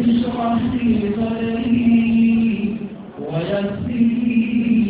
اشرح لي صدري ويسر لي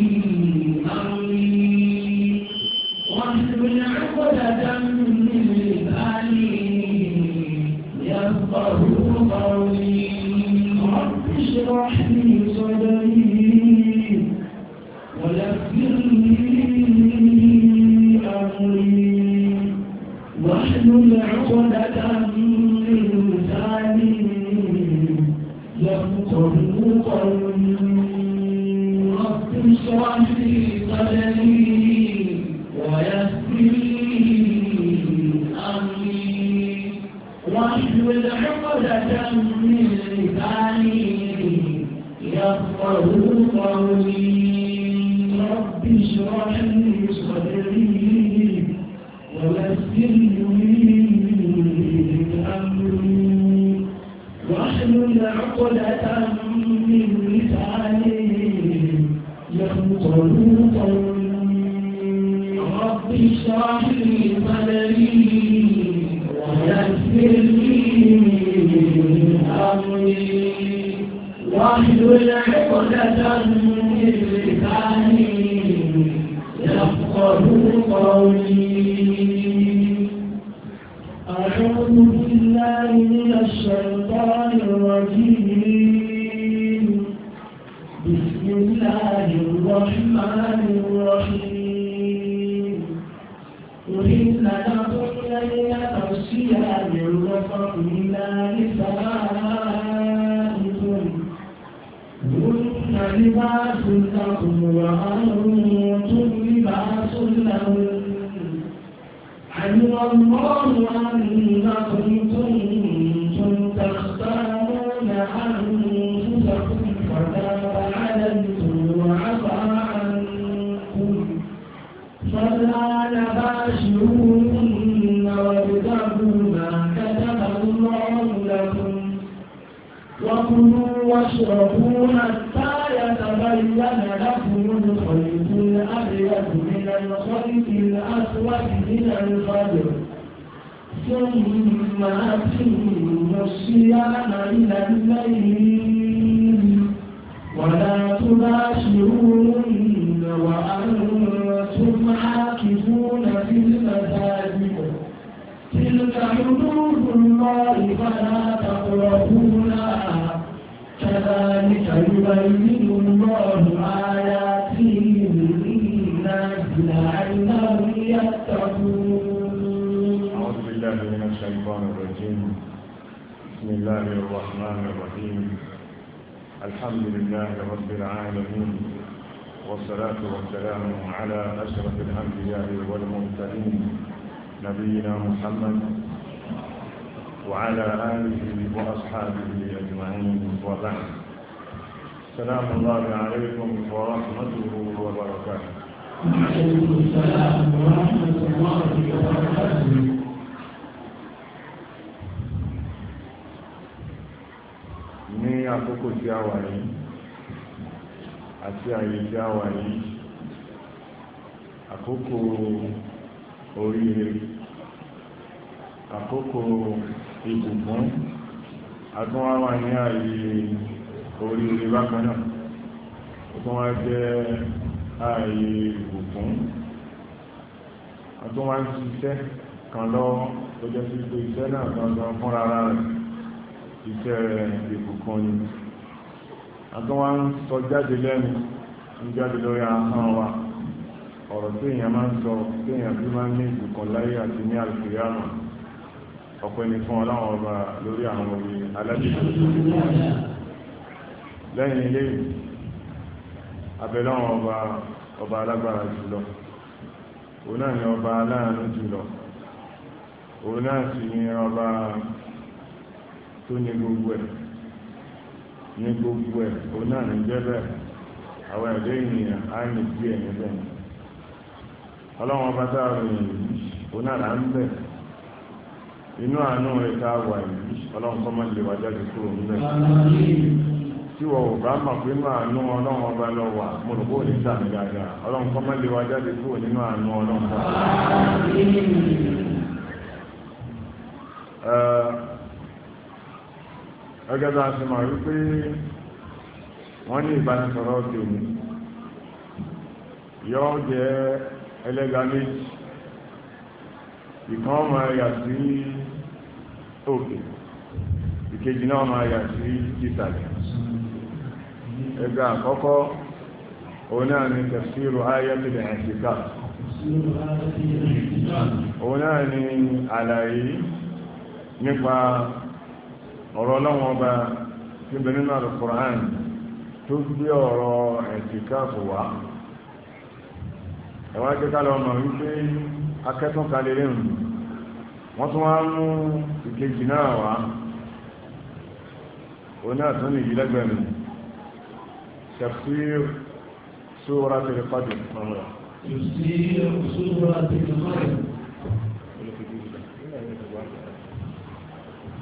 نبينا محمد وعلى آله وأصحابه أجمعين وبعد سلام الله عليكم ورحمته وبركاته السلام الله وبركاته ní àkókò tí a wà yìí àti àyè tí a wà yìí àkókò oríire àkókò ìbùkún àtún wá wà ní ààyè oríire bákan náà ó tún wá jẹ́ ààyè ìbùkún àtún wá ń ṣiṣẹ́ kan lọ́wọ́ tó jẹ́ sí pé iṣẹ́ náà gangan fúnra rẹ̀ iṣẹ́ ìbùkún ni àtún wá ń sọ jáde lẹ́nu ń jáde lórí ahọ́n wa ọ̀rọ̀ tí èèyàn máa ń sọ tí èèyàn fi máa ń ní ìbùkún láyé àti ní àlùkìyàmọ̀ ọ̀pẹ́ ni fún ọlọ́run ọba lórí àwọn orí alájẹ́sọ lẹ́yìn ilé abẹ́lọ́run ọba ọba alágbára jùlọ òun náà ni ọba aláàánú jùlọ òun náà sì ni ọba tó ní gbogbo ẹ̀ ní gbogbo ẹ̀ òun náà ní jẹ́ bẹ́ẹ̀ àwọn ẹ̀dẹ́ ènìyàn á ní bí ẹ̀ níbẹ̀ ọlọ́run ọba táà rìn òun là ń bẹ̀ẹ́ inú àánú rẹ̀ tá a wà yìí ọlọ́run kọ́ máa lè wá jáde kúrò níbẹ̀. tí wọ́n ò bá mọ̀ pé inú àánú ọlọ́run ọba lọ wà mo rò bó ní sàmì dáadáa ọlọ́run kọ́ máa lè wá jáde kúrò nínú àánú ọlọ́run ọba. ẹgẹ́ bá a ṣe máa rí pé wọ́n ní ìbánisọ̀rọ̀ òde òní yọ jẹ́ ẹlẹ́gà méjì ìkan máa yà sí òkè ìkejì náà máa yà sí ìsàlẹ̀ ẹgbẹ́ àkọ́kọ́ òun náà ni tafsiru ayatul i'tikaf òun náà ni àlàyé nípa ọ̀rọ̀ ọlọ́wọ́n ọba tí benin Al-Qur'an tó gbé ọ̀rọ̀ i'tikaf wá ẹ̀wọ́n akẹ́kọ̀ọ́ lọ́mọ wípé akẹ́kọ̀ọ́ kalẹ̀ wọ́n tún wá mú ìkejì náà wá ó náà tún nìyí lẹ́gbẹ̀ẹ́ mi tafsir suratul Qadr mọ́mọ́ra. tafsir suratul Qadr.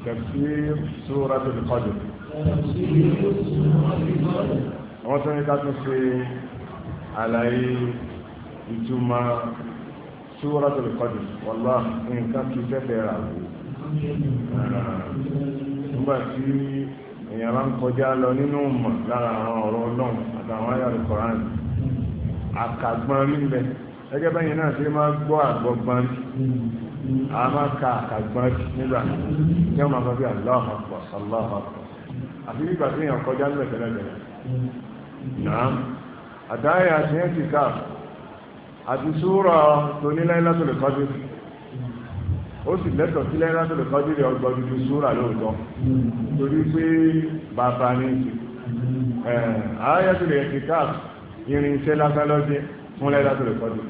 tafsir suratul Qadr. tafsir suratul Qadr. wọ́n tún ní ká tún ṣe àlàyé ìtumọ̀ Suratul Qadr wallahi nǹkan kì í fẹ́fẹ́ rà wò nígbà tí èèyàn bá ń kọjá lọ nínú mọ̀ lára àwọn ọ̀rọ̀ ọlọ́run àtàwọn ayàrá Kùránì àkàgbọ́n rí bẹ́ẹ̀ gẹ́gẹ́ bẹ́yìn náà ṣe máa gbọ́ àgbọ̀gbọ́n rí a máa ka àkàgbọ́n rí nígbà tí wọ́n máa gbọ́ bí Allahu Akbar Allahu Akbar àti nígbà tí èèyàn kọjá lọ́tẹ̀lẹ̀tẹ̀lẹ̀ náà àdáyà ti ń ti káàkiri àti súrà tóní Laylatul Qadr ó sì lẹ́tọ̀ sí Laylatul Qadr ọgbọ́n dúdú súrà lóòótọ́ torí pé bàbá ní Ayatul I'tikaf irinṣẹ́ lásán lọ́jẹ́ fún Laylatul Qadr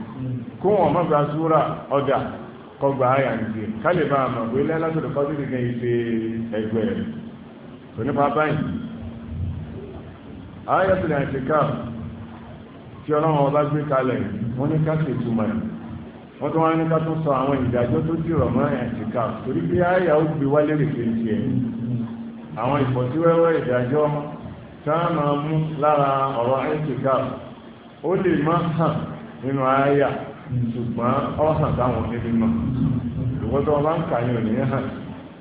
kó wọn má gba súrà ọjà kọgbà àyà nìyẹ kálí bá a mọ̀ pé Laylatul Qadr nìkan ìṣe ẹgbẹ́ rẹ̀ tó nípa báyìí Ayatul I'tikaf tí ọlọ́run ọba gbé kalẹ̀ wọ́n ní ká ṣe ìtumọ̀ ẹ̀ wọ́n tó wá ní ká tó sọ àwọn ìdájọ́ tó dìrọ̀ mọ́ ẹ̀sìnká torí pé àyà ó gbé wálé rèké tiẹ̀ àwọn ìfọ̀síwẹ́wẹ́ ìdájọ́ tá a máa mú lára ọ̀rọ̀ ẹ̀sìnká ó lè má hàn nínú àyà ṣùgbọ́n ọ hàn táwọn onímọ̀ ṣùgbọ́n tó wọn bá ń kà yín òní hàn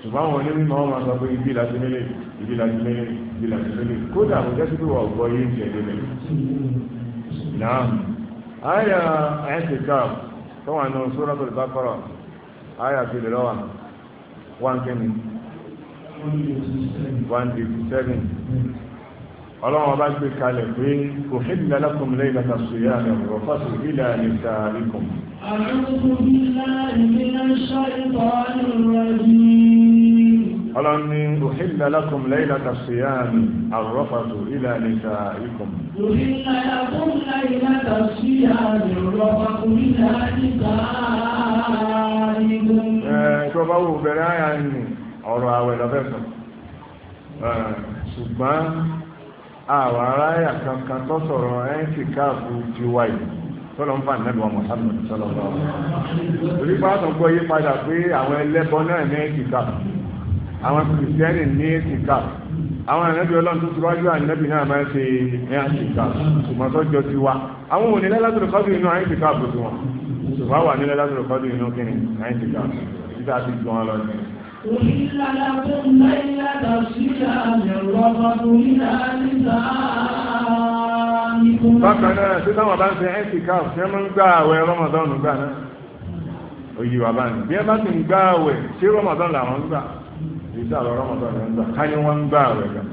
ṣùgbọ́n àwọn onímọ̀ wọn máa sọ pé ibi láti mélé ibi láti mélé ibi láti mélé kódà kò jẹ́ sí pé wà ọ̀gbọ́ yé ń jẹ́ lélẹ̀ náà àyà ẹ̀ẹ́dẹ̀ká tó wà nù Suratul Baqara àyà tó lè lọ́wọ́ one kẹ́mi one fifty seven ọlọ́run ọba gbé kalẹ̀ pé kò fi ìlà lakum lẹ́yìn lọ́ta sùúyà rẹ̀ rọ̀ fásitì ìlà lè ta àríkùn. àlùkò bí láì ní aṣọ ìbọn rẹ̀ yìí ọlọ́ni òhìlẹ̀ lakum lẹ́yìnlá tàṣíyàmì àrọ́fàtò ilẹ̀ àlẹ́sà ikùn. òhìlẹ̀ lakum lẹ́yìnlá tàṣíyàmì àrọ́fàtò ilẹ̀ àlẹ́sà ikùn. ẹ̀ tó bá wù bẹ̀rẹ̀ àyà ni ọ̀rọ̀ àwẹ̀ lọ́fẹ́fẹ́ ṣùgbọ́n àwọn aráyà kankan tó sọ̀rọ̀ ẹ́ńtì ti wáyé tọ́lọ̀ ń fà nẹ́bọ̀ Muhammad sọ́lọ́lọ́ orí pàtàkì gbọ́ yí padà pé àwọn ẹlẹ́bọ náà ní ìkàkùn àwọn kìrìsìtẹ́nì ní ìtìkà àwọn ànábì ọlọ́run tó tiwájú ànábì náà máa ń ṣe ní àtìkà ṣùgbọ́n tó jọ tiwa àwọn òní lẹ́lẹ́sọ̀rọ̀ kọ́dù inú àìtìkà bò tiwọn ṣùgbọ́n wà ní lẹ́lẹ́sọ̀rọ̀ kọ́dù inú kíni àìtìkà títà ti ju lọ ní. bákan náà tí táwọn bá ń ṣe àìtìkà ṣé máa ń gbà àwẹ̀ rọmọdọ́nù gbà náà òyìnbó bá ń gbà àwẹ̀ ṣé rọmọdọ́nù làwọn gbà sí àwọn ọlọ́mọdé rẹ̀ ń gbà ká ní wọ́n ń gbà rẹ̀ gan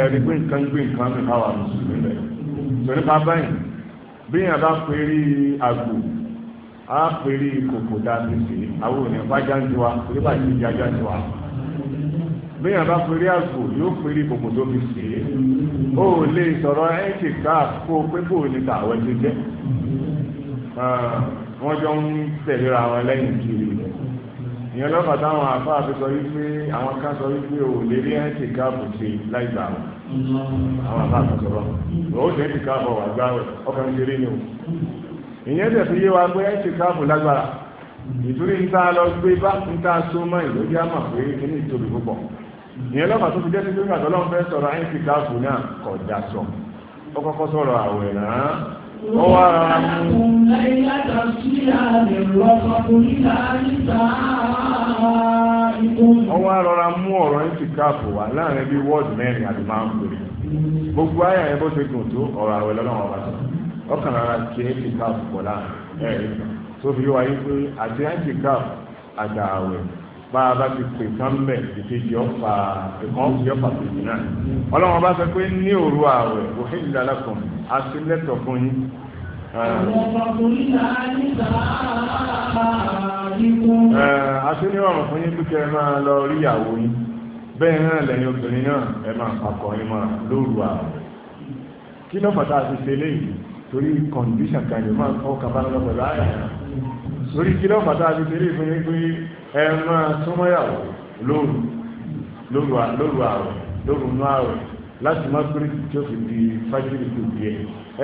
ẹ̀rí gbé nǹkan gbé nǹkan mi káwà mùsùlùmí rẹ̀ tó nípa báyìí bí yàn bá péré àgbò á péré kòkò dáadé sí àwọn ènìyàn bá já ń tiwa torí bá ti di ajá tiwa bí yàn bá péré àgbò yóò péré kòkò tó fi sí i ó lè sọ̀rọ̀ ẹ̀ ṣe ká kó pé kò ní tàwọn ti jẹ́ wọ́n jọ ń tẹ̀léra wọn lẹ́yìn kiri ìyẹn lọ́pàá táwọn àfáà fi sọ wípé àwọn kan sọ wípé ò lè rí ẹ̀ǹtì káàbù ṣe láì gbà wọn àwọn àfáà kan sọ̀rọ̀ ó sì ẹ̀ǹtì káàbù wà gbà rẹ̀ ọkàn ṣe rí ni o ìyẹn tẹ̀ fi yé wa pé ẹ̀ǹtì káàbù lágbára ìtúrí ń tá a lọ gbé bá ń tá a so mọ́ ìlójú àmà pé kíní ìtòbí púpọ̀ ìyẹn lọ́pàá tó fi jẹ́ pípé ìgbà tó lọ́n sọ̀rọ̀ ẹ̀ǹtì káàbù náà kọ̀ sọ ó sọ̀rọ̀ àwẹ̀ náà ó wá rọra mú. ó wá rọra mú ọ̀rọ̀ wá láàrin bí wọ́ọ̀dù mẹ́rin àti máa gbogbo ayé ẹ̀ ṣe gùn tó ọ̀rọ̀ àwẹ̀ lọ́nà tó ọkàn rárá pọ̀ láàrin tó fi wáyé pé àti bá a bá ti pè kán bẹ̀ ìkejì ọ̀fà ẹ̀kọ́ ìkejì ọ̀fà tòjì náà ọlọ́run bá sọ pé ní òru ààwẹ̀ òfin ìdára kan a ti lẹ́tọ̀ fún yín. àti ní ọ̀rùn fún yín pípẹ́ ẹ máa lọ rí ìyàwó yín bẹ́ẹ̀ náà lẹ́yìn obìnrin náà ẹ máa papọ̀ yín máa lóru ààwẹ̀ kí ló fàtà àti ṣe léyìí torí kọ̀ǹdíṣàn kan yóò máa kọ́ kábàlọ́ pẹ̀lú àyà náà torí kí lọ́pàá tá a ti tẹ̀lé fún yín pé ẹ máa súnmọ́yàwó lóru lóru àwọ̀ lóru nú àwọ̀ láti má péré tí ó fi di fájìlì tó di ẹ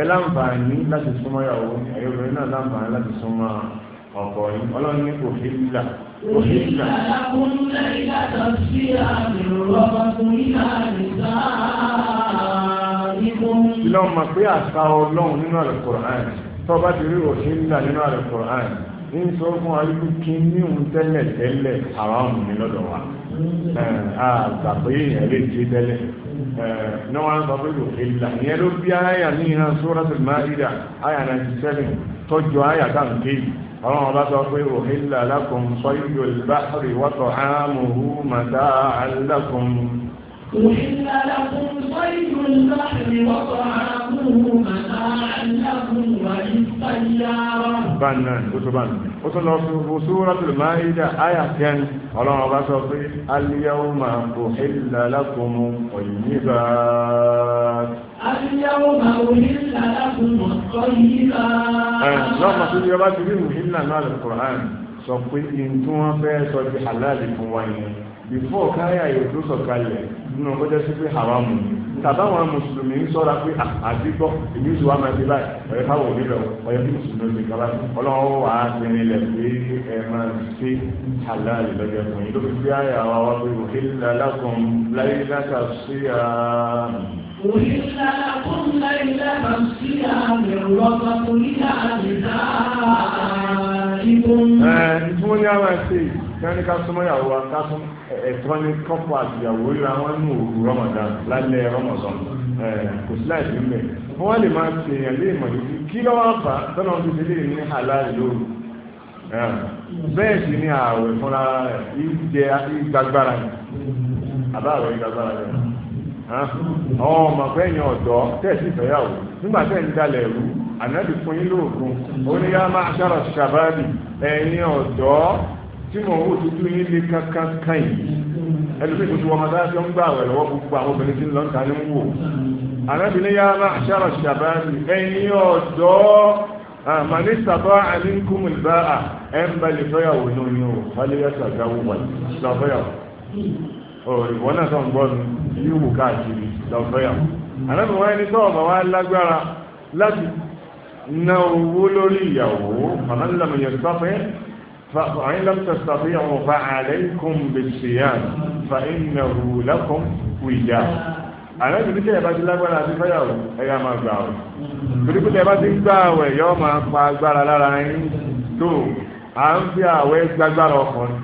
ẹ láǹfààní láti súnmọ́yàwó ẹ̀yọ́ obìnrin náà láǹfààní láti súnmọ́ ọ̀pọ̀ yín ọlọ́run ní kò fi lílà. òṣìṣẹ́ àkúnlẹ̀ ìyàtọ̀ sí àmì rọ́bọ̀tún pé àṣà ọlọ́run nínú àlùkò àìn tó bá ti rí òṣìṣẹ́ nínú àlùkò àìn ní sọ fún wa yìí kí ní òun tẹ́lẹ̀ tẹ́lẹ̀ àwa òun ní lọ́dọ̀ wa àgbà pé èèyàn lè ṣe tẹ́lẹ̀ náà wọn sọ pé kò ìlà ìyẹn ló bí àyà ní ìhàn Suratul Maida àyà 97 tọ́jú àyà táwọn àwọn ọba sọ pé òhìlà lakum saydul bahri wa ta'amuhu mata'an lakum. أحل لكم صيد البحر وطعامه متاعا لكم وللسيارة. بنا وسبحان وصلوا سورة المائدة آية كان الله بس اليوم أحل لكم الطيبات. اليوم أحل لكم الطيبات. لما تقول يا بابا تقول أحل مال القرآن. sọ pé ìtún wọn fẹ́ sọ before káyà yìí tó sọ̀kalẹ̀ nínú ọjọ́ sí pé haramu tàbáwọn mùsùlùmí ń sọ́ra pé ah, àdìgbọ́ èmi ìṣòwò àmà ti báyìí ọ̀yẹ́ káwọ̀ òní lọ ọ̀yẹ́ kí mùsùlùmí ti kaba ọlọ́wọ́ wà á tẹ̀lé lẹ̀ pé ẹ máa ṣe àlàyé lọ́jọ́ fún yìí ló fi fi àyà wa wá pé òkè lálàkùn láyé látà sí àmì. أحل لكم ليلة الصيام الرفق إلى نسائكم. ìfún ní àwọn ẹsẹ̀ yìí ní ká súnmọ́ ìyàwó wa ká sún ẹ̀tọ́ ní kọ́pù àti ìyàwó ríra wọn ní òru Ramadan lálẹ́ Ramadan kò sí láì sí mẹ́ wọ́n lè máa ṣe èèyàn lé ìmọ̀ yìí kí lọ́wọ́ bá tọ́nà ti fi lè ní àlàyé lóru bẹ́ẹ̀ sì ni ààwẹ̀ fúnra ìjẹ ìgbàgbára àbá àwẹ̀ ìgbàgbára rẹ̀ àwọn ọmọ fẹ́yìn ọ̀dọ́ tẹ̀sí fẹ́yàwó nígbà tẹ̀ ń dalẹ̀ rú ànábì fún yín lóògùn ó ní yá máa ṣàrọ̀ ṣàbáàbì ẹ̀yin ọ̀dọ́ tí mò ń wò tuntun yín lé kankan kan yìí ẹlòmíì tuntun wọn máa tó ń gbà wẹ̀ lọ́wọ́ gbogbo àwọn obìnrin tí ń lọ ń ta ní ń wò ànábì ní yá máa ṣàrọ̀ ṣàbáàbì ẹ̀yin ọ̀dọ́ àmàlí sábà àlínkùmù ìbáà ẹ̀ ń balẹ̀ fẹ́yàwó ní oyún ò ìwọ náà tó ń gbọ́ nu yíwù káàkiri lọ́fẹ́yàwó àlọ́bí wọn ẹni tó ọ̀bà wa lágbára láti na owó lórí ìyàwó fàmílàmù yẹ̀sọ́fẹ́ fàáyín lọ́tọ̀sọ́fẹ́ àwọn fa àlẹ́kùn bẹ̀ṣẹ̀yàn fàínà rúlákùn wìjà àlọ́bí ní tẹ́yà bá ti lágbára àti fẹ́yàwó ẹ̀yà máa à ń fi àwẹ̀ gbàgbára ọkùnrin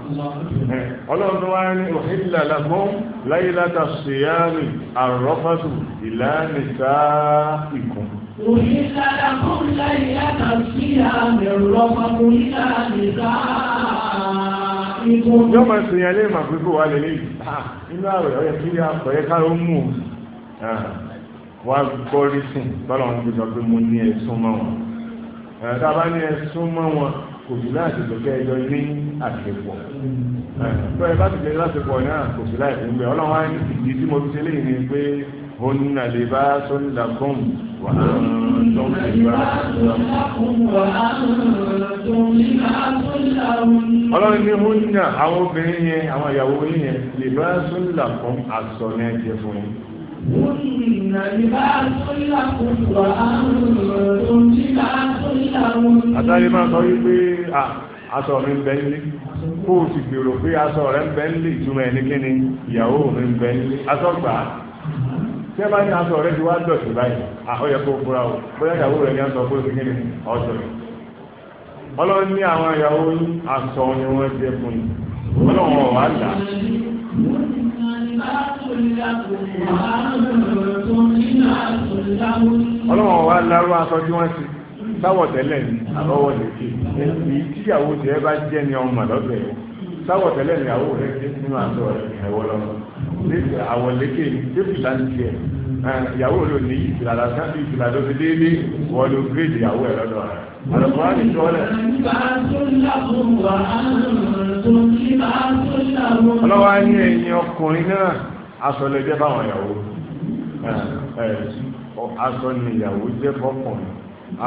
ọlọ́run tó wáyé ní òhìlà làgbọ́n láyé látà ṣèyáàmì àrọ́fàtù ìlànà sáà ìkùn. òhìlà làgbọ́n láyé látà ṣèyáàmì àrọ́fàtù ìlànà sáà yọ ma sọ lé màá pípé wà lélẹ́ yìí ah, inú àwẹ̀ ọ̀yẹ́ kí yá ọ̀yẹ́ kára ó mú ah, wa gbọ́ rí sìn bọ́lá wọn ti sọ ní ẹ̀sùn mọ́ wọn eh, tá a ní ẹ̀sùn mọ́ wọn kò sí láti lọ́jọ́ ẹjọ́ ilé àṣepọ̀ tó mm-hmm. ẹ bá ti lè láṣepọ̀ náà kò sí láì fún bẹ́ẹ̀ ọlọ́run á ní ìdí tí mo fi ṣe léyìn ni pé hunna libasun lakum wa antum libasun ọlọ́run ní hunna àwọn obìnrin yẹn àwọn ìyàwó yẹn libasun lakum àṣọ náà jẹ fún yín. Àtàrí máa sọ wípé aṣọ mi ń bẹ nílé, kó o sì gbèrò pé aṣọ rẹ ń bẹ nílé ìtumọ̀ ẹni kíni, ìyàwó mi ń bẹ nílé, aṣọ gbà á. Tí ẹ bá ní aṣọ rẹ ti wá dọ̀tí báyìí, àkọ́yẹ kó fúra o, bóyá ìyàwó rẹ ní aṣọ pé ó kíni ọ̀ṣọ́ rẹ̀. Ọlọ́run ní àwọn ìyàwó aṣọ ni wọ́n jẹ fún yín, ọlọ́run ọ̀wá là ọlọ́wọ́n wa lárú aṣọ tí wọ́n ti sáwọ̀ tẹ́lẹ̀ ní àlọ́wọ́ lèkè èyí tíyàwó tí ẹ bá jẹ́ ní ọmọ lọ́dọ̀ ẹ̀ sáwọ̀ tẹ́lẹ̀ ní àwọ̀ rẹ̀ nínú aṣọ rẹ̀ ẹ̀wọ́ lọ́wọ́ àwọ̀ lèkè ní débìlá ń tiẹ̀ Eh, ìyàwó ló ní ìfìlà lásán bí ìfìlà ló fi déédé wọ́n ló gírèdì ìyàwó ẹ̀ lọ́dọ̀ rẹ̀ àlọ́kọ́ á ní sọ́ọ́lẹ̀. ọlọ́wọ́ á ní ẹ̀yin ọkùnrin náà aṣọ lè jẹ́ báwọn ìyàwó eh, eh, aṣọ ni ìyàwó jẹ́ fọ́kùnrin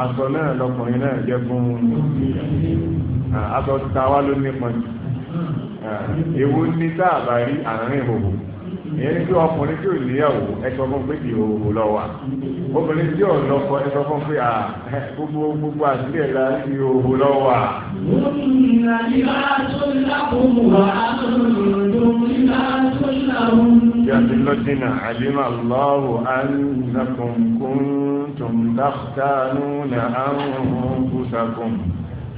aṣọ náà lọkùnrin náà jẹ́ fún aṣọ tàwa ló nípa ewu ní sáàbà rí àárín òhùn ìyẹn ní kí ọkùnrin tí ò níyàwó ẹsọ fún pé kì í òwò lọ wà obìnrin tí ò lọkọ ẹsọ fún pé gbogbo gbogbo àtúndì ẹ̀la kì í òwò lọ wà. Bí a ti lọ dínà, àlímà Allahu annakum kuntum takhtanuna anfusakum.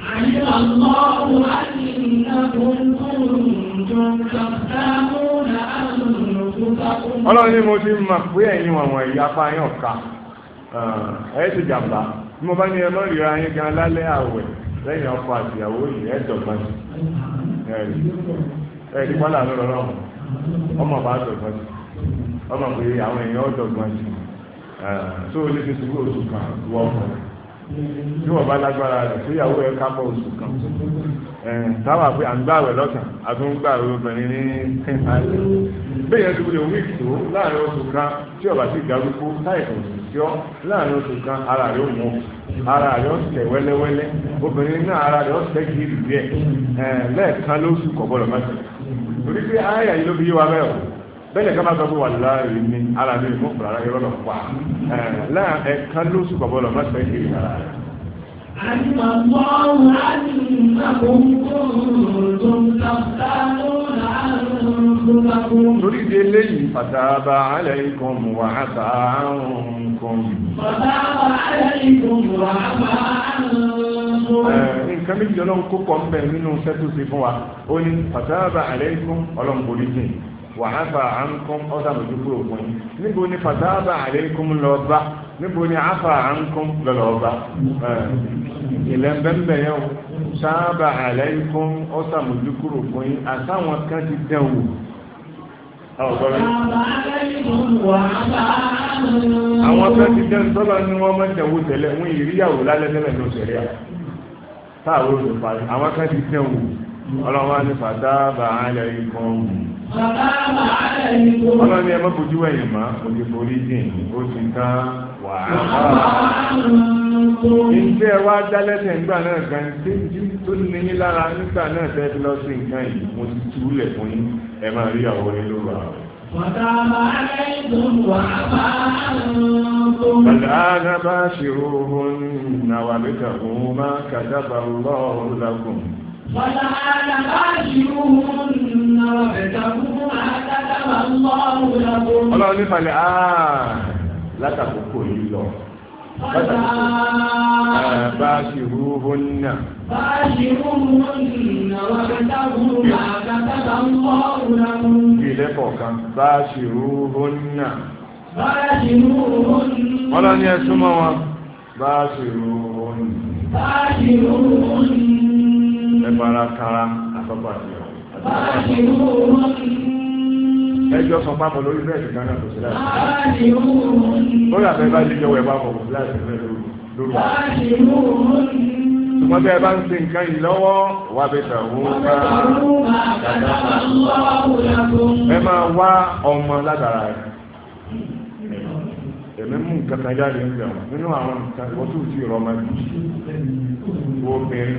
علم الله أنكم كنتم تختارون أنفسكم ọlọ́run ni mo ti mọ̀ pé ẹ̀yin wọ̀nwọ̀n ẹ̀yà apáyàn ọ̀ka ẹ̀ ti jàmbá bí mo bá ní ẹmọ ìrora yín gan lálẹ́ àwẹ̀ lẹ́yìn ọkọ àtìyàwó yìí ẹ̀ dọ̀gbọ́n ẹ̀rí ẹ̀rí pálá lọ́rọ̀ ọmọ bá dọ̀gbọ́n ọmọ pé àwọn èèyàn ọ̀dọ̀gbọ́n tó o lè fi sùúrù oṣù kan wọ́pọ̀ rẹ̀. tí wọ́n bá lágbára rẹ̀ tó yàwó ẹ̀ ká bọ̀ oṣù kan táwọn àpè àgbàwẹ̀ lọ́sàn àtúngbàwẹ̀ obìnrin ní kẹ́ńtàlì bẹ́ẹ̀ yẹn dúró tó láàrin oṣù kan tí ọ̀bà kan ara rẹ̀ ò mọ̀ ara rẹ̀ ó tẹ̀ wẹ́lẹ́wẹ́lẹ́ obìnrin náà ara rẹ̀ ó tẹ̀ lẹ́ẹ̀kan lóṣù torí pé ayé àyè ló fi yé wa bẹ́ẹ̀ ká máa sọ pé wà láàrin ní ara mi fún fúnra rẹ̀ lọ́nà pa láà ẹ̀ka ló sùn bọ̀bọ̀ lọ́mọ sọ èkìrì ara rẹ̀. Àyìnbọ̀n Torí di eléyìí, fàtàbà aláìkùn wà àtà àrùnkùn. Fàtàbà aláìkùn wà àtà àrùnkùn. Nǹkan méjì ọlọ́run kó pọ̀ ń bẹ̀ nínú sẹ́tù fún wa. Ó ní fàtàbà aláìkùn ọlọ́run kò rí jìn wà á fà á ń kún ọ̀sán lójú kúrò fún yín níbo ni fàtàbà àlékún lọ bá níbo ni àfà á ń kún lọ́lọ́ bá ilẹ̀ bẹ́ẹ̀ yẹn o sábà àlékún ọ̀sán lójú kúrò fún yín àtàwọn kan ti dẹ̀ wò. àwọn kan ti dẹ̀ sọ́lá ni wọ́n máa ń dẹ̀wò tẹ̀lé wọ́n ìríyàwó lálẹ́ tẹ́lẹ̀ ló tẹ̀lé à táàrọ̀ ló parí àwọn kan ti dẹ̀ wò ọlọ́wọ́ ní fàtàbà àlékún. Ọlọ́run ni ẹ má fojú ẹ̀yìn mọ́, òjò forí jìn, ó ti tán wà á. Ìṣe wa dálẹ́sẹ̀ nígbà náà gan, déjì tó ní yín lára nígbà náà tẹ́ fi lọ sí nǹkan yìí, mo ti túlẹ̀ fún yín, ẹ máa rí àwọn onílòrò àwọn. فالآن باشروهن وابتغوا ما كتب الله لكم فتعالى باشروهن وابتغوا ما كتب الله لكم. ọlọ́run ní falẹ̀ áá látàkókò yìí lọ. Báṣirúhúnnà. Báṣirúhúnnà wà kẹtàkùn máa kàtàkà ń kọ́ òun. Ìlẹ́ kọ̀ọ̀kan, báṣirúhúnnà. Báṣirúhúnnà. Wọ́n lọ ní ẹ̀sùn mọ́ wọn. Báṣirúhúnnà. Báṣirúhúnnà ẹgbàra kára àtọ́kọ̀ àti ìyàwó. ẹjọ́ sọ pápọ̀ lórí bẹ́ẹ̀ ṣùgbọ́n náà kò sí láti. lórí àfẹ́ bá jíjọ wẹ̀ pápọ̀ kò sí láti fẹ́ lóru. ṣùgbọ́n bí ẹ bá ń ṣe nǹkan yìí lọ́wọ́ wà bẹ́ẹ̀ tà wó bá. ẹ máa wá ọmọ ládàra rẹ̀ èmi mú nǹkan kan jáde ń bẹ̀rù nínú àwọn nǹkan ìwọ́sùn sí ìrọ̀mọ́ obìnrin.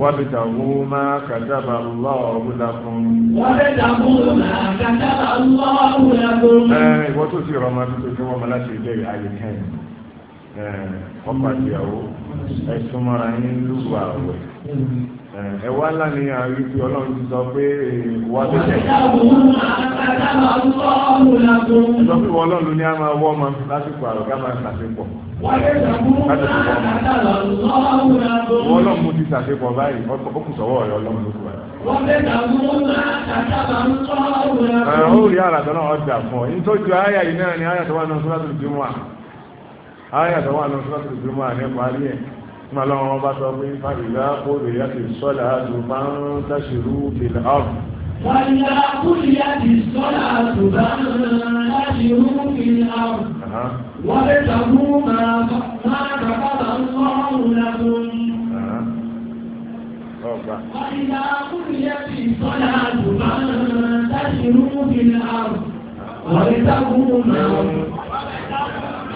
وابتغوا ما كتب الله لكم وابتغوا Allah كتب الله لكم ẹ ìwọ tó ti rọmọ tó ti wọ́n mọ́lá ṣe ìbẹ̀rẹ̀ ayé kẹ́yìn ọkọ̀ àti ìyàwó ẹ̀sùn mọ́ra yín lùgbà àwẹ̀ ẹ̀wá ńlá ni àrí fi ọlọ́run ti sọ pé wà tó jẹ́ sọ pé wọ́n ọlọ́run ní a máa wọ́ ọmọ lásìkò àrò ká máa ṣàṣepọ̀ wọ́n ọlọ́run mo ti ṣàṣepọ̀ báyìí ó kù sọ́wọ́ ọ̀rẹ́ ọlọ́run ló kù báyìí. ó rí àràdọ́ náà ọjà fún ọ nítorí àyà yìí náà ni àyà tó wà náà sọ́dọ̀ tó dùn wà àyà tó wà náà sọ́dọ̀ tó dùn wà nípa ayé ẹ̀. ما لهم بطرين فإذا قضيت الصلاة فانتشروا في الأرض وإذا قضيت الصلاة فانتشروا في الأرض وابتغوا ما ما كتب الله لكم وإذا قضيت الصلاة فانتشروا في الأرض وابتغوا ما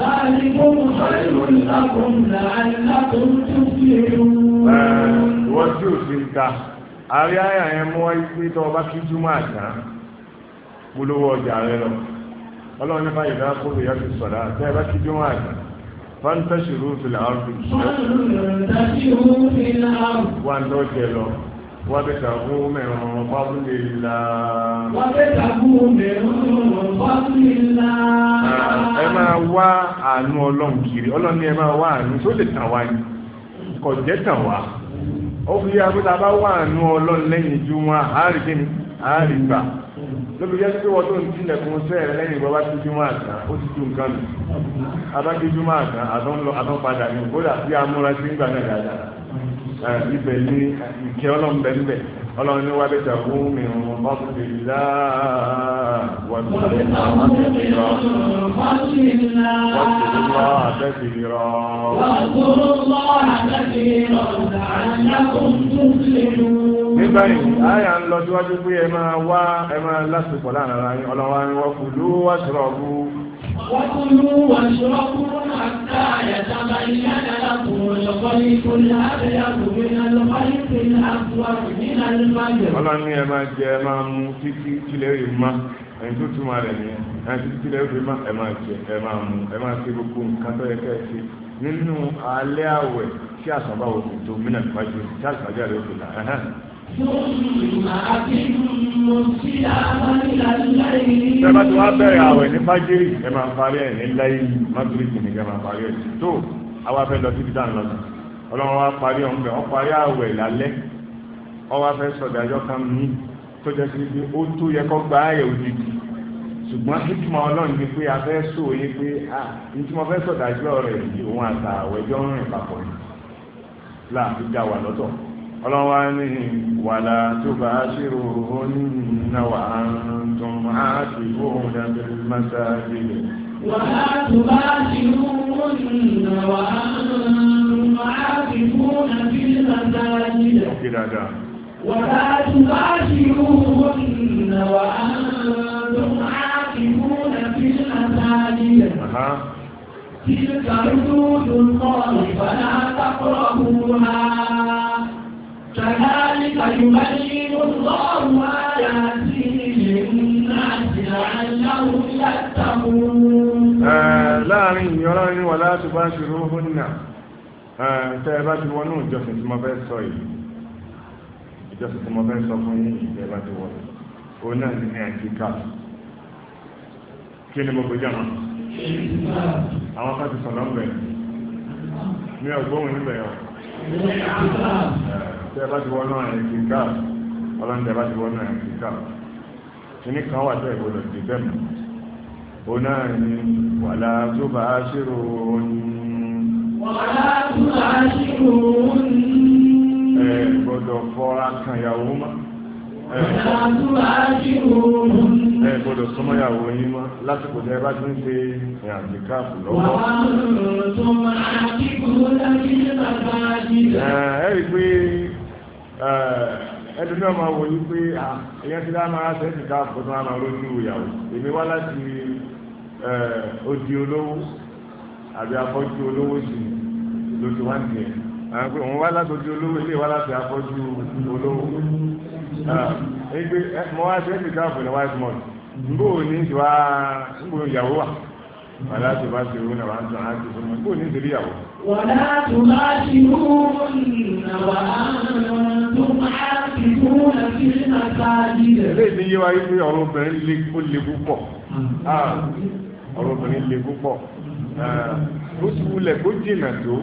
ذلكم خير لكم لعلكم تفلحون. wọ́n tí ò sí ta àrí àyà yẹn mú wáyé pé tọ́ ọba kí júmọ́ àjá polówó ọjà rẹ lọ ọlọ́run nípa ìdá kóòrò yá ti sọ̀dá tẹ́ ẹ kí júmọ́ àjá fáńtẹ́sì rúfin làwọn fi. fáńtẹ́sì rúfin làwọn. wà ń tọ́ jẹ lọ. وابتغوا من فضل الله وابتغوا من فضل الله ẹ máa wá àánú ọlọ́run kiri ọlọ́run ni ẹ máa wá àánú tó lè tàn wá ni kò jẹ́ tàn wá ó fi yá pé ta bá wá àánú ọlọ́run lẹ́yìn ju wọn àárí kíni àárí gbà lóbi jẹ́ pé wọ́n tó ń tilẹ̀kùn sẹ́ẹ̀ lẹ́yìn ìgbà bá ti ju wọn àtàn ó ti ju nǹkan mi abájú ju wọn àtàn àtàn padà ní kódà bí amúra sí ń gbà náà dáadáa ibẹ̀ ní ìkẹ́ ọlọ́run bẹ̀ ńbẹ̀ ọlọ́run ní wábẹ̀ tà fún mi ọ̀pọ̀lọpọ̀ ìlà wọ̀lú nígbà yìí àyà ń lọ síwájú pé ẹ máa wá ẹ máa lásìkò láàrin ọlọ́wọ́ ni wọ́n kù lówó wá sọ̀rọ̀ ọ̀bù. وكلوا واشربوا حتى يتبين لكم الخيط الأبيض من الخيط الأسود من الفجر. Ọlọ́run ni ẹ máa jẹ ẹ máa mu títí tilẹ̀ yìí má ẹni tó túmọ̀ rẹ̀ ni ẹni títí tilẹ̀ yìí má ẹ máa jẹ ẹ máa mu ẹ máa ṣe gbogbo nǹkan tó yẹ ká ẹ ṣe nínú alẹ́ àwẹ̀ tí àṣàbáwò kò tó mí náà pàjù tí àṣàbáwò kò tó Bẹ́ẹ̀ tí wọ́n bẹ̀rẹ̀ àwẹ̀ ní Fájírì ẹ máa parí ẹ̀ ní láyé Mágírìkì ní kẹ́ máa parí ẹ̀. Tó àwa fẹ́ lọ síbi dáhùn lọ́sàn. Ọlọ́run wa parí ọ̀hún bẹ̀, wọ́n parí àwẹ̀ lálẹ́. Ọwọ́ afẹ́ sọ̀dájọ́ kan mí tó jẹ́ sí pé ó tó yẹ kó gba ààyè òdìdí. Ṣùgbọ́n ìtumọ̀ Ọlọ́run ni pé a fẹ́ sòye pé à ìtumọ̀ fẹ́ sọ̀dájọ́ rẹ̀ yìí òun àtàwẹ̀jọ́ rìn papọ̀ ni. Láàfin dá wà lọ́tọ̀. رواني ولا تباشرون وأنتم عاكفون بالمساجد ولا تباشرون وأنتم عاكفون بالمساجد كده ولا تباشرون وأنتم عاكفون بالمساجد تلك ردود الله فلا تقربوها كذلك يبين الله آياته للناس لعلهم يتقون láàrin ìyọ́rọ̀ ní wà láti bá ṣùrù hún náà tẹ́ bá ti wọnú ìjọsìn tí mo fẹ́ sọ yìí ìjọsìn tí mo fẹ́ sọ fún yín ìjẹ́ bá ti wọnú o náà ní àkíkà kí ni mo gbé jàmọ́ àwọn kan ti sọ̀rọ̀ ń ní ọgbọ́n níbẹ̀ ọ̀ tẹ́ bá ti wọnú ẹ̀yìn kíkà ọlọ́run tẹ́ bá ti wọnú ẹ̀yìn kíkà kíní kan wà tẹ́ ìgbọ́dọ̀ ti bẹ́ẹ̀ mọ́ ó náà ní wàlá tó bá a ṣírò ní. wàlá tó bá a ṣírò ní. ẹ gbọ́dọ̀ fọra kan ìyàwó mọ́. wàlá tó bá a ṣírò ní ẹ gbọ́dọ̀ súnmọ́ ìyàwó yín mọ́ lásìkò tẹ bá ti ń ṣe ìrìnàjò káàpù lọ́wọ́. ẹ rí i pé ẹ̀ẹ́dùn náà máa wòye pé a, ti dá máa ṣe ti ká fún un lójú ìyàwó èmi wá láti odi olówó àbí afọ́jú olówó sí lóṣù wá nìyẹn àwọn pé òun wá láti odi olówó ilé wá láti afọ́jú olówó ẹgbẹ́ mo wá ṣe ti ká fún un wáyé mọ́ọ̀lù nbó ní ti wá nbó ìyàwó wà wà láti bá ṣe náà wà ń ولا تباشرون وأنتم عاكفون في المساجد. eléyìí ni wáyé pé ọ̀rọ̀ obìnrin lè kó lè púpọ̀ ah, ọ̀rọ̀ obìnrin lè púpọ̀ eh, ó ti wulẹ̀ kó jìnà tó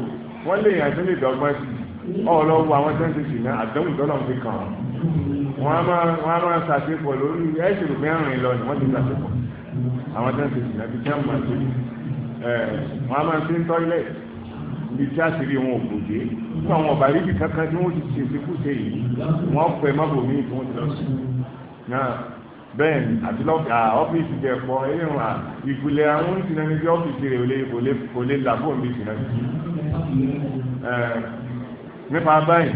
wọ́n lè yàn tó lè dọ́gbọ́n sí ọ̀rọ̀ wo àwọn tó ń ṣe jìnà àdéhùn tó lọ́n fi kàn wọ́n á máa ṣàṣepọ̀ lórí ẹ̀ṣin òfin àrùn lọ ni wọ́n ti ṣàṣepọ̀ àwọn tó ń ṣe jìnà bí kí wọ́n máa ṣe eh, wọ́n á máa ṣe ń tọ́ilẹ̀tì ibi tí a sì rí wọn òkú dé nígbà wọn ọba ríbi kankan tí wọn ti ṣe ìṣekúṣe yìí wọn pẹ mọbò mi tí wọn ti lọ sí náà bẹ́ẹ̀ ni àti lọfíà ọfíìsì jẹ pọ eléwọn à ìpìlẹ̀ àwọn oníṣìnà níbi ọfíìsì rẹ olè olè làbọn mi ìṣìnà ẹ nípa báyìí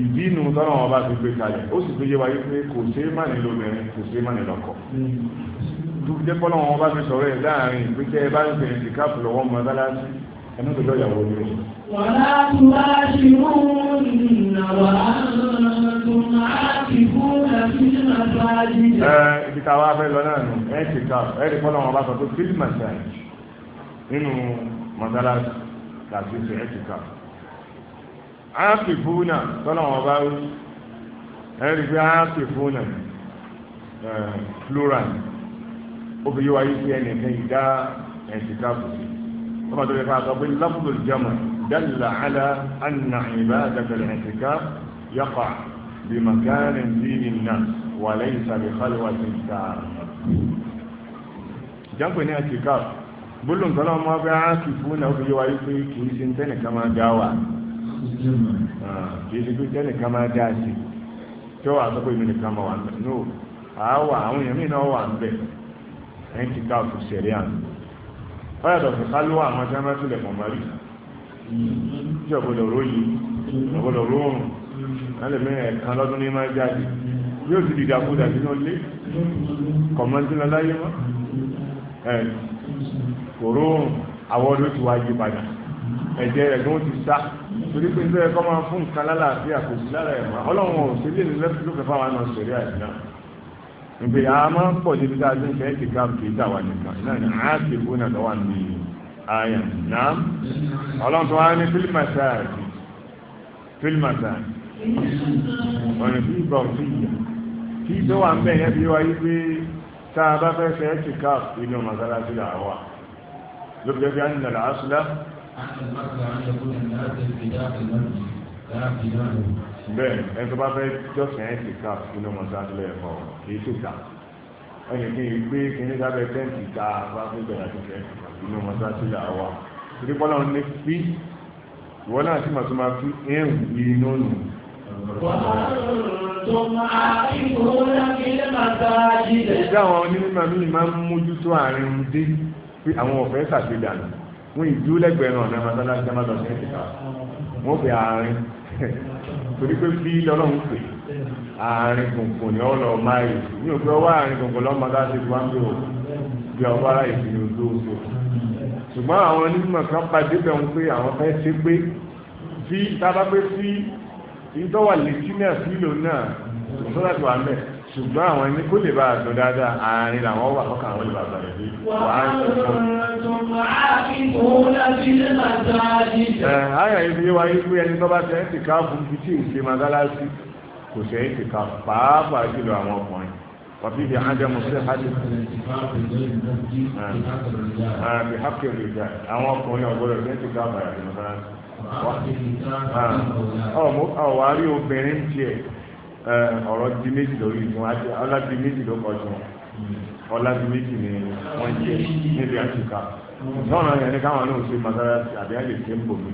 ìdí inú tọ́nà wọn bá ti gbé kalẹ̀ ó sì fi yé wa yí pé kò ṣe é má ní lómìnirin kò ṣe é má ní lọ́kọ dúdú jẹ́ pọ́lọ́wọ́n bá fi sọ̀rọ̀ ẹ̀ láàrin ìpínlẹ̀ bá ń bẹ̀rẹ̀ káàpù lọ́wọ́ mọ́tálásí ẹnu tó lọ́ọ̀yà wọ ojú yìí. wàhálà tó bá ṣe mú nà wàhálà tó máa ti fún ẹ̀fíṣẹ́ náà tó á jí. ẹ ibi tá a wá fẹ́ lọ náà nù ẹ ti ká ẹ ti kọ́ lọ́wọ́ bá sọ pé christmas time nínú mọ́sálásí làbí ṣe ẹ ti ká. áàpì fúnà tọ́lọ́wọ́ bá wí ẹ rí i pé áàpì fúnà plural obìnrin wa yìí fi ẹnìkan ìdá ẹ̀sìn káàbù sí i. ثم تقول فأقبل لفظ الجمع دل على أن عبادة الاعتكاف يقع بمكان فيه الناس وليس بخلوة تامة jẹ́pẹ̀ ní àtìká gbólùn tọ́lá ọmọ ọgbẹ́ áàkì fún náà fi yíwa yí pé kìí ṣe tẹ́nìkan máa dá wà ah, kìí ṣe pé tẹ́nìkan máa dá sí tí ó wà sọ pé èmi nìkan máa wà ń bẹ̀ no àá wà àwọn èèyàn mìíràn wà ń bẹ̀ ẹ̀ńtìká kò ṣẹ̀rí àná ọ̀yàtọ̀ sí kálúwà àwọn tí a máa sílẹ̀ pọ̀ mọ́rí tí ọ̀gbọ̀dọ̀ róyìn ọ̀gbọ̀dọ̀ róòrùn alẹ́mí ẹ̀kan lọ́dún ní máa jáde yóò ti dìdà kú dàbí náà lé kọ̀mọ́sílẹ̀ láyé mọ́ ẹ̀ kò róòrùn àwọ̀ ló ti wáyé padà ẹ̀jẹ̀ rẹ̀ ló ti sá torí pé ń bẹ́ẹ̀ kọ́ máa fún nǹkan lálàáfíà kò sí lára ẹ̀ mọ́ ọlọ́run ò sí lè ní lẹ́fún ló nígbè a máa ń pọ̀ níbi tá a ti ń fẹ́ ti ká kì í tà wà nìkan iná ni a ti kú náà lọ́wọ́ ní àyà náà ọlọ́run tó wá ní fílímà sáàtì fílímà sáàtì ọ̀nà tí ìbọ̀ sí ìyà kí tó wà ń bẹ̀ yẹn bí wáyé pé tá a bá fẹ́ fẹ́ ti ká inú mọ́sálásí là wà lóbi jẹ́ bí ń nàlá àṣùlá. a ń bá a ń yẹ fi dá ìlànà láti dá ìlànà bẹ́ẹ̀ ẹni tó bá fẹ́ jọ́sìn ẹ̀ ti ká sínú mọ́sáàtì lẹ́ẹ̀kọ́ kì í tètà ẹni kí n gbé kí ní sábẹ́ tẹ́ǹtì ta bá fún ìgbàlá tó fẹ́ sínú mọ́sáàtì là wà torí bọ́lá ń lé pí ìwọ náà sì màtún máa fi ẹ̀rù inú nù. ìgbà àwọn onímọ̀ mi máa ń mójútó àárín dé pé àwọn ọ̀fẹ́ sàgbéyàwó wọn ìdúró lẹ́gbẹ̀ẹ́ náà ní ọmọ sáláṣí ọmọdé ọ̀sẹ̀ ìkà wọn fi àárín torí pé bí lọ́lọ́run pè àárín gbùngbùn ni ọ̀lọ́ máa yìí ní òpin ọwọ́ àárín gbùngbùn lọ́mọ tá a ti wá ń bò bí ọwọ́ ara ìpinnu lóòótọ́ ṣùgbọ́n àwọn onímọ̀ kan pàdé bẹ̀ ń pé àwọn fẹ́ ṣe pé bí tábà pé sí ìtọ́wà lè náà sí ìlò náà ìtọ́jà tó wà mẹ́ẹ̀ ṣùgbọ́n àwọn ẹni kó lè bá àdùn dáadáa àárín làwọn wà kọ́kàn àwọn ìbá àgbàdo bí wà á ń sọ. àyà ibi wa yí pé ẹni tó bá tẹ́ ẹ̀ǹtì káàfù bí tí ìṣe magalasi kò tẹ́ ẹ̀ǹtì káàfù pàápàá jùlọ àwọn ọkùnrin wàbí ibi àjọ mùsùlùmí hajj. bí hákì olùjà àwọn ọkùnrin ọgbọ́dọ̀ tẹ́ ẹ̀ǹtì káàfù àyà ìmọ̀sára. ọ̀wárí obìnrin tiẹ̀ Eh, ọ̀rọ̀ di méjì lórí ìfún ọlá di méjì ló kọ sí wọn ọlá di méjì ni wọ́n yé níbi àtìkà sọ́ọ̀nà yẹn ní káwọn náà ṣe masalasi àbí àlè ṣe ń bò mí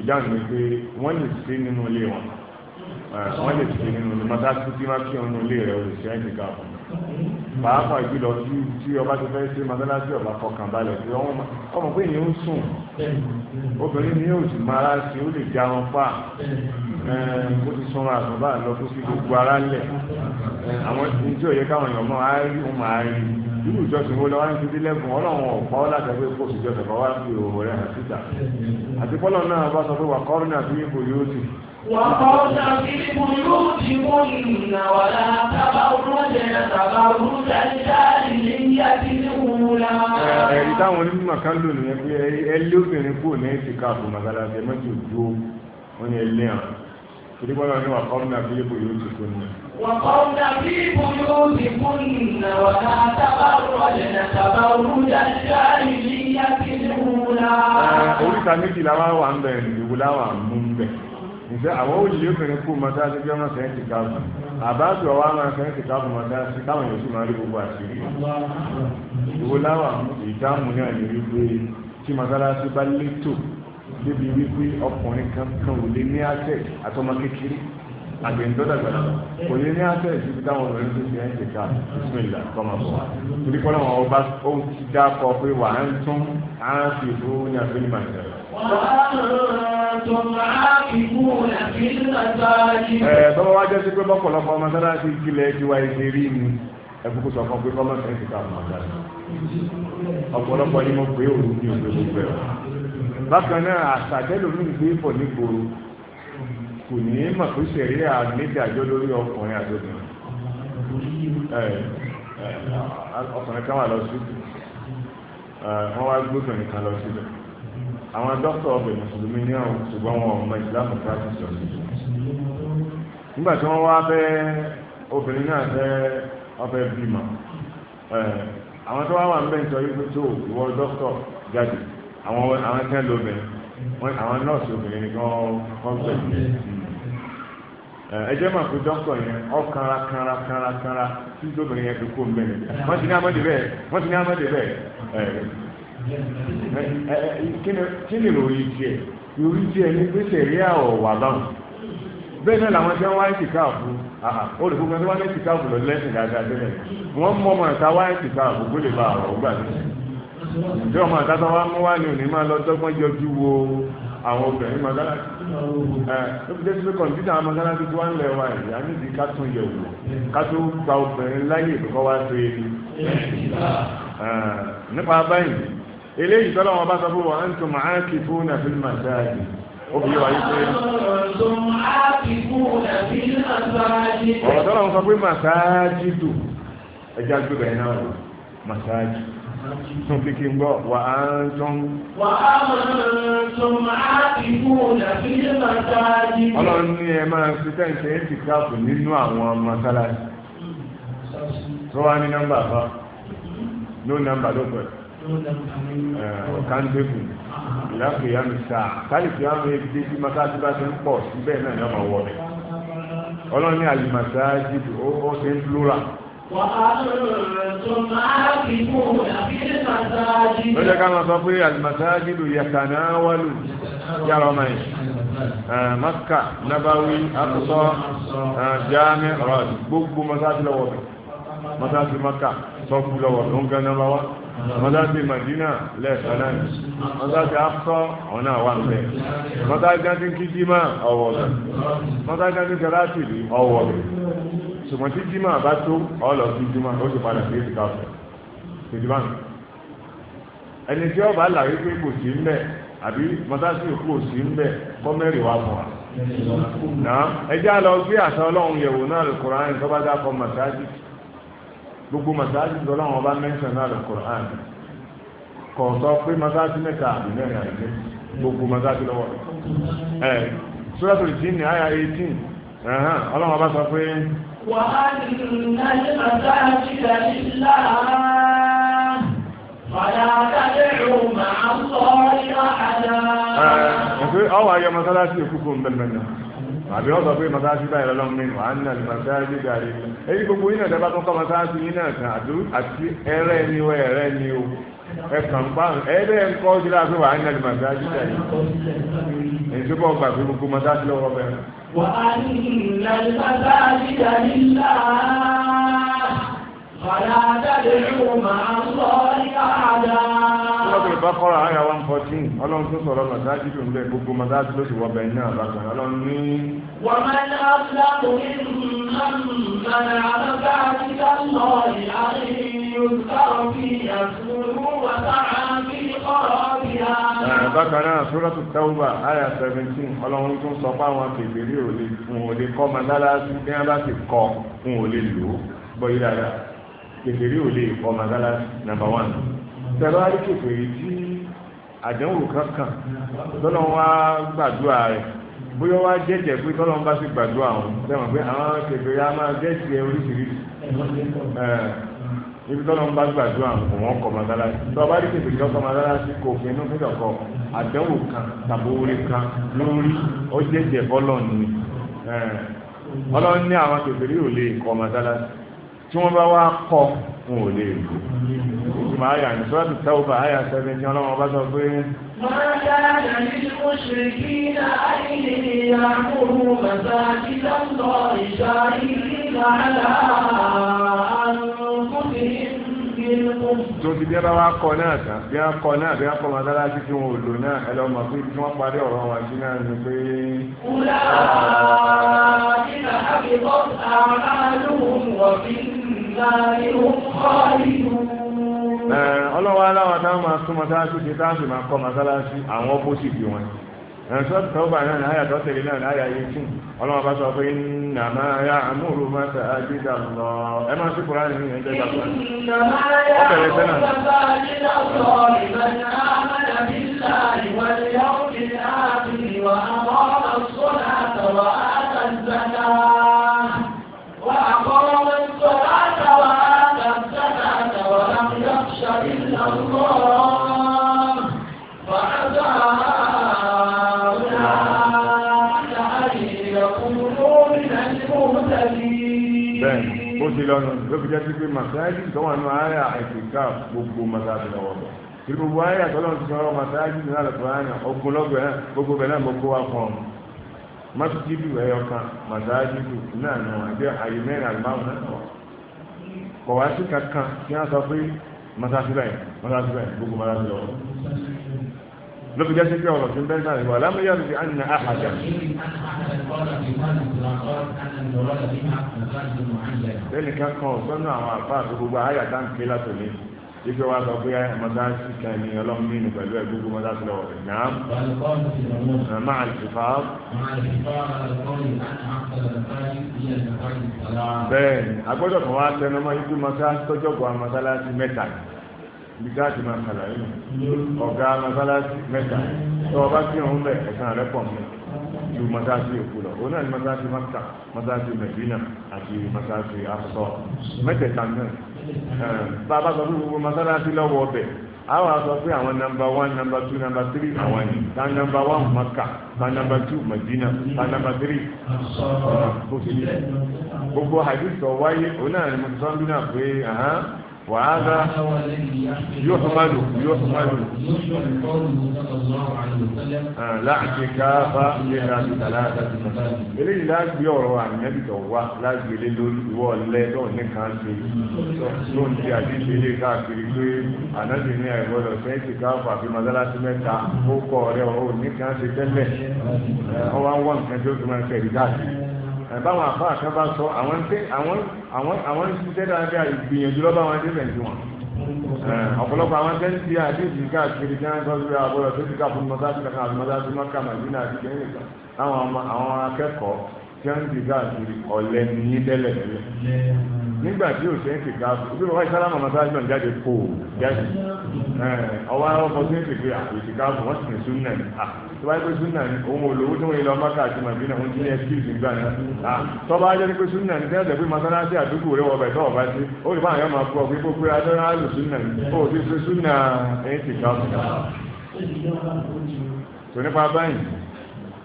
ìdáhùn mi pé wọ́n lè ṣe nínú ilé wọn eh, wọ́n lè ṣe nínú ilé masalasi tí wọ́n kí wọn nínú ilé rẹ̀ olùṣẹ́ àtìkà fún mi pàápàá ìjùlọ tí tí ọba ti fẹ́ ṣe mọ́tálásí ọba fọkàn balẹ̀ pé ọmọ pé ìyẹn ń sùn obìnrin ni yóò sì máa ra sí ó lè já wọn fà ó ti sanra àtúnbà lọ kó sí gbogbo ara lẹ̀ àwọn ìdí tí ò yẹ káwọn èèyàn máa rí wọn máa rí irú ìjọsìn wo lọ́wọ́ ń fi dílẹ́kùn ọlọ́run ọ̀pá ọ̀làjà pé kó ìjọsìn kan wá fi òwò rẹ̀ hàn síta àti pọ́lọ́ náà bá sọ pé wà kọ́rin àti yípo yóò sì وقرن في بيوتكن ولا تبرجن تبرج الجاهلية الأولى. ẹ̀rí táwọn onímọ̀ kan lò nìyẹn pé ẹlé obìnrin kúrò ní ìtìkáàfù màgàlàbí ẹ mọ́tò dúró wọn ni ẹlé hàn torí wọn ni wà kọ́ọ̀nà bí ibò yóò ti kún ní. wà kọ́ọ̀nà bí ibò yóò ti kún ní wàlá tabarujn tabaruj al-jahiliyyati al-ula. oríta méjì làwọn wà ń bẹ̀ ìwúlá wà ń mú bẹ̀ ìgbẹ́ àwọn òyìnbó obìnrin kú mọ́tàásí bí wọ́n fẹ́ ti káàbù àbáàbí ọwọ́ àwọn afẹ́ ti káàbù mọ́tàásí káwọn yóò sì máa rí gbogbo àṣírí ìwò láwà ìdáàmú náà ní wípé tí mọ́tàásí bá létò débi wípé ọkùnrin kankan ò lè ní àṣẹ àtọmọ kékeré àgbẹ̀ntọ́dàgbàlà kò lè ní àṣẹ ìṣubú táwọn obìnrin tó ti ẹ̀ ń ti ká bísímìlà kọ́mọ bọ̀ wá torí kọ́lọ́wọ́n ọba ó ti dá kọ pé wà á ń tún á fi ìfowó ní àfẹ́lẹ́ tọ́wọ́ wá jẹ́ sí pé bọ́pọ̀lọpọ̀ mọ́sálásí ìkìlẹ̀ ti wá ìṣe rí ni ẹ̀fúkú sọ fún pé kọ́mọ̀ fẹ́ ti ká mọ́sálásí ọ̀pọ̀lọpọ̀ ni mo pé òru ní òwe gbogbo ẹ̀ bákan náà àṣàjẹ́ lómi ń gbé pọ̀ ní gbòòrò kò ní mọ̀ tó ṣẹ̀rí àmìdájọ́ lórí ọkùnrin àdókùn ọkùnrin kan wà lọ sí wọ́n wá gbókùnrin kan lọ síbẹ̀ àwọn dókítà ọbẹ̀ mùsùlùmí ní àwọn ṣùgbọ́n wọn ọmọ ìsìlámù practice ọ̀sẹ̀ tó nígbà tí wọ́n wá fẹ́ obìnrin náà fẹ́ ọfẹ́ bímọ àwọn tó wá wà níbẹ̀ nítorí pé tó ìwọ dókítà jáde àwọn àwọn tẹ́ ló bẹ̀ wọ́n àwọn nọ́ọ̀sì obìnrin nìkan kọ́ bẹ̀ ẹ jẹ́ mọ̀ pé dókítà yẹn ọ kanra kanra kanra kanra tí lóbìnrin yẹn fi kó ń bẹ̀ nìkan wọ́n bẹ́ẹ̀ kí ni ìròyìn tiẹ̀ ìròyìn tiẹ̀ ní pé sẹ̀rí àwọ̀ wà báwọn bẹ́ẹ̀ náà làwọn tí wọ́n wáyé tìkáàfù olùkókò tí wọ́n wáyé tìkáàfù lọ lẹ́sìn dáadáa tẹ́lẹ̀ wọ́n mọ ọmọ ìta wáyé tìkáàfù kó lè ba àrọ̀ gbà tó tí ọmọ ìta tó wá mú wá ní òní máa lọ dọ́gbọ́n yọjú wo àwọn obìnrin mọ́sálásí ẹ̀ ló fi jẹ́ pé kọ̀ǹpútà mọ́sálásí tí wọ́n lẹ̀ wá ìyá níbi ká tún yẹ̀ wò ká tó gba obìnrin láyè kọ́kọ́ wá sí i nípa báyìí eléyìí tọ́lọ́ wọn bá sọ fún wọn ń tún máa kí fún náà fílmù àjáàjì obìnrin wa yìí pé ọ̀rọ̀ tọ́lọ́ wọn sọ pé màsáájì dù ẹja gbé bẹ̀rẹ̀ náà lọ màsáájì tún fi kí n gbọ́ wà á ń tún. wà á tún máa kí fún náà fílmù àjáàjì. ọlọ́run ní ẹ máa fi tẹ́ǹtì ẹ̀ ti káàpù nínú àwọn mọ́sálásí tó wá ní nọ́mbà kan ló nọ́mbà ló pẹ̀lú kánbébù ìlàkè yàmi sáà kálífì yàmi ebi tí masáàtì bá ti ń pọ̀ síbẹ̀ náà ni ọmọ wọlé ọlọ́run ní àlùmọ̀sá jìbù ó ṣe ń lóra. ó jẹ́ ká máa sọ pé àlùmọ̀sá jìbù yàtàná wálù yàrá ọmọ yìí maka nabawi akusọ jami rọd gbogbo masáàtì lọ́wọ́ bẹ̀ masáàtì maka sọ́kù lọ́wọ́ bẹ̀ ó ń gan nàbà wọ́n dá sí Madina lẹ́ẹ̀kan náà wọ́n dá sí Afọ́ àwọn náà wà níbẹ̀ wọ́n dá sí gántín kíjímà ọ̀wọ̀ rẹ̀ wọ́n dá sí gántín kẹrátìlì ọ̀wọ̀ rẹ̀ ṣùgbọ́n tí jímà bá tó ọ̀lọ́ sí jímà ó sì padà sí èsì káfẹ́ kíjímà ẹni tí ọba là wípé kò sí ń bẹ̀ àbí mọ́tàsí òkú ò sí ń bẹ̀ kọ́mẹ́rì wà fún wa náà ẹjẹ́ àlọ́ gbé àṣà ọlọ́run yẹ̀wò náà lùkùrán gbogbo masáàjì lọ́la wọn bá mẹ́sàn náà lọ́kùnrin kò sọ pé masáàjì mẹ́ta àbí mẹ́rin àbí gbogbo masáàjì lọ́wọ́ ẹ̀ suratul jinn ní àyà 18 ọlọ́wọ́n bá sọ pé. wàá nínú ní masáàjì rẹ̀ nílá ọ̀wọ́ ayọ̀ masáàjì òkúkú ń bẹ̀rẹ̀ náà àbí wọ́n sọ pé masáàsì báyìí lọ́lọ́run mi wà á nà lè masáàsì gàrí èyí gbogbo yín náà tẹ́ bá tún kọ́ masáàsì yín náà kan àti ẹrẹ́ ni o ẹrẹ́ ni o ẹ̀kàn bá ẹ̀ẹ́dẹ́ ń kọ́ sí láti wà á nà lè masáàsì gàrí èyí tó bọ̀ gbà pé gbogbo masáàsì lọ́wọ́ bẹ́ẹ̀. wà á nà masáàsì gàrí láà. Fàlá tàdéhùn máa ń sọ ìkàdá. Lọ́dún ìbákọ́ra 114, ọlọ́run tó sọ̀rọ̀ màsáájú tó ń bẹ gbogbo màsáájú ló sì wọ bẹ̀rẹ̀ náà bákan ọlọ́run ní. Wọ́n máa ń lọ́sọ̀rọ̀ tó ní ìmọ̀ràn àbábá àti dáńtọ̀ ìyáàrin yóò fi àfúrú wà sáà bí ọ̀rọ̀ bíyà. Bákan náà, Sóràtù Táwùbà, àyà 17, ọlọ́run tó ń sọ pé àwọn kèfèrí ò lè kọ́ màsálásí bí wọ́n bá ti kọ́ fún òlè lò ó. Bọ́ yí dáadáa. kèfèrí ole lè mazala no nàmbà wán tẹ̀lé wá rí tí àdánwò kankan lọ́nà wá gbàdúrà rẹ̀ bóyá wá jẹ́jẹ́ pé tọ́lọ́ bá sí gbàdúrà wọn tẹ̀wọ̀n pé àwọn kèfèrí á máa oríṣiríṣi ibi tọ́lọ́ bá gbàdúrà kò wọ́n kọ́ bá rí kọ́ kò inú àwọn ò lè kọ́ tí wọ́n bá wá kọ́ wọn ò lè lò ìtumọ̀ àyà ní sọ́ọ́tù tẹ́wọ́fà àyà sẹ́fẹ̀ tí ọlọ́wọ́n bá sọ pé. máa dá àdàlí fún ṣèkí náà àìlè àkóhùn bàbá àti lọ́tọ̀ ìṣá ìlú àlá tó ti bí a bá wá kọ náà tán bí a kọ náà bí a kọ máa dára sí wọn ò lò náà ẹ lọ mọ̀ pé tí wọn parí ọ̀rọ̀ wa sí náà ni pé. kúlá ìlà àbíkọ́ àwọn aláàlú wọ̀ ọlọ́wọ́ aláwọ̀ táwọn máa tún mọ́sálásí ṣe táàsì máa kọ́ mọ́sálásí àwọn opposite wọn ẹ̀sọ́ tọ́ba náà ní àyà tọ́tẹ̀lé náà ní àyà eighteen ọlọ́wọ́ bá sọ pé ya lọ ya أقاموا الصلاة وآتوا الزكاة ولم يخش إلا الله فعسى أولئك أن يكونوا من المهتدين. bẹ́ẹ̀ni ó ti lọ́nà ló fi jẹ́ sí pé màsáájì tó wà nù àyà ìfìkà gbogbo màsáájì lọ́wọ́ lọ ìgbogbo àyà tó lọ́nà tó sọ̀rọ̀ màsáájì nínú àlùkò àyà ogun lọ́gbẹ̀ẹ́ gbogbo bẹ̀rẹ̀ mọ́kó wa fún ọ masjidu ẹyọkan masajidu náà nù àbí àyè mẹ́rin àlùmáwò náà wà kọ̀ wá sí kankan kí a sọ pé masasila yìí masasila yìí gbogbo masasila wọn lóbi jẹ́ sẹ́kẹ́ ọ̀rọ̀ tó ń bẹ́ẹ̀ sáré wà lámúyá lóbi á nà áhàjà. lẹ́nu kankan ọ̀gbọ́n náà àwọn àfáà tó gbogbo àyà dáńké látòlé ife wa sọ pé eh, mọ́sáàsì kan ní ọlọ́run nínú pẹ̀lú ẹ̀ gbogbo mọ́sáàsì lọ́wọ́ rẹ̀ náà. màmá àlùfà. bẹ́ẹ̀ ni agbọ́dọ̀ kan wá tẹnu mọ́ ikú mọ́sáàsì tọ́jọ́ kan mọ́sáàsì mẹ́ta bí káàtì máa kàlà yìí ọ̀gá mọ́sáàsì mẹ́ta tó o bá kírun bẹ̀ ẹ̀sán rẹ̀ pọ̀ mọ́ ju mọ́sáàsì èkó lọ òun náà ni mọ́sáàsì Mákà mọ́sáàsì Mẹdínà àti mọ́sáàsì asọ mẹ́tẹ̀ẹ̀ta náà bàbá sọ fún gbogbo masalasi lọ́wọ́ ọbẹ̀ àwọn sọ pé àwọn nọ́mbà one nọ́mbà two nọ́mbà three àwọn ni ta nọ́mbà one maka ta nọ́mbà two madina ta nọ́mbà three gbogbo hadith sọ wáyé òun náà ni mo sọ ń bí náà pé وهذا يحمل يحمل لا اعتكاف إلا بثلاثة eléyìí lágbé ọ̀rọ̀ ànábì tó wá lágbé lé lórí ìwọ ọ̀lẹ́ tó ní kan ṣe tó ń di àdíṣe ilé káàkiri pé ànábì ní àìgbọ́dọ̀ fẹ́ ti ká fàfi mọ́sálásí mẹ́ta ó kọ́ ọ̀rẹ́ ọ̀hún ní kan ṣe tẹ́lẹ̀ ọwọ́ ń wọ́n nǹkan tó fi máa ń kẹ́rì káàkiri báwọn àfáà kan bá sọ àwọn ń tẹ́ àwọn àwọn àwọn ń ṣiṣẹ́ dáadáa ìgbìyànjú lọ́ba wọn dé bẹ̀rẹ̀ wọn ọ̀pọ̀lọpọ̀ àwọn tẹ́ ń ti àdéhùn káàkiri kí wọ́n sọ sí àbọ̀rọ̀ tó ti ká fún mọ́tàkì kan àti mọ́tàkì mọ́kà màdínà àti kẹ́yìn kan akẹ́kọ̀ọ́ tí wọ́n ń di káàkiri ọ̀lẹ́ ní tẹ́lẹ̀ tẹ́lẹ̀ nígbà tí o ṣe ń kìkà bí bàbá ìsálámà masáájú náà jáde kó o jáde ọwọ́ àwọn ọkọ̀ tí ń kìkì àkùsìkà bọ̀ wọ́n sì ní súnà ní à tó bá yẹ pé súnà ní òun olówó tí wọ́n yẹ lọ mọ́kà àti màbínà wọ́n ti ní ẹ́skìlì nígbà náà tó bá yẹ pé súnà ní tẹ́lẹ̀ pé masáláṣí àdúgbò rẹ̀ wọ̀ bẹ̀ tó ọ̀bá sí ó lè bá àwọn ọmọ akọ pé kó pé adọ́rọ̀ súnà ní ó ti fi súnà ní kìkà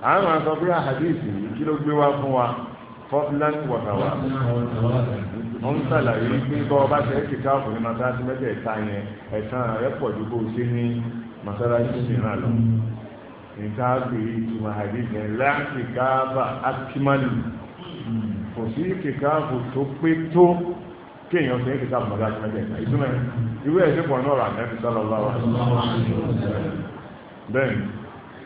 a máa sọ pé yìí kí ló gbé wá fún wa fọ́fúlán wọ̀tàwà ó ń sàlàyé pé ọba ṣe é ti káàkùn ní masáàsì mẹ́tẹ̀ẹ̀ta yẹn ẹ̀sán rẹ̀ pọ̀ ju ṣe ní mìíràn lọ nǹkan ìtumọ̀ yẹn láti káàbà kò sí tó pé tó kéèyàn ṣe é mẹ́tẹ̀ẹ̀ta ìtumọ̀ ìwé ẹ̀ṣẹ̀ pọ̀ náà rà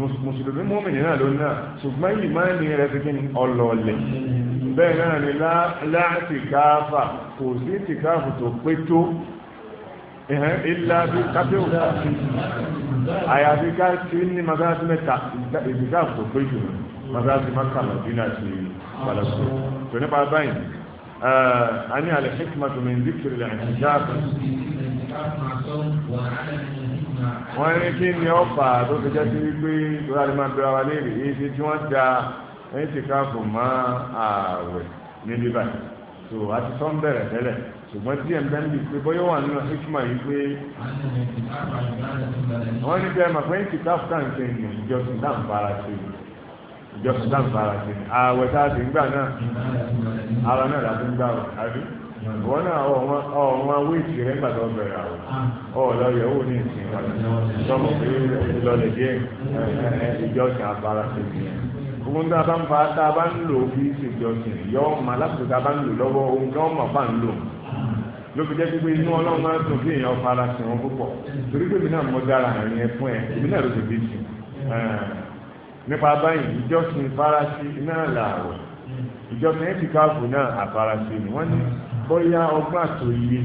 mùsùlùmí mọ́mìnì náà ló náà ṣùgbọ́n yìí máa ń ní rẹ̀ fíkín ọlọ́ọ̀lẹ̀ bẹ́ẹ̀ náà ni láti káfà kò sí ti káfà tó pé tó ilá bí kápẹ́wò àyàfi ká tí ní masáàtì mẹ́ta ìdí káfà tó pé jù masáàtì mẹ́ta màdínà ti balẹ̀kọ́ tó nípa báyìí a ní alẹ́ hikmatu min zikiri lẹ́yìn ìjáàbù wọ́n ní kí ni ọ̀fà tó fi jẹ́ sí wípé tó láti máa bẹ̀rẹ̀ wa léèrè èyí ṣe tí wọ́n da ẹ̀yìn ti káàkó mọ́ ààwẹ̀ níbi báyìí tó a ti sọ ń bẹ̀rẹ̀ tẹ́lẹ̀ ṣùgbọ́n tí ẹ̀ ń bẹ́ẹ̀ ń bì pé bọ́yọ̀ wà nínú hikima yìí pé wọ́n ní bẹ́ẹ̀ máa fẹ́yìn ti káàkó táǹkì ní ìjọsìn dáǹfààrà ṣe ìjọsìn dáǹfààrà ṣe ààwẹ̀ tá a ti ń gbà náà ara náà la ń gbà rẹ̀ wọn náà ọ̀wọ́n wíìtì rẹ̀ nígbà tó bẹ̀rẹ̀ àwọ̀ ah. ọ̀ọ́lọ́ yẹ̀wò ní ìsìn padà sọmọ pé ìlọlẹ̀ díẹ̀ ìjọsìn abara sí i ohun tá a bá ń fa tá a bá ń lò fi ṣèjọsìn yọ ọmọ alákòóso tá a bá ń lò lọ́wọ́ ohun tó ọmọ bá ń lò ló fi jẹ́ pípé inú ọlọ́run máa ń dùn kí èèyàn fara sí wọn púpọ̀ torí pé èmi náà mo dára àárín ẹ fún ẹ èmi náà ló ti bí sí nípa báyìí ìjọsìn farasí náà làárọ̀ ìjọsìn ẹ̀ ti káàkùn náà àfarasí ni wọ́n ní bóyá ọgbọ́n àtòyè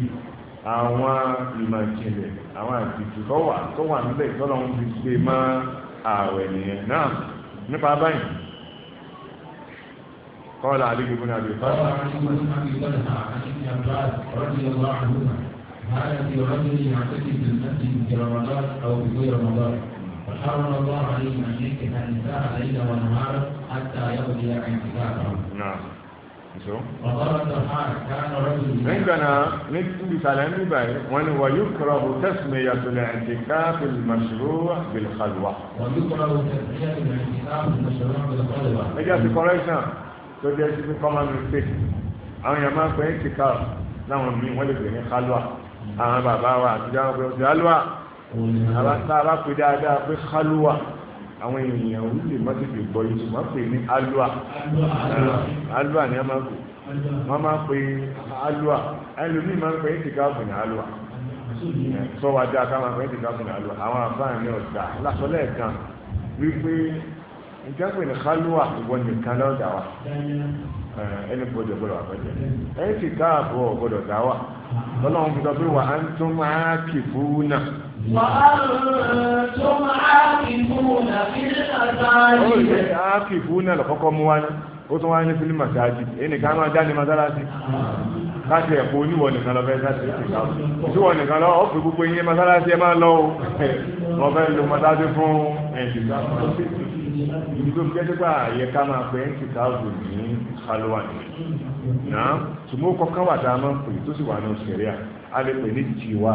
àwọn ìmọ̀ ìjìnlẹ̀ àwọn àgbèjì tó wà tó wà nílẹ̀ tọ́lọ́ ń fi gbé mọ́ ààwẹ̀ nìyẹn náà nípa báyìí قال علي بن ابي طالب قال علي بن ابي طالب عن ابن عباس رضي الله عنهما هل في رجل يعتكف في المسجد في رمضان او في غير رمضان وحرم الله عليه ان ينكح النساء ليلا ونهارا حتى يقضي اعتكافه نعم tó. nígbà náà ní ìsàlẹ̀ nígbà yìí wọ́n ní wàyú kọ́rọ̀ bù tẹ́sùmẹ̀ yàtọ̀ lẹ́ ẹ̀ǹtì káfíìn màṣúrù bìlì kàlùwà. ẹjọ́ ti correction tó jẹ́ sí common mistake àwọn èèyàn máa ń pè é ti káà láwọn míì wọ́n lè pè ní kálùwà àwọn bàbá wa àtijọ́ wọn pè é kálùwà àwọn tá a bá pè dáadáa pé kálùwà àwọn èèyàn ò lè má tètè gbọ́ yìí wọ́n pè ní alua alua ni a máa pè wọ́n máa pè alua ẹlòmíì máa ń pè é tìka fún ní alua sọ wá dáa ká máa pè é tìka fún ní alua àwọn afáàní ní ọ̀dà lásọlẹ̀ kan wípé ìjọba ìní kálúwà ìwọ nìkan lọ́dà wa Eh, ẹni gbọdọ̀ gbọdọ̀ àkọjẹ ẹni sì káàbọ̀ gbọdọ̀ dáwà lọ́lọ́run fi sọ wà á ń tún máa kì fún náà. wà á tún máa kì fún náà fi lè ṣàtà yìí. ó á kì fún náà lọ́kọ́kọ́ mú ní ó tún wá ní fílímù àṣáájú ẹnì kan máa dání káṣí ẹ̀kọ́ oníwọ̀ nìkan lọ́fẹ́ sáṣí nìkan gbogbo máa lọ o wọ́n fẹ́ lo kálúwà ní náà ṣùgbọ́n kọ́kọ́ wà tá a máa ń pè tó sì wà ní òṣèré à a lè pè ní jìwà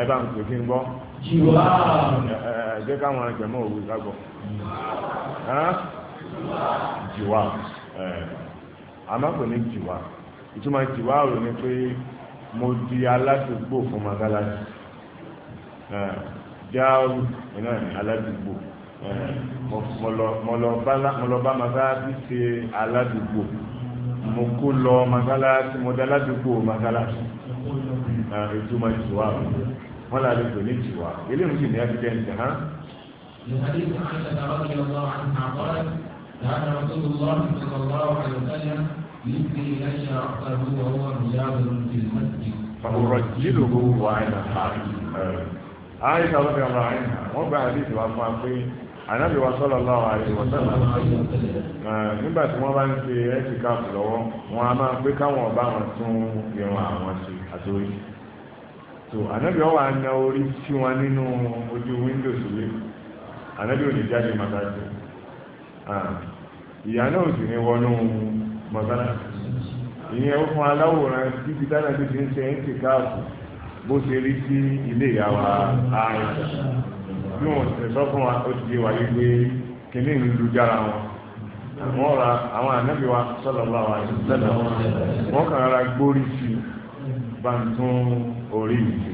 ẹ bá ń pè kí n gbọ́ jìwà ẹ jẹ́ káwọn àjẹmọ́ òwe ká gbọ́ jìwà ẹ a máa pè ní jìwà ìtumọ̀ jìwà rò ní pé mo di aládùúgbò fún magalasi jáàrú iná aládùúgbò mo lọ bá masalasi ṣe aládùúgbò mo kó lọ masalasi mo dá aládùúgbò masalasi ìtumọ̀ ìtura wọn là lè pè ní ìtura eléyìí sì ní evidence hàn. يحدث عائشة رضي الله عنها قالت كان رسول الله صلى الله عليه وسلم يبدي إلي رأسه وهو مجاور في المسجد فأرجله وأنا حائل. عائشة رضي الله عنها وبعد ذلك ànábì wa sallallahu alaihi wa sallam eh, nígbà tí wọ́n bá ń ṣe ẹ́tìkáf lọ́wọ́ wọn a máa pé káwọn ọba wọn tún irun àwọn ṣe àtòrí tó ànábì wọn wà na orí sí wọn nínú ojú wíńdò sílé ànábì ò ní jáde mọ́tàṣe ah, ìyá náà sì ní wọnú mọ́tàṣe ìyẹn ó fún aláwòrán títí dáná tó ti ń ṣe ẹ́tìkáf bó ṣe rí sí ilé ìyá wa àìsàn bí wọn sì sọ fún wa ó ti di wáyé pé kìnní ń lu jára wọn wọn ra àwọn ànábì wa sọlọ bá wa sẹlẹ wọn kàn ra gbórí sí bàtún orí ìdè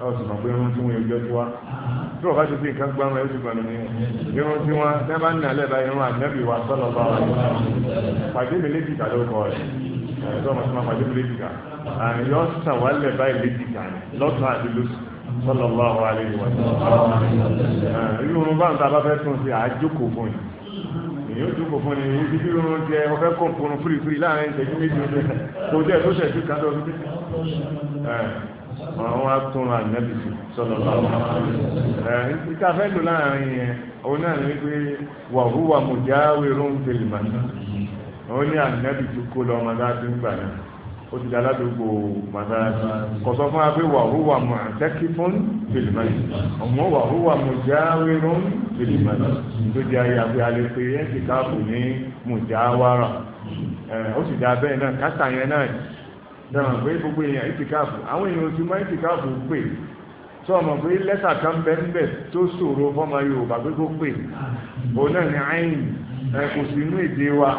ọ sì mọ̀ pé wọ́n tún ẹgbẹ́ tó wá tí wọ́n bá ti fi nǹkan gbá wọn ẹ̀sùn gbọ́nà ní irun tí wọ́n tẹ́ bá nà lẹ́ba irun ànábì wa sọ́lọ́ bá wa ní pàdé mi léjìká ló kọ́ rẹ̀ ẹ̀sọ́ ọmọ tí wọ́n pàdé mi léjìká àyọ̀ sàn wà lẹ́ba ìléjìká lọ́tọ̀ àti sallallahu alaihi wa sallam ah, irú oorun báwọn tá a bá fẹ́ tún sí àjókòó fún yìí èyí ó jókòó fún ni ibi bí oorun jẹ ọfẹ́ kó oorun fúrifúri láàrin ìṣẹ́jú méjì oṣù kò jẹ́ tó ṣẹ̀ṣù kan lọ́dún bí eh, àwọn atúnra ànábì sí sọlọ lọ́wọ́ níta fẹ́ lò láàrin yẹn ó ti dára dùgbò màsálásí kò sọ fún wa pé wà húwà mọ̀ àtẹ́kí fún fìlìmọ́lì ọmọ wà húwà mọ̀ jáwé rún fìlìmọ́lì tó di ayé àgbé alẹ́ pé ẹ̀ ti káàbù ní mùjáwárà ó sì dá bẹ́ẹ̀ náà kásà yẹn náà dáhùn pé gbogbo èèyàn ẹ̀ ti káàbù àwọn èèyàn ti mọ́ ẹ̀ ti káàbù pè tó ọmọ pé lẹ́tà kan bẹ́ẹ̀ tó ṣòro fọ́mọ Yorùbá pé òun náà ni àyìn kò sí inú wa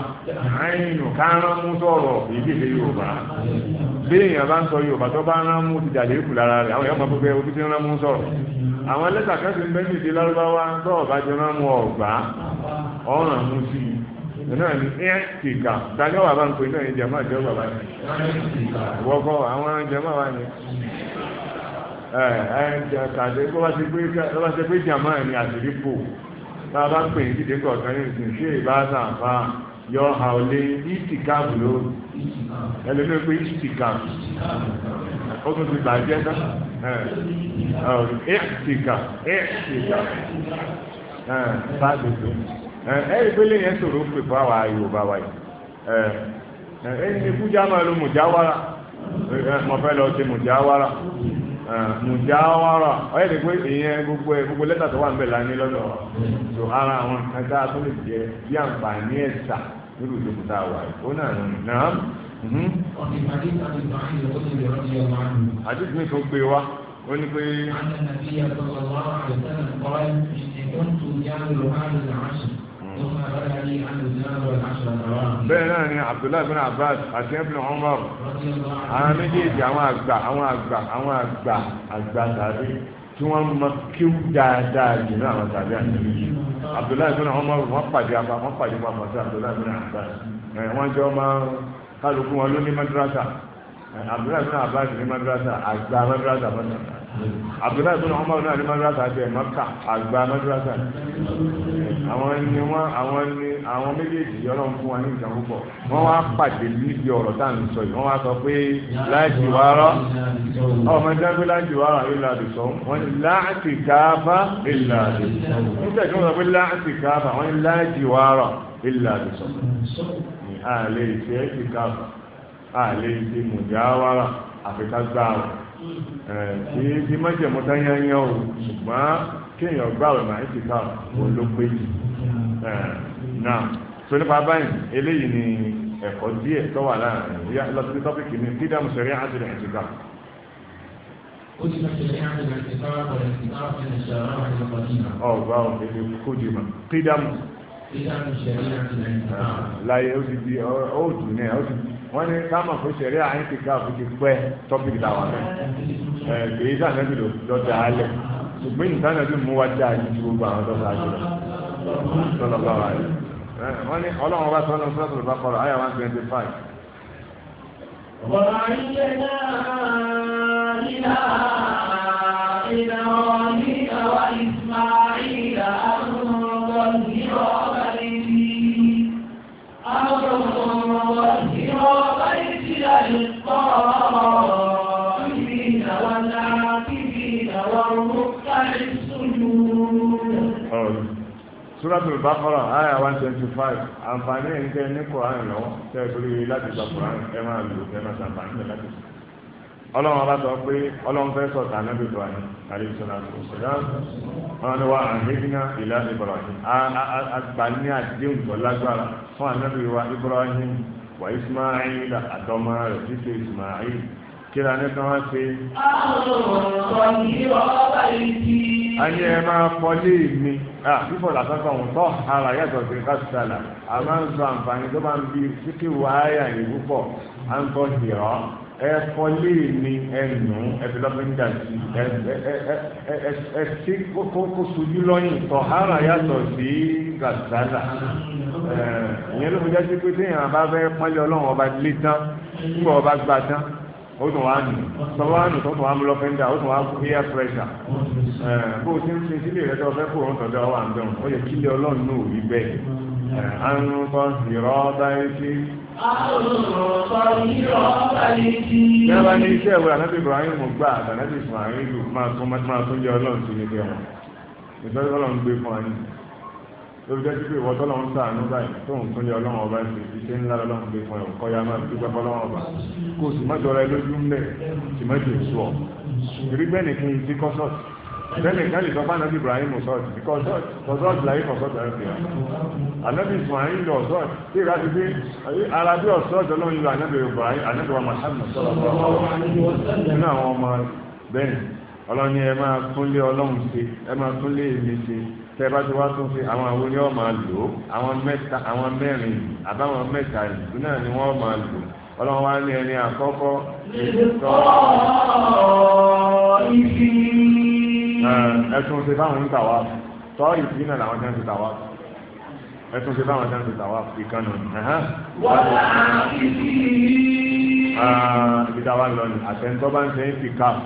àìnù kárán sọ̀rọ̀ ìdílé yorùbá béèyàn bá ń sọ yorùbá tó bá rán mú ti kù lára rẹ̀ àwọn rán mú sọ̀rọ̀ àwọn ti ń bẹ́ẹ̀ nìdí lárúbáwá tó ọ̀bá ti rán mú ọ̀gbá ọ̀ràn mú sí i náà ní ẹ́ kìkà tani ọ̀wà bá ń pè náà bá ní wọ́kọ́ àwọn tá a bá ń pè ní dídé kọ̀ọ̀kan ní ìsìn ṣé ìbá sàǹfà yọ ọ̀hà òlé ìtìkáàbù ló ẹlẹ́nu pé ìtìkáàbù ó tún ti bàjẹ́ tán ìtìká ìtìká báàgì tó ẹ̀rí pé lẹ́yìn sọ̀rọ̀ pè fún àwa Yorùbá wa yìí ẹ̀ẹ́dínlẹ́kú jámà ló mùjáwárà mọ̀fẹ́ lọ sí mùjáwárà mùjáwárà ọ̀yẹ́ ti pé ìyẹn gbogbo ẹ̀ gbogbo lẹ́tà tó wà ń bẹ̀ lání lọ́dọ̀ tó ara àwọn nǹkan tá a tó lè jẹ bí àǹfààní ẹ̀sà nínú ìjókòó tá a wà yìí ó náà nù náà. Mhm. àdìsí mi tó gbé wa ó ní pé. àná nàbíyà tó wà láwọn àgbẹ̀ bẹ́ẹ̀ náà ni abdullahi bin abbas àti ibn umar àwọn méjèèjì àwọn àgbà àwọn àgbà àwọn àgbà àgbà tàbí tí wọ́n mọ kíw dáadáa jù náà àwọn tàbí àtẹ̀lẹ́ yìí abdullahi bin umar wọ́n pàdé apá wọ́n pàdé apá àti abdullahi bin abbas wọ́n jọ máa kálukú wọn ló ní madrasa abdullahi bin abbas ní madrasa àgbà madrasa madrasa abdullahi bin umar náà ní madrasa bẹ́ẹ̀ maka àgbà madrasa àwọn ni wọn àwọn ni àwọn méjèèjì Ọlọ́run fún wa ní nǹkan púpọ̀ wọn wá pàdé níbi ọ̀rọ̀ tá à ń sọ yìí wọn wá sọ pé láti wàárọ ọmọ ẹgbẹ pé láti wàárọ ìlà àdùsọ wọn ni láti káfá ìlà àdùsọ nígbà tí wọn sọ pé láti káfá wọn ni láti wàárọ ìlà àdùsọ àlè ìṣe ẹtì káfá àlè ìṣe mùjáwárà àfikà gbáà wọn kì í fi májèmú tányányá o ṣùgbọ́n kéèyàn gbà rẹ̀ máa ń ti ká o ló pé jù náà tó nípa báyìí eléyìí ni ẹ̀kọ́ díẹ̀ tó wà láàrin lọ sí tọ́pìkì ní fídàmù sẹ̀rí àtìlẹ̀ ìtìká. ọgbà òde ni kódì mà fídàmù. fídàmù sẹ̀rí àtìlẹ̀ ìtìká. láyé ó ti di ó dùn ní ẹ̀ ó ti di wọ́n ní káàmà fún ṣẹ̀rí àyín ti ká àbújá pẹ́ tọ́pìkì làwọn náà ẹ̀ kìí sànẹ́bí lọ́dà alẹ̀ ṣùgbọ́n ìtànẹ́bí mú wá ju gbogbo àwọn tó sáájú lọ bá wà rẹ̀ wọ́n ní ọlọ́run bá sọ́nà Suratul Baqara àyà one twenty five àǹfààní ẹ̀ ń tẹ́ ní Kùránì lọ́wọ́ tẹ́ torí láti gba Kùránì ẹ máa lò ẹ máa ṣàǹfààní ẹ láti sọ. Ọlọ́run ọba sọ pé Ọlọ́run fẹ́ sọ̀tà anábì tó àyè àlè ìṣọ̀lá ìṣọ̀lá wọn ni wa àhẹ́dínà ìlà Ibrahim àgbà ní àdéhùn tó lágbára fún anábì wa wa Ismail àtọmọ rẹ̀ títí Ismail kíra ní kan wá ṣe. a ní ẹ máa fọlé mi fífọ̀ làtọ́ kan ò tọ́ ara yàtọ̀ sí kásítàlà a máa ń sọ àǹfààní tó máa ń bi síkì wáyà ní púpọ̀ à ń tọ́ sí ọ́ ẹ fọlé mi ẹnu ẹfìlọ́pẹ́ńdà sí ẹ sí kókó sojú lọ́yìn tọ́ ara yàtọ̀ sí kásítàlà ìyẹn ló fi jásí pé téèyàn bá fẹ́ pọ́nlé ọlọ́run ọba lé tán nígbà ọba gbà tán ó tún wá nù tọ́wọ́ wá nù tó tún wá mú lọ́fẹ́ńdà ó tún wá kú air pressure bó o ti ń sin sílé rẹ tó fẹ́ kó òun tọ́jú ọwọ́ àǹdọ̀n ó yẹ kí ilé ọlọ́run náà rí bẹ́ẹ̀ àrùn kan sì rọ́ báyìí sí. àrùn kan iṣẹ́ ìwé ànábì Ibrahim gbà àtànábì Ismail máa tún máa tún yẹ ọlọ́run sí ní lórí jẹ́ pípé ìwọ́ tọ́lọ́run ṣàánú báyìí tó ń tún lé ọlọ́run ọba ṣe iṣẹ́ ńlá lọ́lọ́run gbé fún ẹ̀ kọ́ ya máa dúpẹ́ fọlọ́run ọba kó o sì má jọra ẹ lójú ńlẹ̀ sì má jẹ èso ọ̀ ìrí bẹ́ẹ̀ni kí n ti kọ́ sọ́ọ̀tì bẹ́ẹ̀ni kí wọ́n lè sọ fún anabi Ibrahim sọ́ọ̀tì kọ́ sọ́ọ̀tì láyé kọ́ sọ́ọ̀tì láyé fìyà anabi Ismail lọ sọ́ọ̀tì tí ìrà ti dé ara bí ọ̀sọ́ọ̀tì ọlọ́run yìí lọ anabi Ibrahim anabi wa Muhammad sọ́ọ̀tì nínú àwọn tẹ bá ti wá tún fi àwọn àwọn wọn máa lò àwọn mẹ́ta àwọn mẹ́rin àbáwọn mẹ́ta ìlú náà ni wọn máa lò ọlọ́run wá ní ẹni àkọ́kọ́ ìtọ́ ìfì ẹ̀sùn ṣe báwọn ń tàwa tọ́ ìfì náà làwọn jẹ́ ń ti tàwa ẹ̀sùn ṣe báwọn jẹ́ ń ti tàwa ìkànnà wọ́n á ìfì ìdíjáwá lọ ní àtẹ̀ńtọ́ bá ń ṣe ń fi káàpù.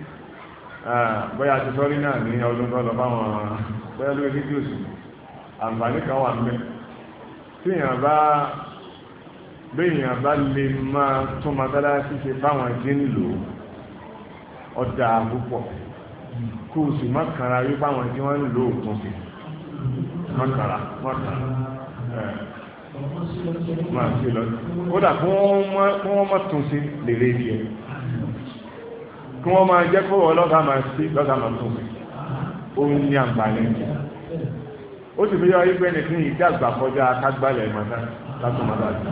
bóyá ti sọ́rí náà ní ọdún tó lọ báwọn bóyá lórí fídíò sí àǹfààní kan wà mẹ́ tíyàn bá béèyàn bá lè máa tún mọ́tálásí ṣe báwọn jí nílò ọjà púpọ̀ kó o sì má kàrà rí báwọn tí wọ́n lò òkun sí má kàrà má kàrà máa ṣe lọ kódà kí wọ́n má tún sí lèrè díẹ̀ kí wọ́n máa jẹ́ kó wọ́n lọ́gà máa sí lọ́gà máa tó mi ó ń ní àǹfààní ó sì fi yọ ẹgbẹ́ nìkan yìí dàgbà kọjá kágbálẹ̀ ìmọ̀ta látọ̀ máa dájú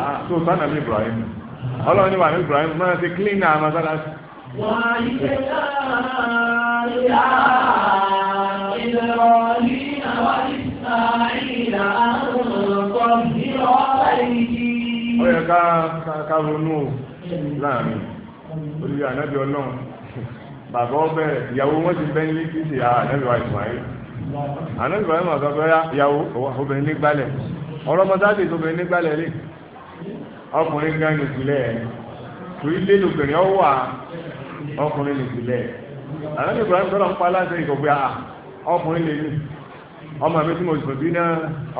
ah, tó sánà mi Ibrahim ọlọ́run ní wà ní Ibrahim máa ti clean àmọ́ sára sí. wà á yí pé láàárín ìlọrin àwọn ìsàlẹ̀ àwọn ọ̀gọ́ ìrọ̀lẹ́ ó yẹ ká ronú láàrin olùyọ ànábì ọlọ́run bàbá ọbẹ̀ ìyàwó wọn ti bẹ́ ní kìsì ah, ànábì wa ìsmáyé ànábì wa ìmọ̀ sọ́kọ́ yá ìyàwó obìnrin ní gbalẹ̀ ọlọ́mọdáàdì tó obìnrin ní gbalẹ̀ lè ọkùnrin gan ní ìpìlẹ̀ torí lé lóbìnrin ọ wà ọkùnrin ní ìpìlẹ̀ ànábì wa ìmọ̀ ń pa aláṣẹ ìkọ̀gbé ah, ọkùnrin lè ní ọmọ mi tí mo sì bí náà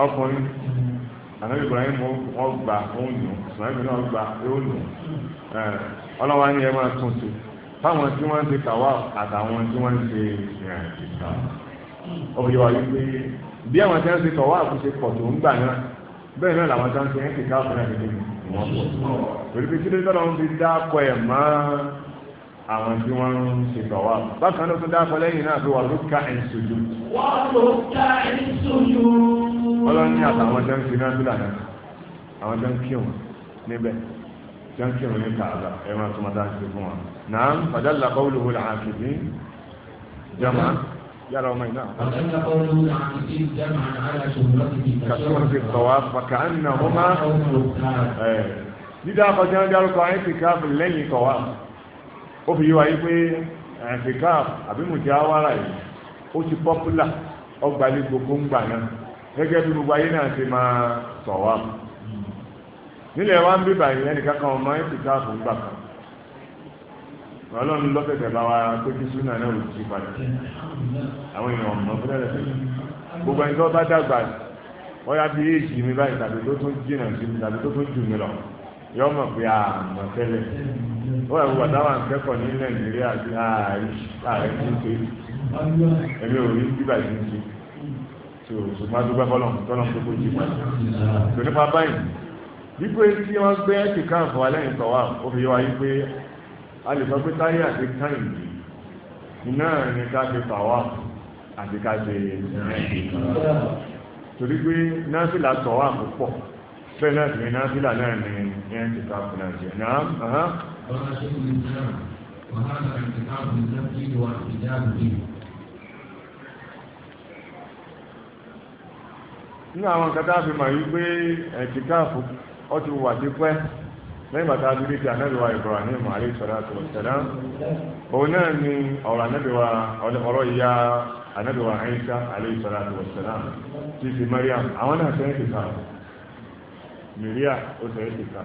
ọkùnrin ànábì Ibrahim wọn gba wọn nù Ismail náà gba yóò nù ọlọ́wọ́ ni ẹ máa tún ṣe fáwọn tí wọ́n ń ṣe kàwá àtàwọn tí wọ́n ń ṣe ìrìnàjò ọ̀bí wa yìí pé bí àwọn tí wọ́n ń ṣe kàwá àkúṣe pọ̀ tó ń gbà náà bẹ́ẹ̀ náà làwọn tí wọ́n ń ṣe ń ṣe káàkiri náà kékeré wọn pọ̀ torí pé kílódé tọ́lọ́ ń fi dáàkọ ẹ̀ mọ́ àwọn tí wọ́n ń ṣe kàwá bákan náà tó dáàkọ lẹ́yìn náà pé wà ló ẹ̀ ń sojú. wọ́n ló ẹ̀ ń sojú. ọlọ́run ní àtàwọn jẹ́ ń fi náà sílà àwọn jẹ́ ń kírun níbẹ̀ jẹ́ ń kírun ní kààbà ẹ máa tún máa dá sí fún wa náà fàdálà kọ́wùlù wọlé yàrá ọmọ iná. fi wáyé pé àbí yìí ó ti pọ́pùlà gẹ́gẹ́ bí gbogbo ayé náà ṣe máa sọ wá nílẹ̀ wa ń bí báyìí ẹnìkan kan ọmọ ẹ̀ ti ká fún gbà kan ọlọ́run lọ́sẹ̀sẹ̀ bá wa pé kí súnà náà ò ti padà àwọn èèyàn ọ̀mọ́ fún ẹ̀rẹ́ fún gbogbo ẹni tó bá dàgbà ọ̀yà bí èjì mi báyìí tàbí tó tún jìnnà sí mi tàbí tó tún jù mí lọ yọ mọ̀ pé àmọ̀ tẹ́lẹ̀ ó wà wíwà táwọn akẹ́kọ̀ọ́ ní Nàìjíríà àti ààrẹ tí ń ṣe èmi tó ṣùgbọ́n adúgbò fọlọ́ tọ́lọ́ tó kó jí pa tó nípa báyìí wípé tí wọ́n gbé ẹ̀sìn kan fún alẹ́ ìtọ̀ wa ó fi yọ wáyé pé a lè sọ pé táyé àti káyìn iná ní ká fi fà wá àti ká ṣe torí pé náfìlà tọ̀ wá púpọ̀ bẹ́ẹ̀ náà sì ní náfìlà náà ní ẹ̀sìn kan fún náà jẹ́ náà. وهذا انتقام من نفسه واحتجاب به nínú àwọn nǹkan tá a fi mọ̀ yí pé ẹ̀tìkáàfù ọ ti wà sí pẹ́ lẹ́yìn bàtà abúlé ti anábìwá Ibrahim O salatu wa salam òun náà ni ọ̀rọ̀ anábìwá ọ̀rọ̀ ìyá anábìwá ti fi Mariam àwọn náà sẹ́yìn ti kàá Mìríà ó sẹ́yìn ti kàá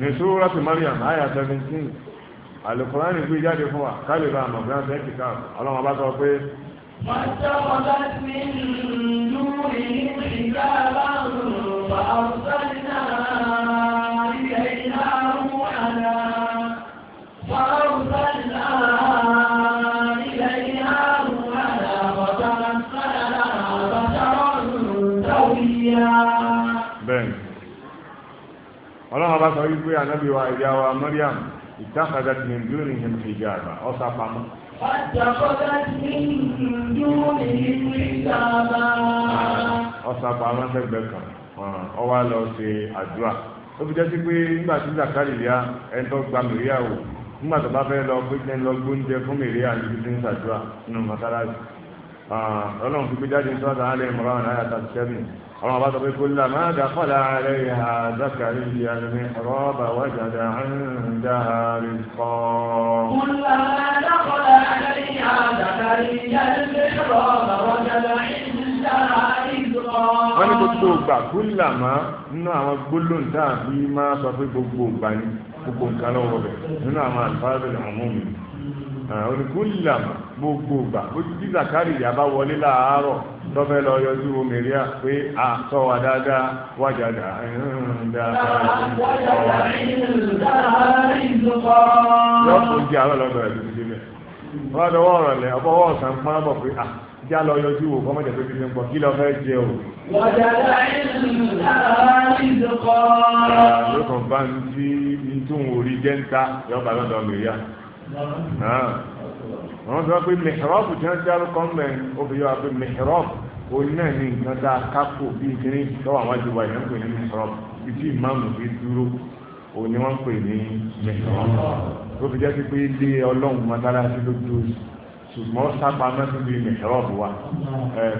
ní súrọ́tù Mariam àyà 17 Al-Qur'an gbé jáde fún wa kálíbà àmọ̀ bí wọ́n sẹ́yìn ti kàá sọ pé واتخذت من دونهم حجابا فأرسلنا إليها روحنا فأرسلنا إليها روحنا فتمثل لها بشرا سويا ọlọ́run ọba sọ wípé ànábìwá ìyá wa Maryam ìtàkàdá tìǹdùrìn hìm hijab ọ̀sà pamọ́ ọ̀sán pàmò sẹ́gbẹ̀ẹ́ kan ọwọ́ lọ ṣe àdúrà ó fi jẹ́ sí pé nígbà tí zakari ríà ẹni tó gba mìíríà wò nígbà tó bá fẹ́ lọ pé kí ẹni lọ gbóúnjẹ fún mìíríà níbi tí ń ṣàdúrà nínú mọ́sálásí Ah, ọlọ́run fi gbé jáde ní sọ́dọ̀ alẹ́ ìmọ̀ràn náírà tàbí sẹ́mi ọlọ́run bá sọ pé kó lá máa dà kọ́lá alẹ́ ìhà zákàrí ìyàmì rọ́bà wájàdà àǹdà rìkọ́. kó lá máa dà kọ́lá alẹ́ ìhà zákàrí ìyàmì rọ́bà wájàdà àǹdà rìkọ́. wọ́n ní gbogbo ògbà kó lá máa nínú àwọn gbólóhùn tá a fi máa sọ pé gbogbo ògbà ni gbogbo nǹkan lọ́wọ́ rẹ̀ nínú àwọn àlùfáà oníkúlìlàmà gbogbo gbà bójú tí zakari ìyá wọlé láàárọ̀ tọ́fẹ́ lọ yọjú omèrè à pé a sọ wa dáadáa wájà dáadáa lọ́kùn jẹ́ àwọn ọlọ́dọ̀ ẹ̀dùn ti wọ́n dọwọ́ ọ̀rọ̀ lẹ̀ ọbọ̀wọ́ ọ̀sán pọ́n jẹ́ pé kí ni pọ̀ kí bá ń tí ń tún orí jẹ́ńtà yọba lọ́dọ̀ mẹ́ríà. Ah. wọ́n sọ pé mihrabu tí wọ́n ti dárúkọ mẹ́ ó fi yọ wá pé mihrabu òun náà ní nǹkan tá a kápò bíi kíní lọ́wọ́ àwọn àjọba ìyẹn ń pè ní mihrabu ibi ìmáàmù fi dúró òun ni wọ́n ń pè ní mihrabu tó fi jẹ́ pé ilé ọlọ́run mọ́tálásí ló dúró sí ṣùgbọ́n sápa mẹ́tò bíi mẹ̀hẹ́rọ́ọ̀bù wa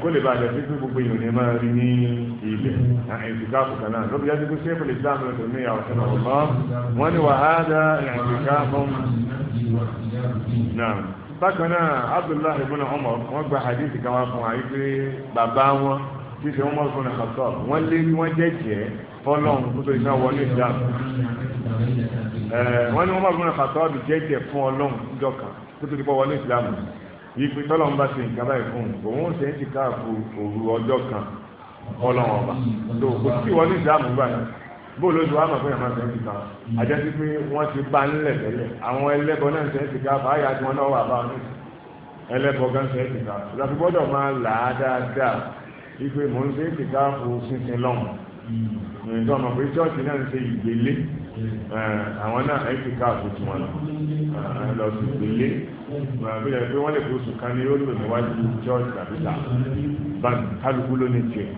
kó lè bàjẹ́ sí pé gbogbo èèyàn máa rí ní ilẹ̀ ìdùkà àkùkà náà lóbi jáde pé ṣé pèlè islam lọ́dọ̀ ní ìyàwó sẹ́nà ọ̀lọ́ wọ́n ní wàhálà ìdùkà mọ́m. bákan náà abdullahi ibn umar wọ́n gba hadith kan wá fún wa yìí pé bàbá wọn tí ṣe umar ibn khattab wọ́n lé wọ́n jẹ́jẹ́ fọlọ́n kó tó iná wọlé islam wọ́n ní umar ibn khattab jẹ́jẹ́ fún ọlọ́run jọ̀kan kó tó ti bọ́ wọlé wípé tọ́lọ́run bá ṣe nǹkan báyìí fún un òun ṣe ń ti káàkó òru ọjọ́ kan ọlọ́run ọba tó kò sí wọn ní ìdáàmú gbà náà bóòlù oṣù wa mọ̀ fún yàrá ṣe ń ti kan àjẹsí pé wọ́n ti bá ńlẹ̀ tẹ́lẹ̀ àwọn ẹlẹ́bọ náà ṣe ń ti káàkó àyà tí wọ́n náà wà bá wọn ẹlẹ́bọ gan ṣe ń ti káàkó láti gbọ́dọ̀ máa là á dáadáa wípé mò ń ṣe ń ti káàkó sísin lọ́hùn nǹkan ọmọ pé chọ́ọ̀tì náà ń ṣe ìgbélé àwọn náà ẹ̀ ti káàkó tiwọn lọ sí ìgbélé tó yẹ pé wọ́n lè kó sùn kan ní yóò lò níwájú church tàbí ta báńkì kálukú ló ní tiẹ̀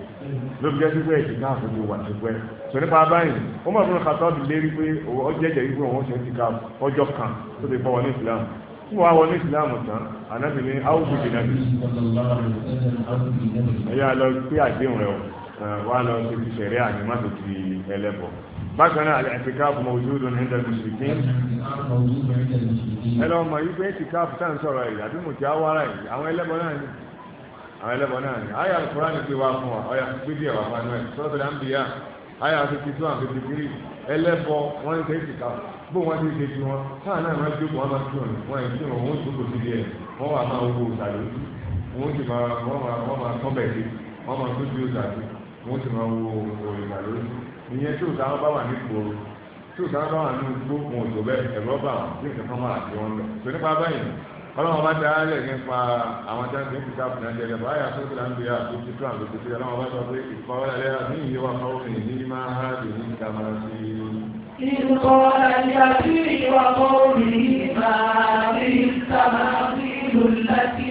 ló fi jẹ́sí pé ìtìká àfojú wà ti pẹ́ sọ nípa báyìí ó mọ̀ fún kàtọ́ bí lérí pé ó jẹ́jẹ́ wípé òun ṣe ń tìka ọjọ́ kan tó ti fọwọ́ ní Islam tí wọ́n á wọ ní Islam tán ànábì ní áwùjù dì nàbì ẹ̀yà lọ pé àdéhùn rẹ̀ wà lọ sí ti ṣẹ̀rẹ́ àdìmọ́sọ̀ ti ẹlẹ́bọ̀ bákan náà àtìkáàfù mọ̀júdù ní ìdá mùsùlùmí ẹlọ ọmọ yìí pé àtìkáàfù tá à ń sọ̀rọ̀ yìí àbí mo ti awara yìí àwọn ẹlẹ́bọ náà ni àwọn ẹlẹ́bọ náà ni àyà kúránì ti wá fún wa ọ̀yà gbígbé ẹ̀wà fún ẹ̀ sọ́tò dàmbíyà àyà fifty two and fifty three ẹlẹ́bọ wọ́n ń ṣe àtìkáàfù bó wọ́n ti ìyẹn tí òsà wọn bá wà ní ìgboro tí òsà wọn bá wà ní igbó wọn ò tó bẹ́ẹ̀ bá wọn bí nǹkan máa fi wọn lọ tó nípa báyìí ọlọ́wọ́n bá dá lẹ̀ nípa àwọn tí wọ́n ti ń kíkà fún ẹ̀jẹ̀ lẹ́bàá àyà tó ti láǹdó yà tó ti tó àǹdó tó ọlọ́wọ́n bá sọ pé ìkọ́lẹ̀ ní ìyẹ́ wa kọ́ òfin ní máa ha lè ní ìta máa sí i. ìkọ́lẹ̀ yà sí ìwà kọ́ òfin máa ní ìta máa sí ìlúlẹ́tì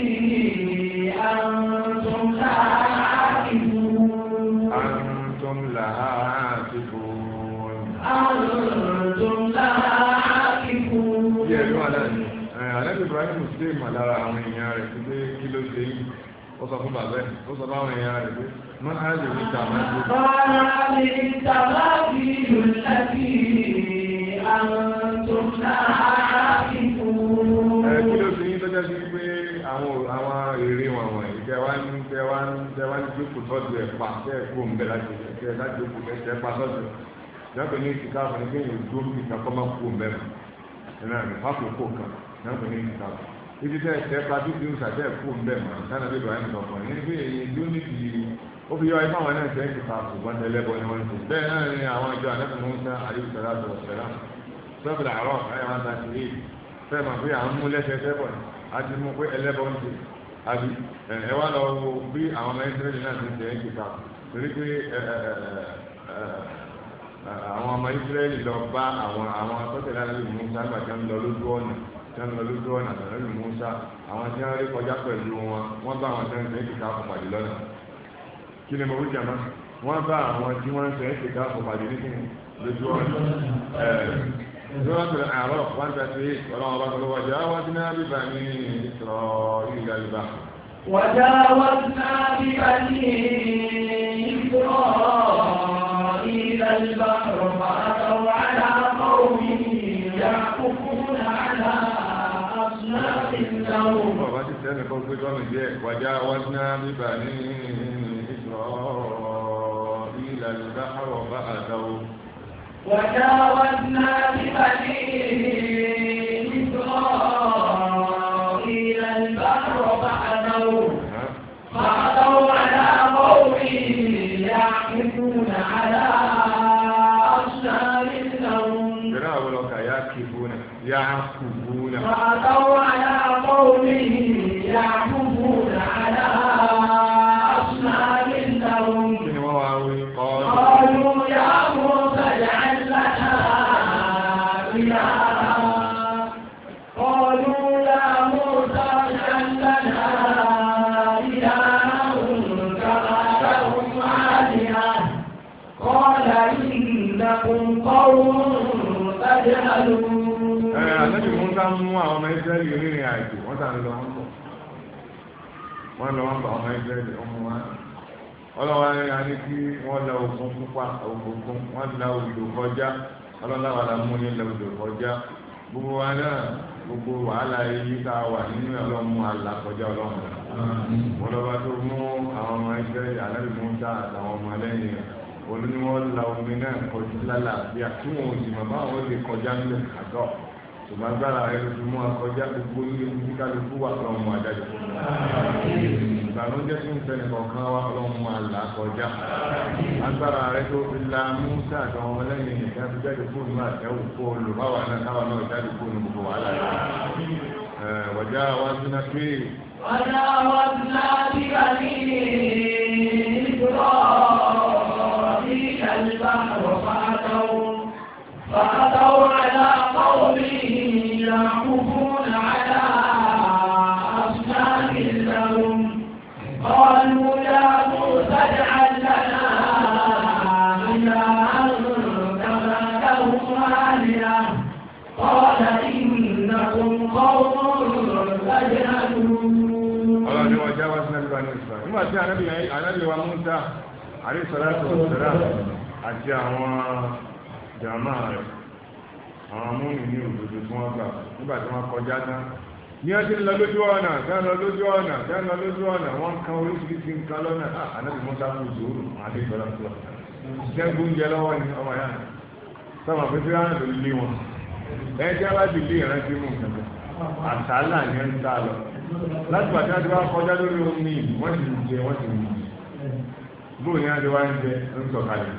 Àlẹ́bí Ibrahim ṣe mà lára àwọn èèyàn rẹ̀ ti pé kí ló ṣe yìí, ó sọ fún bàbá ẹ̀, ó sọ fáwọn èèyàn rẹ̀ pé, máa á lè rí tàbá sí. Bọ́lá lè tàbá sí ìlú láti àwọn tó náà kí fún. Ẹ kí ló ṣe yín tọ́jà sí pé àwọn èrè wọn wọ̀nyí, tẹ wá ń tẹ wá ń tẹ wá ń jókòó tọ́jú ẹ̀ pa, tẹ́ ẹ̀ kó ń bẹ̀ láti ẹ̀ láti jókòó tẹ́ ẹ̀ pa tọ́jú ẹ̀ dábẹ́ ní ìsìnká fún ẹgbẹ́ yẹn ojú omi ìta kọ́ máa kú mẹ́rin ẹ̀rọ àmì pápò kó kan dábẹ́ ní ìsìnká fún ibi tẹ́ ẹ̀sẹ̀ pa bí bí nǹkan tẹ́ kú mẹ́rin sáná bí bàá ń lọ pọ̀ ní ibi èyí ló ní ti ó fi yọ ẹ fáwọn náà sẹ́yìn ìta kù wọ́n tẹ lẹ́bọ̀ ni wọ́n ń sè bẹ́ẹ̀ náà ni àwọn ìjọ àdẹ́kùn mọ́ àbí ẹ wá lọ wo bí àwọn ọmọ ẹgbẹ́ yìí náà ti ń sẹ́yìn ìta torí pé àwọn ọmọ Ísírẹ́lì lọ bá àwọn àwọn akọ́tẹ̀lá lórí Musa nígbà tí wọ́n lọ lójú ọ̀nà tí wọ́n lọ lójú ọ̀nà àtàlẹ́ lórí Musa àwọn tí wọ́n rí kọjá pẹ̀lú wọn wọ́n bá àwọn tẹ́ǹtẹ́ ìkìkà àpòpàdé lọ́nà kí ni mo wí jàmá wọ́n bá àwọn tí wọ́n ń sẹ́ ìkìkà àpòpàdé nítorí lójú ọ̀nà سورة الأعراف 138 ورغبة وجاوزنا ببني إسرائيل البحر وجاوزنا ببني إسرائيل وقيل البحر فأتوا على قوم يعكفون على أصناف لهم وجاوزنا ببني إسرائيل البحر فأتوا وجاوزنا ببني يعكفون فأتوا على قومه يعكفون على أصنام لهم قالوا يا موسى اجعل لنا إلها قالوا يا موسى اجعل لنا إلها كما لهم آلهة قال إنكم قوم تجهلون àtẹ́bí Mùsá mú àwọn ọmọ Ísírẹ́lì onírìn àjò wọ́n sàn lọ wọn bọ̀ wọ́n lọ wọn bọ̀ ọmọ Ísírẹ́lì ọmọ wa ọlọ́wọ́ ní a ní kí wọ́n la ogun púpà ogun wọ́n la odò kọjá ọlọ́láwa la mú ní la odò kọjá gbogbo wa náà gbogbo wàhálà yìí tá a wà nínú ọlọ́mú àlà kọjá ọlọ́mú wọn lọ́ba tó mú àwọn ọmọ Ísírẹ́lì àtẹ́bí Mùsá àtàwọn ọmọ lẹ́yìn rẹ̀ olùníwọ̀n la omi náà kọjú lálàáfíà tí wọn ò sì mọ̀ báwọn lè kọjá ńlẹ̀ àgọ́ kò máa gbára rẹ lójú mọ́ akọjá gbogbo ilé ní kálukú wà lọ́wọ́ mú adájọ́. ìbànújẹ́ tí ń fẹ́ni kọ̀ọ̀kan wà lọ́wọ́ mú àlà kọjá. agbára rẹ tó fi la múta àtàwọn ọmọlẹ́yìn nìkan fi jáde fóònù àtẹ̀wò fóònù báwa náà káwa náà jáde fóònù gbogbo wàhálà rẹ. wàjá wa ń pé. wàjá wa ń ná bí kàní ìdúró bí kàlí bá rọ̀ fàtàwọn fàtàwọn àlà يعكفون على أصنام لهم قالوا يا موسى اجعل لنا إلها كما لهم آلهة قال إنكم قوم تجهلون قال وجاوزنا ببني إسرائيل ما جاء نبي نبي وموسى عليه الصلاة والسلام àti àwọn jàmáà rẹ̀ àwọn múmi ní òdodo tí wọ́n gbà nígbà tí wọ́n kọjá tán ní wọ́n ti lọ lójú ọ̀nà tí wọ́n lọ lójú ọ̀nà tí wọ́n lọ lójú ọ̀nà wọ́n kan oríṣiríṣi nǹkan lọ́nà ah, ànábì mọ́tà kù zòórù àti ìgbọ́lá tó wà jẹ́gun jẹ lọ́wọ́ ni ọmọ yára sọ́mọ̀ pé fíwáhàn tó lé wọn ẹ jẹ́ bá ti lé ìrántí mú nǹkan àtàlà ni ẹ ń tà lọ láti pàtàkì àti wá kọjá lórí omi wọ́n ti jẹ wọ́n ti mú bóò ní adé wá ń jẹ ń sọ̀kalẹ̀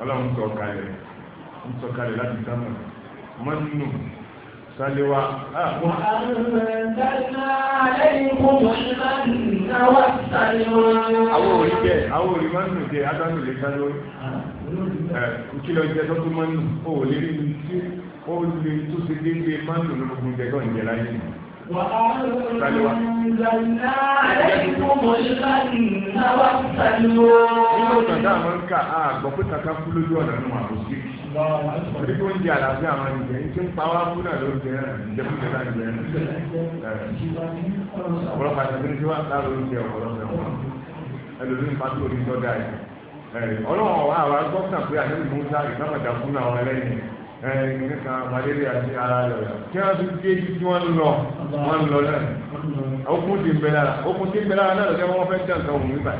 ọlọ́run sọ̀kalẹ̀ ń sọ̀kalẹ̀ láti sámọ̀ mọ́nù sálẹ́wà. Ah, àwọn òrí jẹ àwọn òrí mọ́nù jẹ adánù lè sá lórí ìkìlọ̀ ah. eh, jẹ tó tún mọ́nù ó lè rí ibi tí ó lè tó ṣe déédéé mọ́nù ló fún jẹ tó ń jẹ láyé nìyí. وأنزلنا عليكم المن والسلوى. Nínú ọ̀nà dáa máa ń kà á gbọ́ pé kàkà kú lójú ọ̀nà nínú àbòsí. Òbí kò ń di àlàáfíà àwọn ìjẹ́ tí ń pa wá fún náà lóúnjẹ náà ìjẹ́ fún ìjọba pàtó orí yìí. àwa pé àdéhùn Musa fún àwọn ẹlẹ́yìn kan àti ara rẹ̀ kí wọ́n fi gbé wọ́n lọ wọ́n lọ náà okun ti bẹ̀rẹ̀ ara okun ti bẹ̀rẹ̀ ara náà lọ́jọ́ fẹ́ nǹkan òun nígbà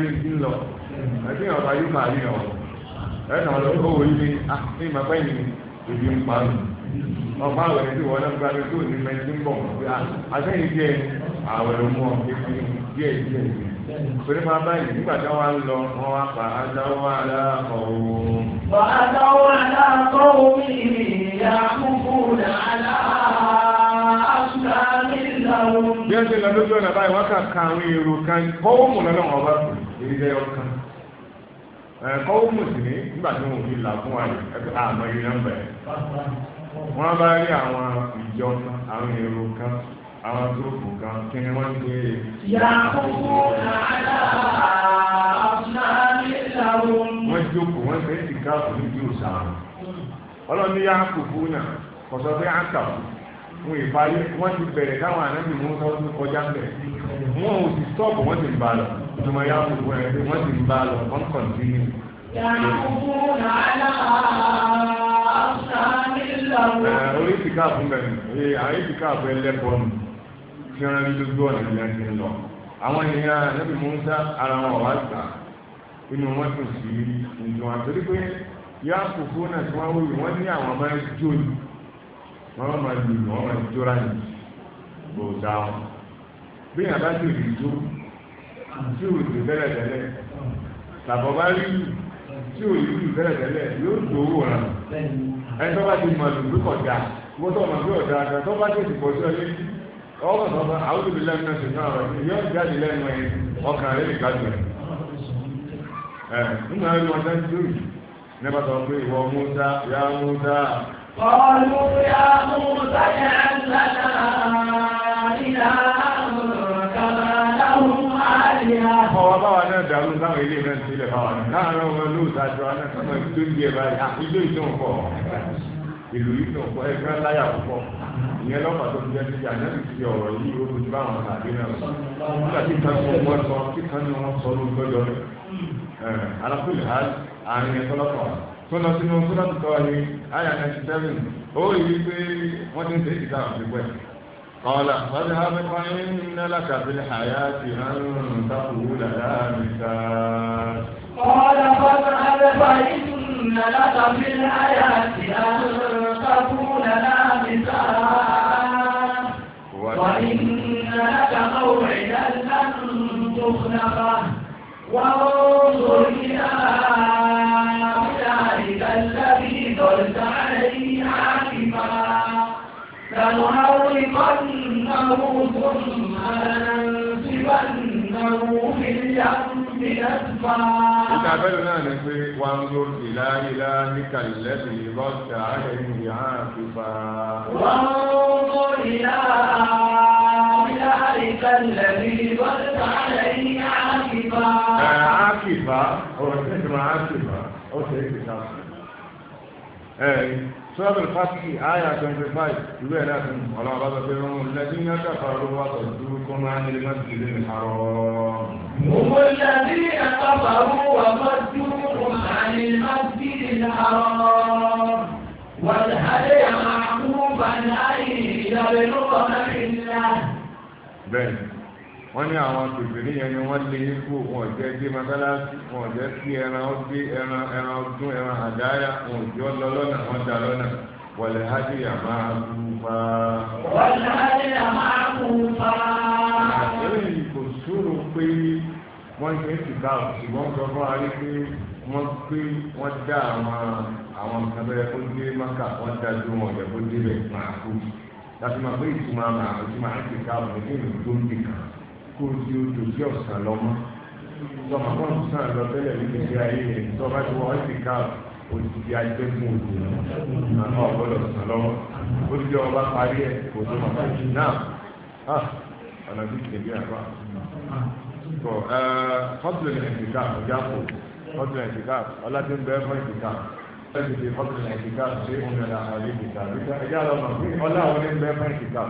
yìí kí ẹ̀ náà ló kówó yìí ní àti ah, ìmọ̀pẹ́ yìí èdè ń pa mi ọ̀pá àwọn ẹni tí wọ́n náà gbàgbé tó ní mẹ́rin tí ń bọ̀ pé ah, àtẹ́yìn díẹ̀ àwẹ̀ mú ọ pépé díẹ̀ díẹ̀ pẹ̀lú máa báyìí nígbà tí wọ́n lọ wọ́n wá pa adáwọ́ aláàkọ̀ òun. wà á dáwọ́ aláàkọ̀ òun ìyá kúkú nàlá àṣùkà nílàwọ̀. bí wọ́n ti lọ lójú ọ̀nà báyìí wọ́n kà ka àwọn èrò kan kọ́wọ́ mọ̀ lọ́nà ọba èyí kọ́wọ́ mùsùlùmí nígbà tí wọ́n fi là fún wa ẹgbẹ́ àmọ́ yìí náà bẹ̀rẹ̀ wọ́n bá rí àwọn ìjọ kan àwọn èrò kan àwọn gúrùpù kan kí wọ́n ń gbé e. yàkùnkù nàdà ọ̀sán wọ́n jókòó wọ́n fẹ́ẹ́ ti káàkiri bí òsàn. ọlọ́ni náà kọ̀sọ́ wọn ìparí wọn ti bẹ̀rẹ̀ káwọn ànábì mú sọ́ọ́ kọjá bẹ̀ wọn ò sì sọ́ọ̀bù wọn ti ń bá lọ ìtumọ̀ yà wù wọ́n ẹ̀ wọ́n ti ń bá lọ wọ́n kàn sí ní. orí ti káàbù mẹ́rin ee àyè ti káàbù ẹlẹ́kọ̀ọ́ nù tí wọ́n rí lójú ọ̀nà ìyá ti ń lọ àwọn ènìyàn ànábì mú sá ara wọn wá gbà inú wọn tún sí ìjọ àtòrí pé yà kúkú náà tí wọ́n wù wọ́n ní àwọn máa ń jó ni. wọ́n máa lù wọ́n máa jó yìí bò dá wọn bí yàrá ti rí jó tí o rí bẹ́rẹ̀ tẹ́lẹ̀ tàbọ̀ bá rí tí ò rí bẹ́rẹ̀ tẹ́lẹ̀ yóò rà ẹni tó bá ti mọ̀ lù lùkọ̀ dá wọ́n tó mọ̀ bí ọ̀dà àgbà tó bá tètè pọ̀ sí ọdún ọwọ́ tó bá àwọn tóbi lẹ́nu náà ṣùgbọ́n àwọn jáde lẹ́nu ẹ̀ ọkàn rẹ̀ قالوا يا موسى اجعل لنا إلها Àwọn báwa náà dàrú sáwọn ìlú ìdí ẹ̀bá ìlú ìdùn ẹgbẹ́ láyà púpọ̀. Ìyẹn lọ́pàá tó fi jẹ́ sí àná ti ọ̀rọ̀ yìí ó ti bá àwọn àdé náà Nígbà tí kan fún wọn sọ, kí kan ní wọn sọ ló gbọ́dọ̀ rẹ̀. Alákùnrin àárín ẹ̀ tọ́lọ́pàá tó lọ sínú sọ́dọ̀tù tọ́ ni àyà 97 ó rí i pé wọ́n ti ń ṣe ìdíkà àti pẹ́ kọ́lá wájú hábẹ́ kan ní níláka fi àyà ti hàn sáfùwú làlá mi ká. kọ́lá wájú hábẹ́ kan ní níláka fi àyà ti hàn sáfùwú làlá mi ká. وإن لك موعدا لن تخلقه وانظر إلى أولئك الذي ضلت عليه عاكفا لنعوقنه ثم لننسفنه في اليم نسفا ìtàbẹ́lú náà ni pé wọ́n ń lò ìlà ìlà níkàlẹ́bì lọ́sẹ̀ ààrẹ ìrìn àfífà. wọ́n ń lò ìlà ìlà níkàlẹ́bì lọ́sẹ̀ ààrẹ Àkìfà, ọ̀rọ̀ tí ìjọba Àkìfà, ó ṣe é kìí sáà. Ẹ̀rí, Sọ́ọ̀bù Fásitì, Àyà 25, ìwé ẹ̀dá fún ọlọ́wọ́ bá sọ pé wọ́n mú lẹ́bí ní ọjọ́ àfàrọ̀ ló wà sọ dúró kó máa ń lè má sì lè wọ́n ní àwọn tòbìrì yẹn ni wọ́n lé ikú wọn jẹ́ dé mọ́sálásí wọn jẹ́ sí ẹran ọdí ẹran ẹran ọdún ẹran àdáyà wọn jọ lọ lọ́nà wọn dá lọ́nà wọlé hajj àmà àkùnfà. wọlé hajj àmà àkùnfà. àtẹ̀lẹ́yìn kò sóró pé wọ́n ṣe ń tìka ṣùgbọ́n sọ fún wa pé wọ́n pé wọ́n dá àwọn àwọn nǹkan bẹ́ẹ̀ kó dé mọ́kà wọ́n dá ju wọn ọ̀dẹ̀ kó dé bẹ̀ máa kú. láti máa pé ìtumọ̀ àmà àti máa ń tìka ọ̀dẹ̀ ní kó di odò sí ọ̀sán lọ́mọ́ tọ́mọ fún ọ̀sán lọ tẹ́lẹ̀ ní kékeré ayé rẹ̀ tọ́ba ti wọ́n ti ká odidi agbẹ́gun odò náà ọ̀gbọ́dọ̀ sàn lọ́wọ́ odidi ọba parí ẹ̀ kò tó máa parí náà ah, ọ̀nà bí tèmi àbá. fọ́tùlẹ̀ ẹ̀ǹtìkà ọjà kò fọ́tùlẹ̀ ẹ̀ǹtìkà ọlátí ń bẹ fún ẹ̀ǹtìkà ẹ̀ǹtìkà fọ́tùlẹ̀ ẹ̀ǹtìkà ṣé òun yàrá àwọn ẹ̀ǹtìkà ẹ̀yà lọ́nà ọlá òun ń bẹ fún ẹ̀ǹtìkà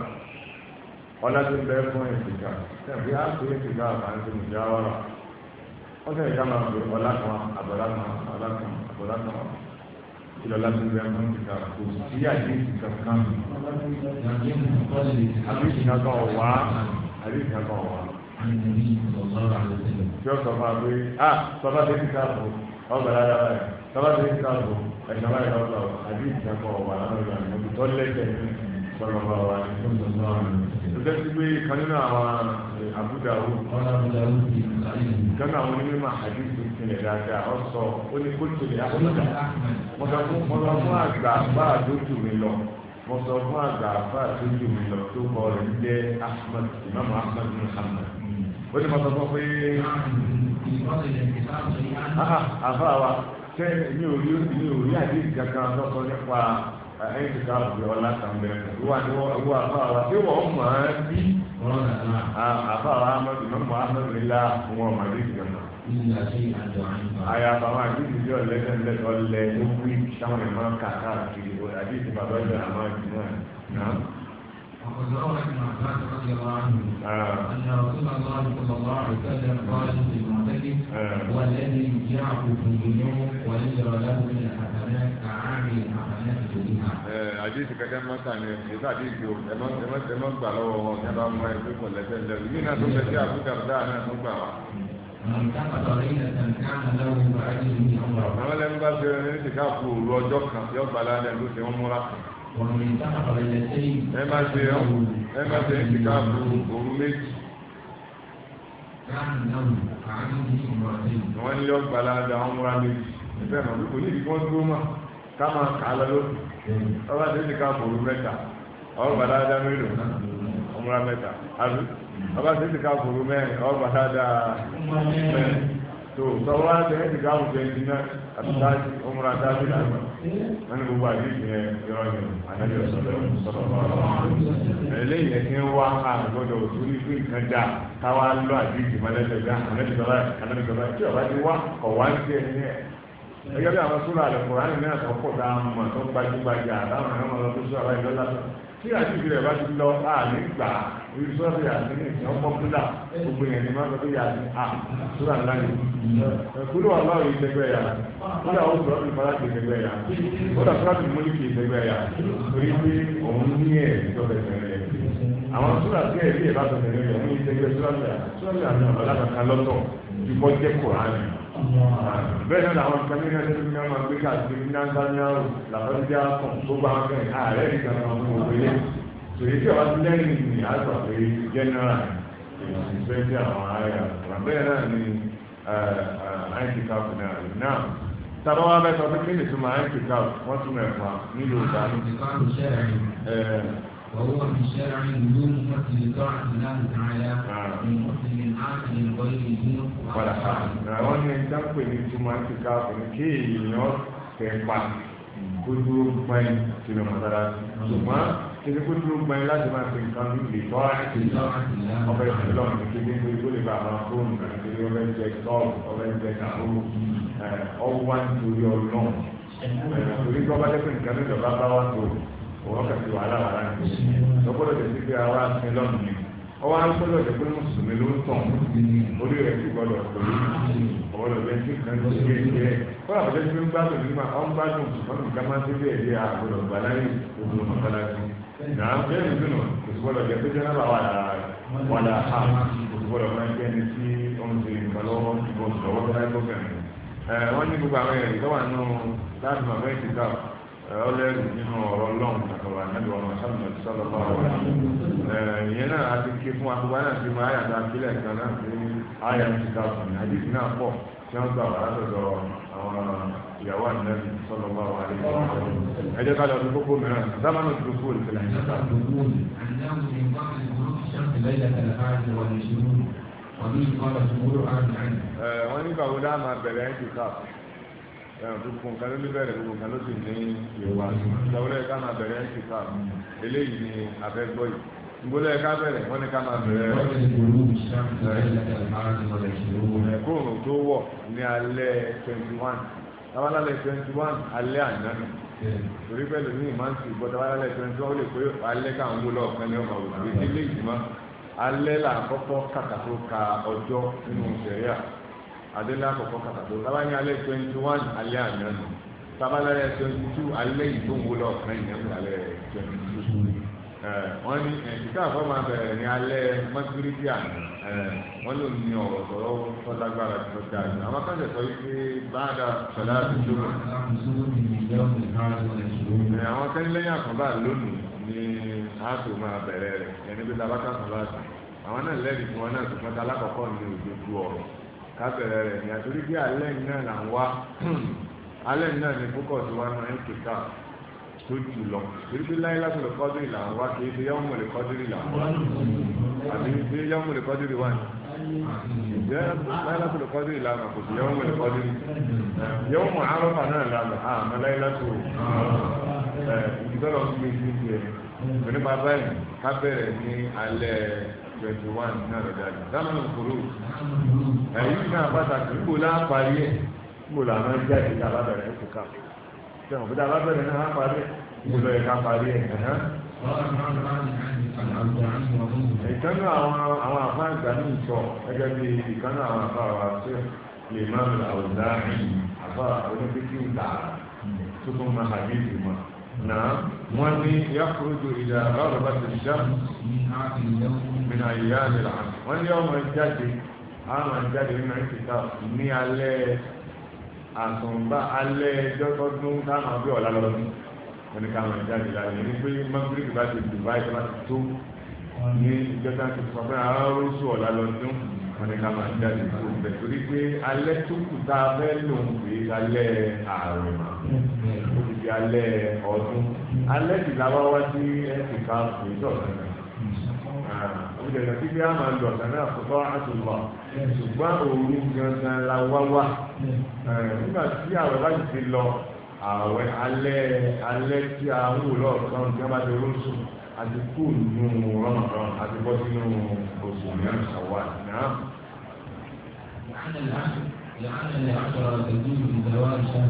ọlá tó ń bẹ fún ìsìnká tẹ̀bí á pè é ìsìnká àbáńtì nìjà ọ̀rọ̀ wọ́n tẹ̀lé ká máa pè ọlá kan àbọ̀lá kan ọlá kan àbọ̀lá kan kí lọ́lá tó ń bẹ fún ìsìnká kò sí àdé ìsìnká kan àbí ìsìnká kan ọ̀wá àbí ìsìnká kan ọ̀wá. tí ó sọ fún wa pé a sọba tó ń ká bò ọgbà lára rẹ sọba tó ń ká bò ẹ̀ka báyìí lọ́wọ́ àbí ìsìnká kan ọ̀wá lọ́wọ́ sọlọ́mọ wa ni. lọ́jọ́ sí pé kan nínú àwọn àbúdá wò. kánú àwọn onímọ̀ àdìsí tilẹ̀ dáadáa ọ sọ ó ní kó tilẹ̀ àkọ́lọ́dà. mo sọ fún mo sọ fún àgbà bá àdójú mi lọ mo sọ fún àgbà bá àdójú mi lọ tó kọ rẹ̀ ń jẹ́ ahmed imamu ahmed muhammad. ó ní mo sọ fún pé. àfa wa ṣé mi ò rí mi ò rí àdéhùn kankan lọ́sọ̀ọ́ nípa ẹ̀yìn ti ká òbí ọlá kan bẹ̀rẹ̀ ìwà ni wọ́n àfa wa tí wọ́n mọ̀ ẹ́ bí àfa wa amadu mẹ́mọ́ amadu ńlá wọn ọmọ ẹ̀dí ìgbà náà. àyàfà wọn àti ìdílé ọ̀lẹ́ ẹ̀ńdẹ́ ọ̀lẹ́ tó kú táwọn ẹ̀ máa kà káàkiri àti ìdí bàbá ìgbà àmọ́ ìdúná náà. وقد روى ابن عباس رضي الله عنه ان رسول الله صلى الله عليه وسلم قال للمعتكف هو الذي يعفو في الذنوب ويجرى له من الحسنات كعامل àdéhùn kẹkẹ mọ́tà ni èso àdéhùn o ẹ mọ́ gbà lọ́wọ́ wọn ní abá mọ́ ẹgbẹ́ pọ̀ lẹ́sẹ̀ lẹ́wọ̀ yìí náà tó fẹ́ sí àbúkà bá náà tó gbà wá. àwọn ẹlẹ́nu bá fi ẹni ti ká fún òru ọjọ́ kan yọ gbàlá ẹni ló ti ń múra. ẹ má ṣe ẹ má ṣe ti ká fún òru méjì. wọ́n ní yọ gbàlá ẹni àwọn múra méjì. ìfẹ́ mọ̀ nípa onídìí kan dúró mọ́. kama kàlọ́ lókù ọba tó ti ká bòrú mẹ́ta ọ̀rọ̀ bàtà dá mélòó ọmọlá mẹ́ta àbí ọba tó ti ká bòrú mẹ ọ̀rọ̀ bàtà dá mẹ́rin tó sọ̀rọ̀ àti ẹ̀ẹ́dì káwọn jẹ́ ẹ̀dì náà àti sáàtì ọmọlá sáàtì àgbà wọn gbogbo àti ìpìlẹ̀ ìrọ̀ yẹn ànábì wá fún dá káwá lọ gbá tí ọba ti wá gẹ́gẹ́ bí àwọn súra àlẹ́ kùránì náà tó pọ̀ tá a mọ̀ tó gbajúgbajà àtàwọn ẹ̀rọ ọmọ tó súra báyìí lọ́la tí àtìkì rẹ̀ bá ti lọ àní gbà orí súra tó yà sí ní ìsìn ọkọ̀ kúlà gbogbo yẹn ni máa tó yà sí à súra ńlá ni kúlù ọlọ́run ìtẹ́gbẹ́ yà kúlà ó sọ̀rọ̀ nípa láti ìtẹ́gbẹ́ yà kúlà súra tó múlí kì ìtẹ́gbẹ́ yà torí pé òun ní ẹ̀ tó bẹ̀rẹ̀ rẹ̀ àwọn súra tí ẹ̀rí ẹ̀ bá tó bẹ̀rẹ̀ rẹ̀ òun ìtẹ́gbẹ́ súra tó yà súra tó yà ní ọ̀lá bẹ́ẹ̀ náà làwọn nǹkan nínú ẹsẹ̀ nínú ọmọ gbé káàkiri ní nánsáníàrò làbọ́dídé àkùn gbogbo àwọn akẹ́yìn ààrẹ nìkan náà mú òwe yẹn tòyí tí ọba ti lẹ́yìn ní àgbà pé jẹ́nẹ́rà èsì bẹ́ẹ̀ tí àwọn ààyà bẹ́ẹ̀ náà ni àìsí eh, káàkiri eh, náà rí náà sábà wá bẹ́ẹ̀ sọ pé kí ni túmọ̀ àìsí káàkiri wọ́n túmọ̀ ẹ̀fọn nílò ìdáná. وهو من شرع بدون مثل طاعة الله تعالى من مسلم عاقل غير دين ولا حرج. àwọn ní ẹja ń pè ní túmọ̀ àti káàbọ̀ ní kí èèyàn fẹ́ pa kó dúró gbọ́n sínú mọ́tàlá ṣùgbọ́n láti máa fi nǹkan lè tọ́ àti ọbẹ̀ ìṣẹ̀lọ̀ ní kíni pé kó lè bá àwọn fóònù àti ọbẹ̀ jẹ tọ́ọ̀bù ọbẹ̀ jẹ kàwó ọwọ́ wá nítorí ọlọ́run torí kọ́ bá jẹ́ nǹkan ní ìjọba bá wá tó òwò kàfi wàhálà wàhálà ní lọ́gbọ́dọ̀ tẹ̀sí pé ara àti lọ́nà ni ọwọ́ arákùnrin ọ̀dẹ̀ pé mùsùlùmí ló ń tàn orí rẹ̀ ti gbọ́dọ̀ pẹ̀lú ọ̀wọ́dọ̀ bẹ́ẹ̀ tí kan tó ṣe é jẹ́ kọ́lá ọ̀dẹ́ tí ń gbádùn nígbà ọ̀n gbádùn ọ̀nà nǹkan máa ń tẹ́lẹ̀ ẹ̀dẹ́ àgbọ̀dọ̀ gbà láyé ògùn mọ̀kálásí náà bẹ́ẹ̀ ni dùnà kò sí gbọ́dọ̀ jẹ́ pé jẹ́nàbà wà wàlà ha kò sí gbọ́dọ̀ máa ń jẹ́ ẹni tí ọ̀n ti nǹkan lọ́wọ́ ti bọ̀ lọ́wọ́ tó láyé tó bẹ̀rẹ̀ wọ́n ní gbogbo àwọn ẹ̀rí tó wà nù láti mọ̀ ọlẹ́rìí nínú ọ̀rọ̀ lọ́n àkàwà náà lọ́wọ́ sọ́nà sọ́nà bá wà ní. ìyẹn náà a ti ké fún akọ̀wá náà ti máa yàtọ̀ akílẹ̀ kan náà pé àyà ti ta sùn ní àdìsí náà pọ̀ tí wọ́n gbà wà látọ̀dọ̀ àwọn ìyàwó àdìlẹ́bí sọ́nà bá wà ní. ẹ jẹ́ ká lọ sí kókó mìíràn dámánù tó kó ìfẹ́lẹ̀ wọ́n ní ìgbà máa bẹ̀rẹ̀ ẹ̀ gbogbo nǹkan ló ní bẹ̀rẹ̀ gbogbo nǹkan ló sì ní ìwà ìgbàwọlé máa bẹ̀rẹ̀ ti ká eléyìí ni abẹ́gbọ́ yìí gbọ́dọ̀ ká bẹ̀rẹ̀ wọ́n ní ká máa bẹ̀rẹ̀ ẹ̀kọ́rùn tó wọ̀ ní alẹ́ twenty one táwọn twenty one alẹ́ àná torí pẹ̀lú ní ìmáǹtì gbọ́dọ̀ wọ́n twenty one ó lè pé alẹ́ káwọn ní ọmọ alẹ́ là kọ́kọ́ kàkàtó ka ọjọ́ nínú ìṣẹ̀rí àdélé àkọ́kọ́ kàtàkó tábà ní alẹ́ twenty one alẹ́ àná nù tábà lálẹ́ twenty two alẹ́ ìdóhùn lọ́ọ̀kan ìyẹn lálẹ́ twenty two wọ́n ní ẹ̀ǹtíkà fọ́ máa bẹ̀rẹ̀ ní alẹ́ mọ́tírídì àná wọ́n ló ní ọ̀rọ̀ sọ̀rọ̀ fọ́lágbára tó ti àná àwọn kan tẹ̀sọ́ yìí pé báàdà sọ̀lá àdúgbò rẹ̀ àwọn kan lẹ́yìn àkànbá lónìí ni a tó máa bẹ̀rẹ̀ rẹ̀ ẹni pé tabata sọ̀rọ̀ àti àwọn náà lẹ́rìí fún wọn náà tó fọ́ta alákọ̀ọ́kọ́ ní òjòjú kábẹ̀rẹ̀ rẹ̀ ní àtúrí bí alẹ́ náà là ń wá alẹ́ náà ni púpọ̀ tí wọ́n máa ń kíkà tó jù lọ torí pé láyé lásìkò kọ́dírì là ń wá kì í ṣe yọ́mù lè kọ́dírì là ń wá àbí ṣe yọ́mù lè kọ́dírì wá ní. ìjẹ́ láyé lásìkò kọ́dírì là mà kò sí yọ́mù lè kọ́dírì yọ́mù arọ́fà náà là mà àmọ́ láyé lásìkò ìdíkọ́ lọ́ọ́ fi gbé sí ìgbé rẹ̀ nípa báyìí kábẹ̀rẹ̀ ní alẹ́ twenty one náà lọ́dọ̀ àjò dámọ̀nù kúrò ẹ̀yìn náà pàtàkì níbo láà parí ẹ̀ níbo làá máa ń jáde ní alábẹ̀rẹ̀ ẹ̀ kò kà sẹ́wọ̀n bí alábẹ̀rẹ̀ náà parí ẹ̀ níbo lọ́ọ́ yẹ ká parí ẹ̀ ìkànnì àwọn àwọn àfa àgbà ní ìtọ gẹ́gẹ́ bí ìkànnì àwọn àfa àwọn àti lè máa ń la ọ̀dà àfa oníkékèké ìta tó tún máa hàbí ìgbìmọ̀ náà wọ́n ní yàkúrúdù ìdá ọ̀rọ̀ bá ti ṣá mìnà ìyá àmìlà wọ́n ní ọmọ jáde àwọn jáde nínú ìkìtà ní alẹ́ àtúnbá alẹ́ jọ́tọ́dún táwọn bí ọ̀la lọ́dún wọ́n ní káwọn jáde lálẹ́ ní pé mọ́gírìkì bá ti dùbá ìjọba ti tó ní ìjọba ti sọ pé àwọn oṣù ọ̀la lọ́dún wọ́n ní káwọn jáde tó bẹ̀ torí pé alẹ́ tó kù tá a fẹ́ lòun pé alẹ́ ààrùn di alẹ́ ọdún alẹ́ ti la wá wá sí ẹ̀sìn kan kò ní sọ̀rọ̀ náà ó jẹ́ ìgbà tí bí a máa lọ ọ̀sán náà kò tọ́ àtúntò ṣùgbọ́n òru gangan la wá wá nígbà tí àwọn bá ti lọ àwẹ̀ alẹ́ alẹ́ tí a ń wò lọ́ọ̀kan tí a bá ti rọ́ọ̀sùn àti kú nínú rọmọdán àti bọ́ sínú oṣù mìíràn ṣàwà náà. لعل العشرة تجوز بزواج شهر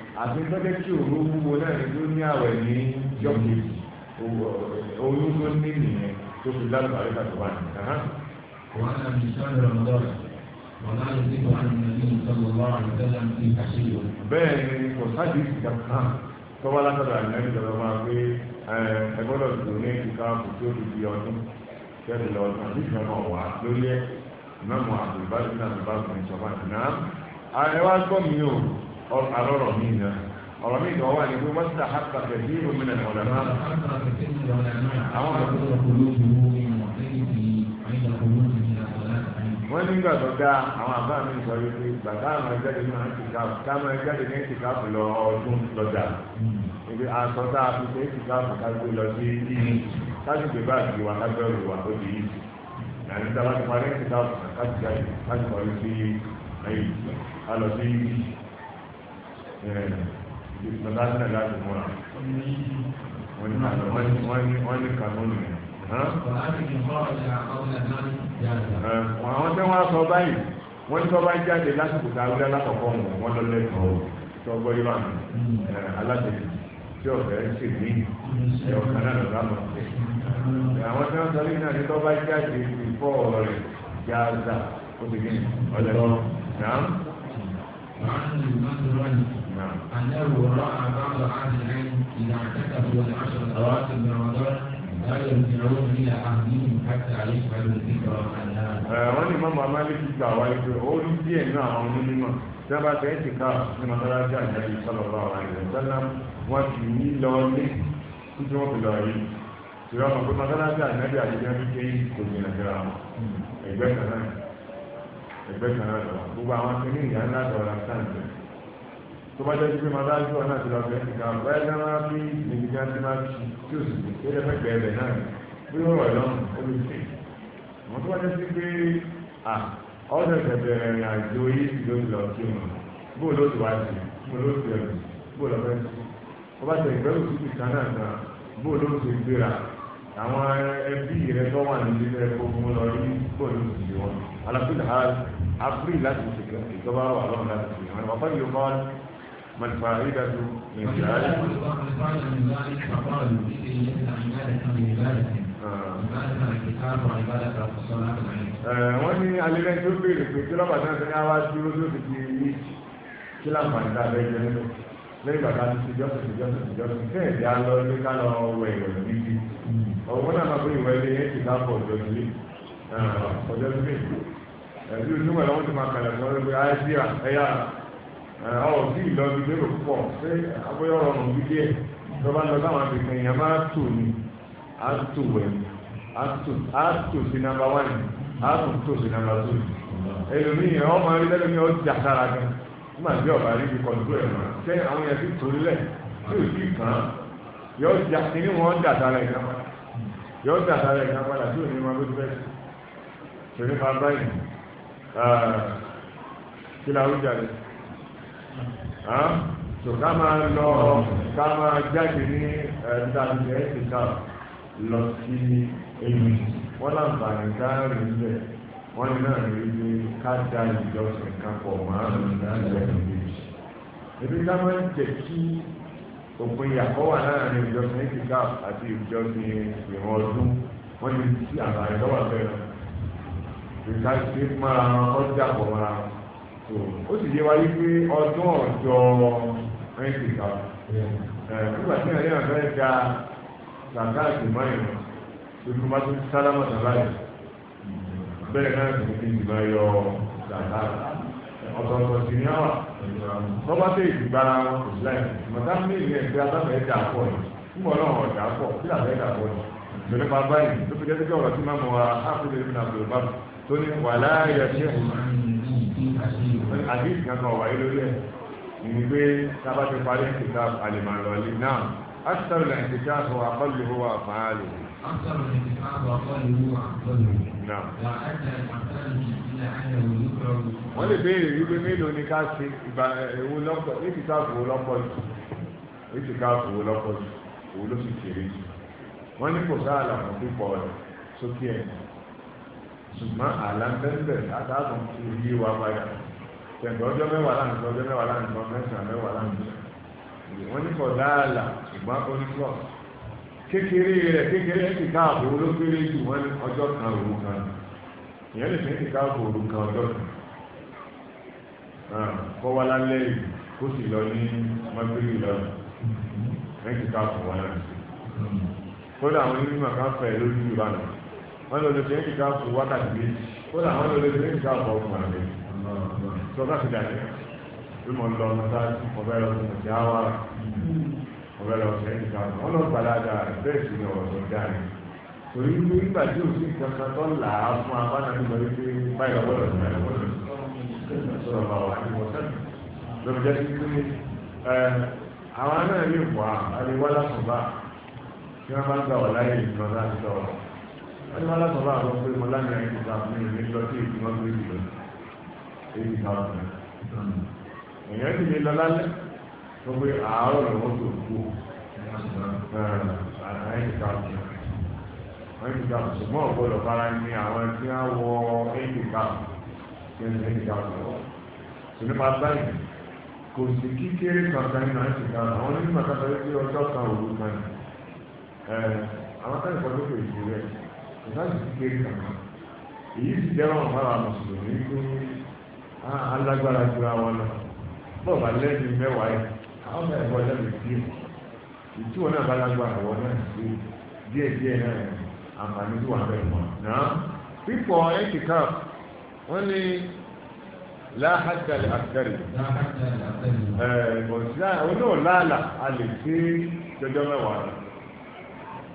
àfi gbẹ́gẹ́ kí òru wúwo náà ní ló ní àwẹ̀ ní yọ̀kejì eh, oyún tó ní nìyẹn tó fi lálùbọ̀ àríkà tó wà ní. wọ́n á ní sọ́dọ̀ ọ̀dọ́rẹ̀ wọ́n á lè dìbò àwọn ẹni ìtọ́lọ́ lọ́wọ́ àìsàn ti kàṣíyò. bẹ́ẹ̀ ni kò sáàdì ìgbà kan tọ́wọ́ látọ̀dọ̀ àná ìjọba máa pé eh, ẹ gbọ́dọ̀ dùn ní ìka kò tó fi di ọdún kẹ́rì lọ́dún àti ìjọba wà lórí ẹ̀ ìmọ̀ àbùbá ìjọba ìjọba ìjọba ìjọba alọ́rọ̀ mi náà ọ̀rọ̀ mi náà wà ní pé wọ́n ti ta hàtà pẹ̀lú ìlú mi náà ọ̀dà náà. àwọn wọ́n nígbà tó dá àwọn àbá mi sọ yìí pé bàtà àwọn ẹgbẹ́ni náà ti káàpù táwọn ẹgbẹ́ni náà ti káàpù lọ ọdún lọ́jà ibi aṣọ tá a fi ṣe é ti káàpù ká gbé lọ sí ìlú kájú pé bá àti wà lábẹ́ òru wà ó di yìí àti tá ti parí ti káàpù jáde ká ti parí sí ayélujára ká lọ sí ìlú. Eh, ìsọ̀lá sílẹ̀ láti múra wọ́n ní kanúnù rẹ̀. Eh, àwọn tí wọ́n sọ báyìí wọ́n tí wọ́n bá jáde lásìkò tá a wílẹ̀ lákọ̀ọ́kọ́ wọn wọ́n lọ lẹ́kọ̀ọ́ tí wọ́n gbọ́ yíwá eh, alábẹ̀rẹ̀ tí ọ̀fẹ́ sì ní ẹ̀wọ̀n kan náà lọ́dọ̀ àmọ̀ àwọn tí wọ́n sọ lẹ́yìn náà ní tó bá jáde ìfọ̀ rẹ̀ jáza ó ti gbìn ọ̀lẹ́kọ̀ọ́ فعن المثل أنه رأى بعض أهل العلم إذا اعتكفوا العشر سنوات من رمضان لا يرجعون إلى أهلهم حتى يفعلوا الذكر عنها. wọ́n ní mọ́mọ́ amálẹ́kì gbà wáyé pé ó ní díẹ̀ náà àwọn onímọ̀ tí wọ́n bá tẹ̀ ẹ́ ti ká ní mọ́tàlájà àjẹyìn sọ̀rọ̀ bá wà ní ìrẹ̀sẹ́lá wọ́n ti ní lọ lé kí tí wọ́n fi lọ yìí. ìrọ̀mọ̀ pé mọ́tàlájà àjẹyìn àjẹyìn kò ní ẹ̀jẹ̀ ra ẹgbẹ́ kan náà ẹgbẹ́ kan náà lọ gbogbo àwọn akíní ìyá ńlá lọ ra sáǹtì tó bá jẹ́ pé mọ́tàjú ọ̀nà àti lọ́fẹ́ ìgbà báyìí náà máa bí níbi ká ti máa ti tí ó sì ní pé lẹ́fẹ́ gbẹ̀ẹ́bẹ̀ náà bí ó rọ̀ lọ́rùn ó lè ṣe àwọn tó bá jẹ́ sí pé à ọ̀dọ̀ ìṣẹ̀bẹ̀ rìn àjò yìí ti ló ti lọ sí bó ló ti wá sí bó ló ti ẹ̀rù bó lọ fẹ́ sí ó tẹ̀ ìgbẹ́rù sí ìkan náà àwọn ẹbí rẹ tó wà nílé rẹ kó mú lọ rí kó ní ìdílé wọn alákùnrin ha abúlé láti ṣe kẹ ìjọba wà lọ́wọ́ láti ṣe wọn wàá fẹ́ yóò máa mọ̀lùfà ìdájú ní ìdílé ayé. wọ́n ní alẹ́ tó béèrè pé kí lọ́ba náà ní àwa dúró tó ti di yìí kí láǹfààní tá a lẹ́yìn nínú lẹ́yìn bàtà ti ṣe jọ́sìn ṣe jọ́sìn ṣe jọ́sìn kẹ́ẹ̀dẹ́ alọ́ ní ká lọ wẹ̀ ìrọ̀lẹ́ níbi. òun náà máa pé ìwé ilé yẹn ti dábọ̀ ọjọ́ ilé ọjọ́ ilé ẹ̀dí ojúmọ̀ lọ́wọ́ ti máa kalẹ̀ fún ọdún pé ẹ̀yà ọ̀ sí lérò púpọ̀ díẹ̀ lọ sáwọn abìkan èèyàn máa ní wẹ̀ sí nàmbà sí nàmbà máa rí sára gan nígbà tí rí kọ̀ọ̀dúró ẹ̀ àwọn yẹn ti torí lẹ̀ tí ò kàn yóò dà sára ìgbà padà tí ò ní ma lójú bẹ́ẹ̀ tó nípa báyìí kí la rújà rẹ̀ tó ká máa lọ ká máa jáde ní ẹ̀ẹ́dàgbẹ̀ ẹ̀ẹ́dìkà lọ sí èyí wọ́n láǹfààní dáàrí ilẹ̀ wọ́n ní náà rí ilé ká ìjọsìn kan máa ń lọ sí ẹ̀ẹ́dìkà. ebi ká máa ń jẹ́ kí òpin ìyàkọ́ wà láàrin ìjọsìn ìkìkà àti ìjọsìn ìwọ̀n ọdún wọ́n ti ti àgbà ìdọ́wà bẹ́ẹ̀ ìka ṣe mára wọn kọ́ dàpọ̀ mára wọn tó ó sì yé wáyé pé ọdún ọ̀jọ́ ìkìkà nígbà tí ẹ̀rí àgbà ẹ̀ da ṣàkà ìgbìmọ̀ ìrìn tuntun bá tún sálámà sálámà bẹ́ẹ̀ náà sì ní kí ìgbìmọ̀ yọ ṣàkà ọ̀tọ̀ọ̀tọ̀ sì ní àwà tọ́ba tẹ ìgbàra wọn kò sí láì mọ̀tá ní ìlú ẹ̀gbẹ́ alábẹ̀ẹ́ dà pọ̀ yìí fúnbọ̀ náà wọ̀ dà pọ̀ kí làbẹ̀ẹ́ dà pọ̀ yìí lórí pa báyìí tó fi jẹ́ ọ̀rọ̀ tí máa mọ̀ wá áfíríkà ìlú náà bẹ̀rẹ̀ bábù tó ní wà láàyè ṣe àdéhùn kankan wà lórí ẹ̀ ní pé sábà ti parí ìkìtà àlèmọ̀lọ́lì náà أكثر الانتكاس وأقل هو أفعاله أكثر الانتكاس وأقل هو أفعاله نعم وأدى الأفعال wọ́n lè béèrè wípé mélòó ni ká ṣe ìgbà eh, ewu lọ́pọ̀ ètì lọ́pọ̀ jù lọ́pọ̀ jù òun ló sì kéré jù wọ́n ní kò sáà làwọn púpọ̀ rẹ̀ sókè ẹ̀ ṣùgbọ́n àlà ń bẹ́ẹ̀ látàkùn wa padà tẹ̀gbọ́n ọjọ́ mẹ́wàá láǹtọ́ ọjọ́ mẹ́wàá mẹ́sàn-án mẹ́wàá wọ́n ìyẹn lè fi ń tìka òòrù kan ọjọ́ kan kọ́ wá lálẹ́ yìí kó sì lọ ní mọ́gbẹ́rì lọ́nà ń tìka òòrù wọn náà kódà àwọn onímọ̀ kan fẹ́ lórí yorùbá náà wọ́n lọ lè fi ń tìka òòrù wákàtí méjì kódà àwọn lọ lè fi ń tìka òòrù ọkùnrin rẹ̀ sọ́kà ti dàgbé bí mo lọ ọmọ sáà ọbẹ̀ lọ sí ọjà wa ọbẹ̀ lọ sí ẹ̀ lọ gbàlá dáa bẹ́ẹ̀ sì ni ọ̀rọ̀ tó torí pé nígbà tí òsì kankan tó là á fún abánàbí lọ wípé báyìí lọ́wọ́lọ́ ní báyìí lọ́wọ́lọ́ sọ̀rọ̀ bá wà ní wọ́sẹ̀ lọ́wọ́ jẹ́ sí pé àwọn náà lè wà àríwá lásùnbà tí wọ́n bá gbà wà láyé ìgbà láti sọ̀rọ̀ wọ́n ní wọ́n lásùnbà àwọn pé mo lánàá ẹni ìgbà fún mi ní lọ sí ìgbìmọ̀ tó ìgbìmọ̀ èyí ká ọ̀sán èèyàn ti lè lọ lálẹ́ wọ́n pé àárọ̀ lọ́wọ́ tó kú ẹ̀ẹ́dì ká ọ̀sán ẹ̀yìn ìgbà ṣùgbọ́n ọ̀gbọ́dọ̀ fara ní àwọn tí wọ́n wọ ẹ̀yìn ìgbà ẹ̀yìn ìgbà lọ́wọ́ tó nípa báyìí kò sí kíkéré kankan nínú ẹ̀yìn ìgbà àwọn onímọ̀ kankan ló dé ọjọ́ kan òru kan àwọn akẹ́kọ̀ọ́ tó kò ìdí rẹ̀ kò sáàsì kíkéré kankan èyí sì jẹ́ wọn fara mùsùlùmí tó alágbára ju àwọn lọ bọ́ọ̀bà bá lágbára àǹfààní tó wà bẹ́ẹ̀ mọ́ náà pípọ̀ ẹ̀kíkà wọ́n ní láhàjà lè àkẹ́rì ẹ̀ bọ̀síà oníwòláàlà oh a lè ṣe jọjọ́ mẹ́wàá rẹ̀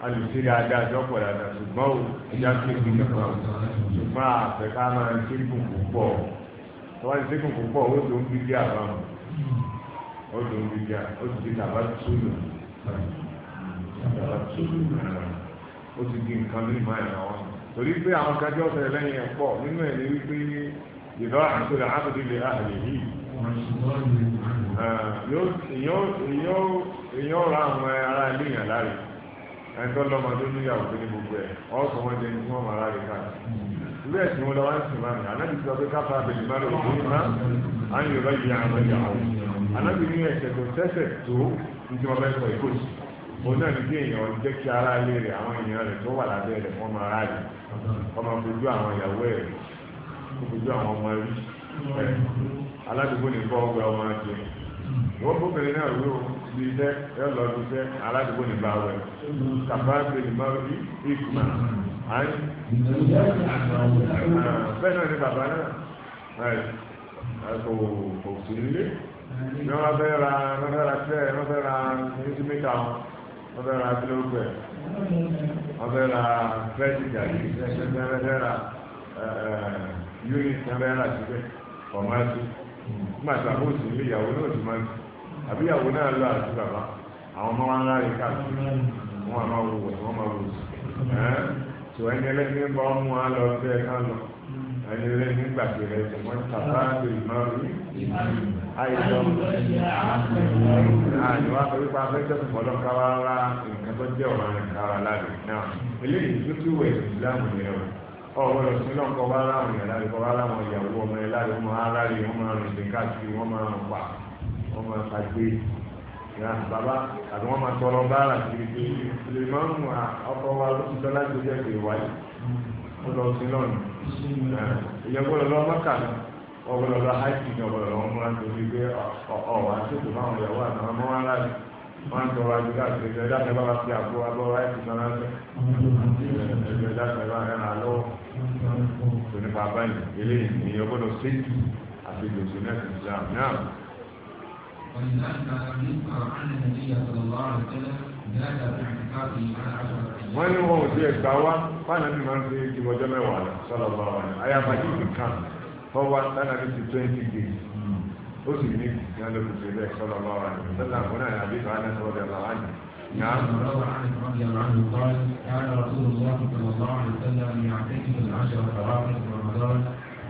a lè ṣe dáadáa jọ́pọ̀ dáadáa ṣùgbọ́n o ìjà tó ti nípa o ṣùgbọ́n àfẹ́ ká máa ń ṣe kùn púpọ̀ tó wá ń ṣe kùn púpọ̀ ó tó ń bí díà bá wọn ó tó ń bí díà ó ti di tàbá tó lò tàbá tó lò náà ó ti di nǹkan ní ìmọ̀ ẹ̀rọ wọn torí pé àwọn kájọ́ ọ̀sẹ̀ lẹ́yìn ẹ̀pọ̀ nínú ẹ̀ ní wípé ìlọ àtúnṣe àbúdí lè ààyè yìí èèyàn ra àwọn ará ilé yàn láre ẹ̀ńtọ́ lọ́mọ tó níyàwó tó ní gbogbo ẹ̀ ọ̀sán wọn jẹ́ ní wọ́n máa ráre káàkiri ilé ẹ̀sìn wọn lọ́wọ́ ń sìn máa nìyà anábì sọ pé káfà abẹ́lé máa lọ sí iná á ń yọ̀rọ̀ yìí àwọn ìyàwó anábì ní ẹ̀sẹ̀ tó tẹ́sẹ̀ tó ní tí wọ́n bẹ́ẹ̀ sọ ìkóòsì òun náà ní kí èèyàn jẹ́ kí ara lé rẹ̀ àwọn èèyàn rẹ̀ tó wà lábẹ́ rẹ̀ fún ọmọ ara rẹ̀ ọmọ fojú àwọn ìyàwó ẹ̀ fojú àwọn ọmọ rí ẹ̀ aládùúgbò nìkan ọgbà ọmọ jẹ wọ́n bóbìnrin náà wí o bí iṣẹ́ ẹ lọ bí iṣẹ́ aládùúgbò ní bá wẹ̀ kàfá ṣe ní bá rí ìkùmà àyìn bẹ́ẹ̀ náà ni bàbá náà kò kò sí nílé ní wọ́n fẹ́ ra wọ́n fẹ́ ra tẹ́ wọ́n fẹ́ ra ní wọ́n fẹ́ ra gílóògbé wọ́n unit wọ́n fẹ́ ra síbẹ̀ fọ̀mátì nígbà tí ìyàwó náà ti máa ń àbí ìyàwó náà lọ àti bàbá àwọn ọmọ wa ń láre káàkiri wọ́n máa wò wọ́n máa wò sí bá ọmọ wa lọ bẹ́ẹ̀ ká lọ. ẹni rẹ nígbà tí rẹ tó wọn tàbá lè mọ rí àìsàn àníwá pẹ̀lú pa abẹ́jọ́ ìfọ̀lọ́ káwá rá nǹkan tó jẹ́ ọ̀rọ̀ rẹ̀ káwá láre náà eléyìí tó tún wẹ̀ ìsìláàmù ni ọ̀rọ̀ ọ̀rọ̀ lọ sí náà kọ́wá ráwọn yàrá rẹ̀ kọ́wá ráwọn ìyàwó ọmọ ẹ̀ láre wọn máa ráre wọn máa rìn ìdíkà sí wọn máa pa wọn máa pàgbé ya baba àti wọn máa tọrọ báárà sí ibi lè máa ń mú ọkọ wa lọ́sọ̀tọ́ láti jẹ́ ìwà yìí ó lọ sí lọ́nà ìyẹ́gbọ́dọ̀ lọ mọ́kà ni ọ̀gbọ́dọ̀ lọ háìkì ni ọ̀gbọ́dọ̀ lọ múra nítorí pé ọ̀wà àtìkù máa ń yẹ̀wò àná ọmọ wa láti wọ́n ń tọrọ àjùlá àti ẹgbẹ́ dáfẹ́ bá fi àgbo abọ́ háìkì náà lásẹ̀ ẹgbẹ́ dáfẹ́ bá rẹ̀ rà lọ́wọ́ tó nípa báyìí eléyìí ni ọ̀gbọ́dọ̀ séjì àti ìdòtò náà ti sàn náà wọ́n ní wọn ò sí ẹ̀gbá wá fáànà bí máa ń fi ju ọjọ́ mẹ́wàá lọ sọ́lọ́ bá wà ní ayáfàjì nìkan fọwọ́ fáànà bí ti twenty days ó sì ní ìyá ló fi ṣe bẹ́ẹ̀ sọ́lọ́ bá wà ní sọ́lọ́ àwọn náà àbí fàánà sọ́lọ́ bẹ́ẹ̀ bá wà ní. نعم روى عن رضي الله عنه قال كان رسول الله صلى الله عليه وسلم يعتكف العشر فراغ في رمضان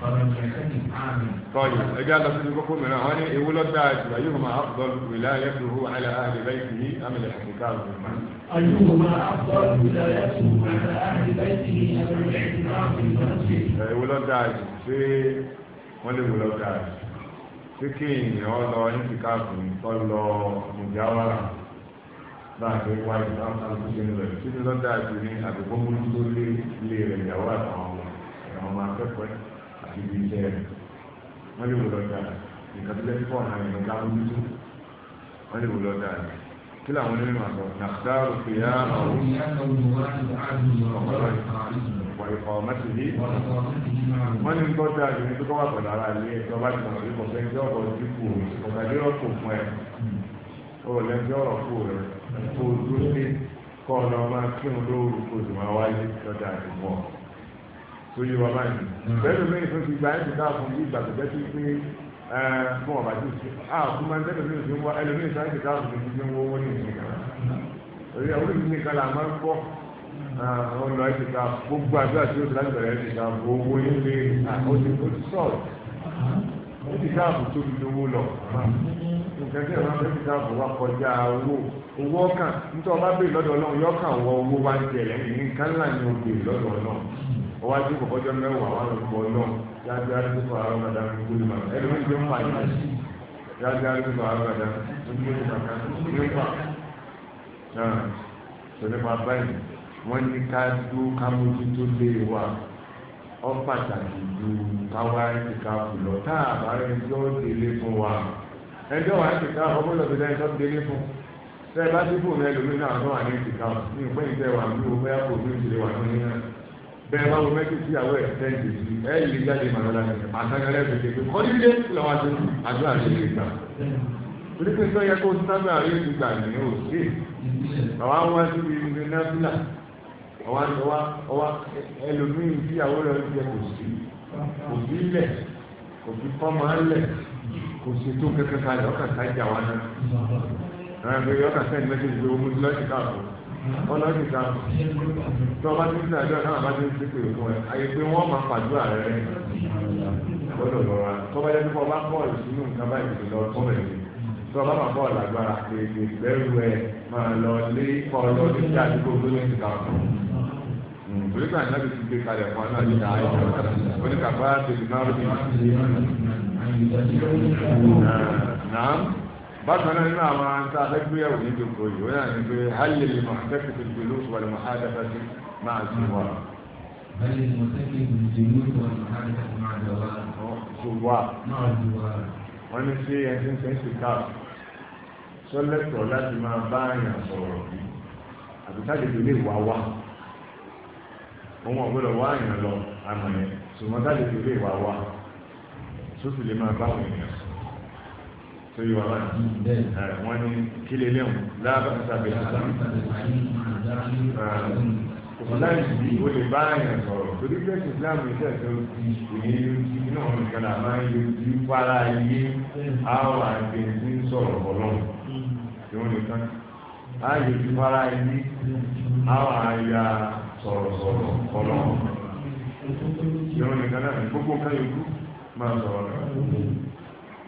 tọ́yì ẹgbẹ́ alọ́sílẹ̀ kókó mìíràn wọ́n ní ewu lọ́dá àjù ayéhùnmá àfọ́dọ́lù wìlá yẹ́tùrú àlẹ́ àlẹ́ bẹ́ẹ̀ ní amẹ̀lẹ̀ àkùnká rẹ̀ mọ́. ayéhùnmá àfọ́dọ́lù wìlá yẹ́tùrú àlẹ́ àlẹ́ bẹ́ẹ̀ ní amẹ̀lẹ̀ àkùnká rẹ̀ mọ́. ewu lọ́dá àjù ṣé wọ́n lè wù lọ́dá àjù ṣé kí èèyàn lọ ní kíkàkùn tó lọ mùjáwárà láàrin wáyé láwọn alùpùpù rẹ̀ kí ni lọ́dá àjù ní àdúgbò mú ibi iṣẹ́ rẹ̀ wọ́n lè wò lọ́dà nǹkan tó lẹ́sí fọ́ọ̀nù àwọn èèyàn láwọn ojú tó wọ́n lè wò lọ́dà rẹ̀ kí làwọn onímọ̀ àtọ̀ nàkúdárò pé á àwọn ìfọ̀ mẹ́tì yìí wọ́n ní tó dáa jù ní tó kọ́wà pẹ̀lú ara ilé ẹ̀jọ́ bá ti mọ̀ pé kọ̀ọ̀fẹ́ ń jẹ́ ọ̀rọ̀ dípò ọ̀gádẹ́rọ̀ kò fún ẹ̀ ọ̀rọ̀ lẹ́jọ́ ọ̀rọ̀ kò rẹ̀ kò dúró sí kọ́ ọ̀nà ọmọ kírun lóru kò sì máa wáyé lọ́dà àdúgbò sórí wa báyìí pẹ̀lú hmm. mẹ́rin fún ti gba ẹ̀ tuntun àfọ̀n bí ìgbà tó jẹ́ sí pé fún ọ̀bà tó ṣe á fún máa ń tẹ́lẹ̀ mẹ́rin fún wa ẹlòmíì sáà ti káàbù tó ti fi ń wọ́ wọ́n ní ìsìn kan orí àwọn olùsìn nìkan là máa ń kọ́ àwọn ọ̀nà ẹ̀ ti ká gbogbo àdúrà tí ó ti láti bẹ̀rẹ̀ ẹ̀ ti ká owó ilé ó ti sọ̀rọ̀ ó ti káàbù tó fi lówó lọ nǹkan tí ẹ̀rọ ẹ̀ ti owó ọkàn nítorí ọba bèèrè lọ́dọ̀ yọkàn wọ owó wa ń tẹ̀lé nǹkan ńlá ni ó bèèrè wọ́n ti kọ̀ fọ́jọ́ mẹ́wàá wọn lọ bọ̀ náà yájú arúgbó àwọn ọ̀dà nítorí ma ẹni wọ́n ti mú àyè yájú arúgbó àwọn ọ̀dà nítorí ma ká nípa náà tẹ̀lé ma báyìí wọ́n ní ká dú kámójú tó lé wa ọ́ pàtàkì ju ti ká kù lọ tá a bá rẹ ẹjọ́ délé wa ẹjọ́ wa ti ká ọmọ lọ́dọ̀ lẹ́yìn tó délé fún tẹ́ ẹ bá dé fún mi ẹlòmíràn tó wà ní ìtìká ní ìpín ìtẹ́wà ní owó ẹ̀kọ́ ní ìtìlẹ̀ wà ní ìyẹn bẹ́ẹ̀ bá wo mẹ́tò sí àwọn ẹ̀sẹ̀ǹtì sí ẹ̀ yìí jáde màlúwa ní àtàkàrẹ́ fèdè pé kọ́ níbi dé lọ́wọ́ àti àdúrà lè lè gbà. torí pé sọ yẹ kó sábà rí ìgbà ní òsè àwọn àwọn ẹtù bíi ní náfìlà ọwọ́ ọwọ́ ọwọ́ ẹlòmíì tí àwọn ọ̀rẹ́ ti yẹ kò sí kò sí lẹ̀ kò fi kọ́ máa ń lẹ̀ kò sí tó kẹ́kẹ́ kalẹ̀ ọkàn sájà wa náà. àwọn ẹgbẹ́ yọkàn sẹ́ni mẹ́tò ìgbé omi lọ́ọ̀tì káàkiri. ọlọ́dún kan tó ọba tí ń sè àdúrà táwọn bá ti ń àyè pé wọ́n máa fàdúrà rẹ lọ́dọ̀ lọ́ra tó bá yẹ kó ọba bọ́ọ̀lù sínú nǹkan báyìí ti lọ tó rẹ̀ tó ọba máa bọ́ọ̀lù agbára kéèké bẹ́ẹ̀rù ẹ máa lọ lé hmm, ti gbé kalẹ̀ fún náà bákan náà nínú àwọn tá a fẹ́ gbéyàwó ní ìdókò yìí wọ́n náà ní pé hali lè mọ̀ àtẹ́kù tó gbé lóṣù wà lè mọ̀ àdáta sí máa sí wa. hali lè mọ̀ àtẹ́kù tó gbé lóṣù wà lè mọ̀ àdáta sí máa sí wa. máa sí wa. wọ́n ní sí ẹni tí ń ṣe káàpù sọ́lẹ́tọ̀ láti máa bá àyàn sọ̀rọ̀ bí àbíkájọ tó lè wá wá òun ọ̀gbọ́dọ̀ wá àyàn lọ àmọ̀ yẹn ṣùgbọ́n tájọ tó lè wá wá sófin lè máa bá àwọn ènìyàn sọ tó yọ wá wọn ní kílé lẹ́wọ̀n lábàtà sábẹ̀ ọ̀láì sí o lè bá àyàn sọ̀rọ̀ torí pé islam iṣẹ́ tó ìyẹn lójú iná nìkan là máa ń lójú fara ayé àwọn àti ẹni ń sọ̀rọ̀ ọlọ́run tí wọ́n lè tán á lójú fara ayé àwọn àyà sọ̀rọ̀sọ̀rọ̀ ọlọ́run tí wọ́n lè tán náà gbogbo nǹkan yòókù máa sọ̀rọ̀ náà.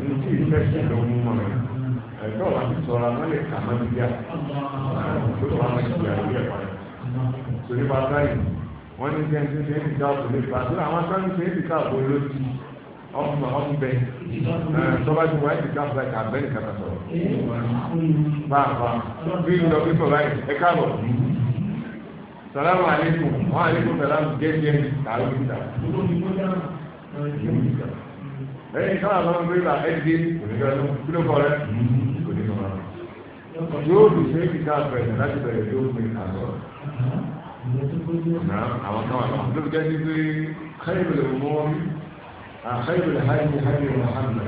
ní tí ìfẹ́ sí ló mú mọ́ rẹ̀ ẹ̀dọ́ wa ti sọ̀rọ̀ àwọn lè kà máa ń bíyà tó tó wà máa ń bíyà lórí ẹ̀kọ́ rẹ̀ torí bá báyìí wọ́n ní sẹ́yìn tí sẹ́yìn ti ká òkú lè fà tó àwọn sẹ́yìn sẹ́yìn ti ká òkú ló ti ọmọ ọmọ bẹ tọ́ba ti wáyé ti ká fún ẹ̀ka abẹ́ni kàkà sọ̀rọ̀ báàbá bí lọ bí sọ̀rọ̀ ẹ̀ káàbọ̀ salamu aleykum wa aleykum salam gẹ́gẹ́ bí tààrọ̀ lẹ́yìn káwọn àwọn ọmọ ìgbà ẹ̀dí kò ní gbẹ́nu kí ló kọ́ rẹ̀ kò ní gbẹ́nu yóò lù sí èkìtà àbẹ̀rẹ̀ láti bẹ̀rẹ̀ tó gbé àgọ́ àwọn káwọn àwọn tó jẹ́ ní pé káyọ̀ lè mọ́ àkáyọ̀ lè háyì ní háyì ní Muhammad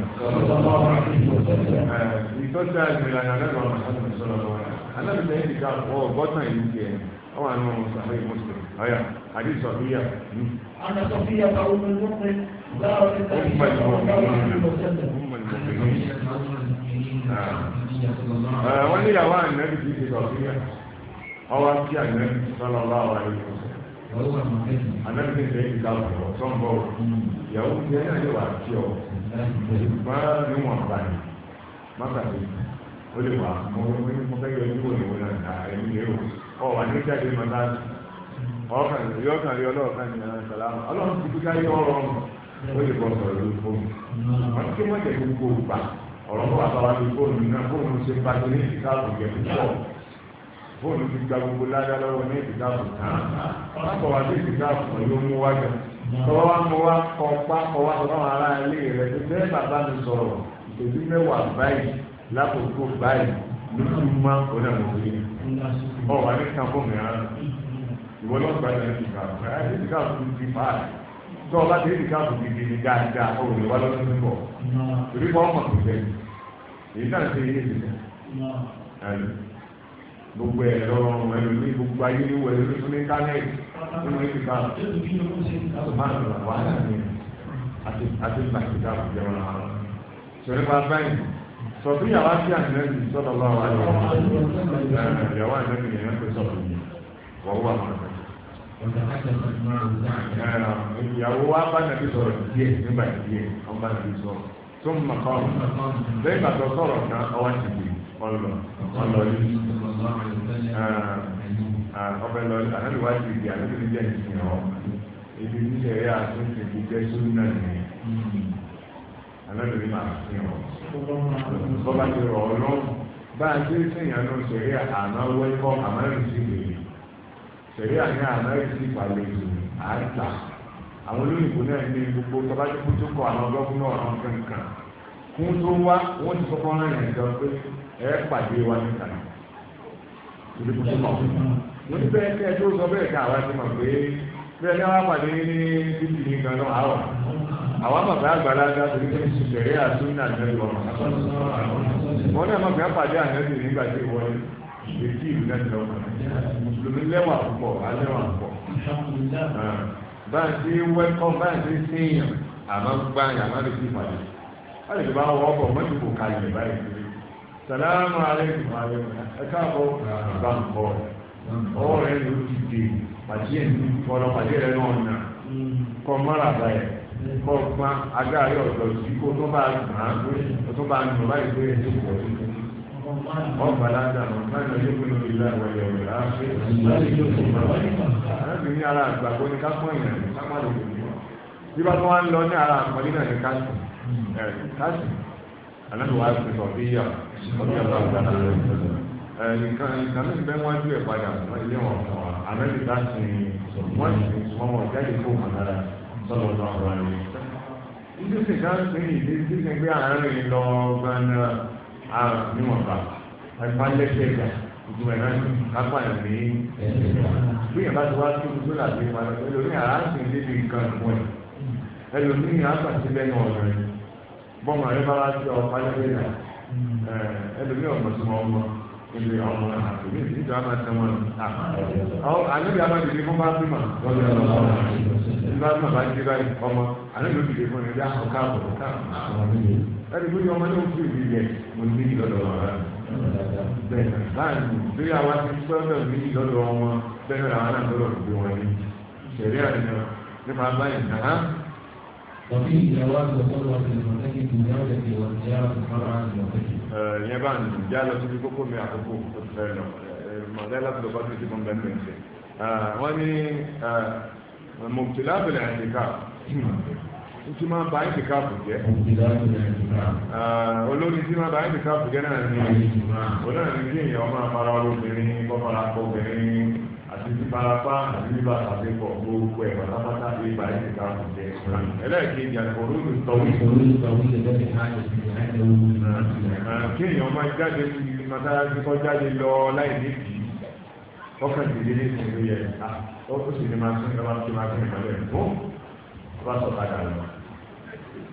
ìtọ́jà ìgbìlànà lẹ́nu Muhammad sọ̀rọ̀ lọ́wọ́ alábìlẹ̀ èkìtà ọ̀ bọ́tàn ìlú tiẹ̀ ọ̀wà nù sàlẹ̀ mùsùlùmí ọ̀yà àdìsọ̀ bíyà. àdìsọ̀ bá wọn mú أم المؤمنين wọ́n ní ìyàwó ànábì kìí ṣe sọ̀rọ̀ níyà ọwọ́ sí ànábì sọ́lọ́ ọláwà yìí ànábì ní ìṣẹ́yìn ìta ọ̀pọ̀ sọ́ńbọ̀ ìyàwó ti ẹ̀yà yóò wà sí ọ ṣùgbọ́n níwọ̀n báyìí mọ́tàlẹ́ ó lè wà mọ́ mo fẹ́ yọ ojú òní wọn náà ẹ̀mí lérò ọ wà ní ìjáde mọ́tàlẹ́ ọkàn yọ ọkàn yọ ọlọ́ọ̀kan ní ọlọ́ọ̀kan ti dúkà yọ ọrọ̀ ọ̀hún ó lè bọ́ sọ̀rọ̀ lórí fóònù wọ́n ti mọ̀ jẹ́ gbogbo ìgbà ọ̀rọ̀ tó wà sọ̀rọ̀ lórí fóònù náà fóònù ṣe bá tó ní ìdíkàbò jẹ púpọ̀ fóònù ti gba gbogbo ládá lọ́wọ́ ní ìdíkàbò tán bábọ̀ wá sí ìdíkàbò ló mú wá jẹ tọ́wọ́ wá mú wá kọ́ pa kọ́ wá sọ̀rọ̀ ara ilé rẹ̀ tó fẹ́ bàbá mi sọ̀rọ̀ ìtòjú mẹ́wàá báyìí lákòókò báyìí lójúmọ́ onímọ̀lẹ́ ọ̀ wà ní kan fóònù yàrá ìwọ́n lọ́gbàá yẹn ti kà á ti kà tó ọba tẹ̀lé ìdíkà tó gidi ní dáadáa ó lè wá lọ́dún níbọ̀ torí kọ́ ọmọ tó bẹ́ẹ̀ èyí náà ṣe yé ìdíkà gbogbo ẹ lọrọrùn ẹlòmíì gbogbo ayé ní wọ ẹlòmíì fún íńtánẹ́ẹ̀tì nínú ìdíkà máa ń lọ wàhálà ní àti ìgbàgbọ́dá àbújá wọn àwọn sọ̀rọ̀ nípa báyìí sọ̀tún yàrá sí àtìlẹ́yìn sọ̀tọ̀ lọ́wọ́ àyẹ̀wò ìyàwó àtìlẹ́yìn yẹn ń pè sọ̀tún yìí wọ́n wà máa ìyàwó wa bá nàbí sọ̀rọ̀ díẹ̀ nígbà díẹ̀ wọ́n bá nàbí sọ̀rọ̀ tó ń mọ̀kọ́ lẹ́yìn ìgbà tó sọ̀rọ̀ kan ọwọ́ ti gbé ọlọ ọlọ yìí ọbẹ̀ lọ ànábì wá ti gbé ànábì níjẹ́ ìsìn ọ́ ibi níṣẹ́ rẹ̀ àtúnṣe ti jẹ́ sóńdà nìyẹn ànábì ní màá fi hàn bọ́bá ti rọ̀ ọ́ lọ́wọ́ bá a ti sèyàn náà ṣe rí àmọ́ wẹ́kọ́ àmọ́ ìrìn sí ìgbèrè. tẹ̀lé àní amẹ́ríkì ìgbàlejò àìta àwọn olóyìnbó náà ní gbogbo tọ́bájúkú tó kọ àwọn gọ́fúnà ọ̀hún kankan fún tó wá wọ́n ti kọ́kọ́ rán ìrìn àjọ pé ẹ pàdé wa níta ìdí kò tó mọ̀ bẹ́ẹ̀ ẹ tó sọ bẹ́ẹ̀ ká àwa ti mọ̀ pé pàdé ní bíbí ní gan náà àwọ̀ pé èyí ìlú náà lọ mùsùlùmí lẹ́wà púpọ̀ alẹ́wà púpọ̀ báyìí tí wẹ́kọ̀ báyìí tí sèèyàn àmọ́ gbá àmọ́ lè fi pàdé wọ́n lè fi bá wọ́ ọkọ̀ mọ́tò kò kalẹ̀ báyìí kiri sàlámù alẹ́kùn alẹ́kùn ẹ káàbọ̀ bá ń bọ̀ ọwọ́ rẹ̀ ló ti dé pàdé ẹ̀ ní ọ̀nà pàdé rẹ̀ náà nà kọ́ mọ́ra báyìí kọ́ gbá agáàrí ọ̀dọ̀ sí kó tó bá gbà á pé tó bá nù báyìí pé ẹ̀ ọ̀bàlá dànù láti ọjọ́ pé lórí ilé àwọn ẹ̀yọ̀ rẹ̀ á fi láti ọjọ́ pé lórí ilé àwọn ní ara àgbàgbọ́ ní kápọ̀ ìyàn ní sápá lòdì ní wọn. bí bá tó wá ń lọ ní ara àpọ̀lì náà ní káṣù káṣù aláwọ̀ wá sí sọ bí yà ọbí ọba àgbàlá rẹ̀ nǹkan nǹkan ní bẹ́ẹ̀ wọ́n ju ẹ̀ padà ilé wọn fún wa àmẹ́lì káṣù ni wọ́n ẹ̀fọn lẹ́sẹ̀ gbà ìlú ẹ̀rọ kápá ìlú bí yẹn bá ti wá sí ojú làbí wa ẹlòmí àránsì níbi nǹkan ìmú ẹ ẹlòmí àgbàtí lẹ́nu ọ̀rọ̀ ẹ bọ́mọ rẹ bá wá sí ọ̀pá lẹ́sẹ̀ náà ẹlòmí ọ̀gbọ̀n tí wọ́n mọ ilé ọmọ àtúnyẹ níjọ àmà tẹwọn àwọn àlejò àmà dìde fún bá bímọ mo ní ìlọdọ ọmọ rẹ bẹ́ẹ̀ láàrin lórí àwọn ti sọ́dọ̀ ní ìlọ́dọ̀ wọn bẹ́ẹ̀ làwọn náà lọ́dọ̀ gbé wọn ní ìṣẹ̀rí àná nípa báyìí náà. Tọ́bí ìyàwó àti ọ̀pọ̀lọpọ̀ àti ìmọ̀tẹ́kì ti ní ọ̀rẹ́ ti wọ̀ ní Ìyẹn bá ń já lọ síbi kókó mi àkókò tó ti fẹ́ lọ. Mọ̀tẹ́ láti lọ bá ti ti bọ́m̀bẹ́ mẹ́rin ṣe. Wọ́n ní mọ̀tẹ́lá bẹ̀rẹ̀ àyíká tí máa ń ba ìtìkáàfù jẹ́ olórí tí máa ń ba ìtìkáàfù jẹ́ náà ní olórí ní kí èèyàn máa fara olóbìnrin bọ́fara pọ̀ obìnrin àti fífarapá àti bíbá àti pọ̀ gbogbo ẹ̀ pátápátá bí ba ìtìkáàfù jẹ́ ẹlẹ́ẹ̀kejì àti olórí tọ́wí. kí èèyàn máa jáde mọ́tàlásí kọ́ jáde lọ láì nídìí kọkàndínlélé ní ìlú yẹn ó sì ní máa tún ẹ máa tún máa tún ìmọ̀lẹ́ ìbò wọ́n sọ̀tà dà lọ.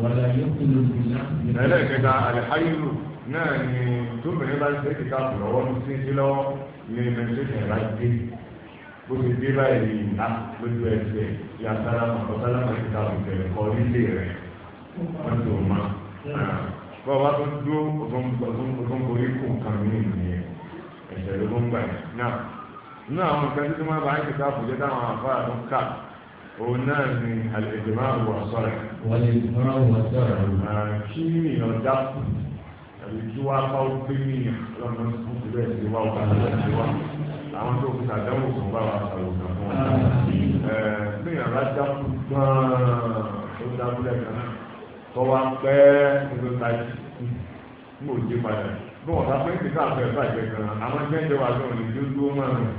ẹlẹ́ẹ̀kẹta àlẹ́háyìlú náà ni tóbìnrin bá ṣe kíkà lọ́wọ́ sí sí lọ́wọ́ ní mẹ́sẹ̀kẹ̀ rájé bó ti dé báyìí ńlá lójú ẹsẹ̀ ya sálámà ọ̀sálámà kíkà òkèlè kọ nílé rẹ̀ wọ́n tó ma bọ́ọ̀ bá tó dúró ọ̀tún borí kù kan ní ìnìyẹn ẹ̀sẹ̀ ló ń gbà náà nínú àwọn ìkànnì tó máa bá kíkà fòjẹ́ táwọn àfáà tó ká òun náà ni àlejòmá àwọn àṣọrẹ. wọ́n lè fún àwọn àṣọrẹ. kí nìyàn dákú tàbí kí wọ́n apá ó gbé nìyàn lọ́nà tó bẹ́ẹ̀ ṣe wá ọ̀gá tó bẹ́ẹ̀ ṣe wá. àwọn tó kúta dánwò fún bá wa sọ̀rọ̀ kan fún wa. nìyàn bá dákú gan-an tó dákú lẹ́ẹ̀kan náà tọ́wá pẹ́ nínú táyì ń bò dé padà. bí wọ́n bá pẹ́ nígbà pẹ́ bàjẹ́ gan-an àwọn ẹgbẹ́ ìjọba tó ń lè dúró máa ń rìn.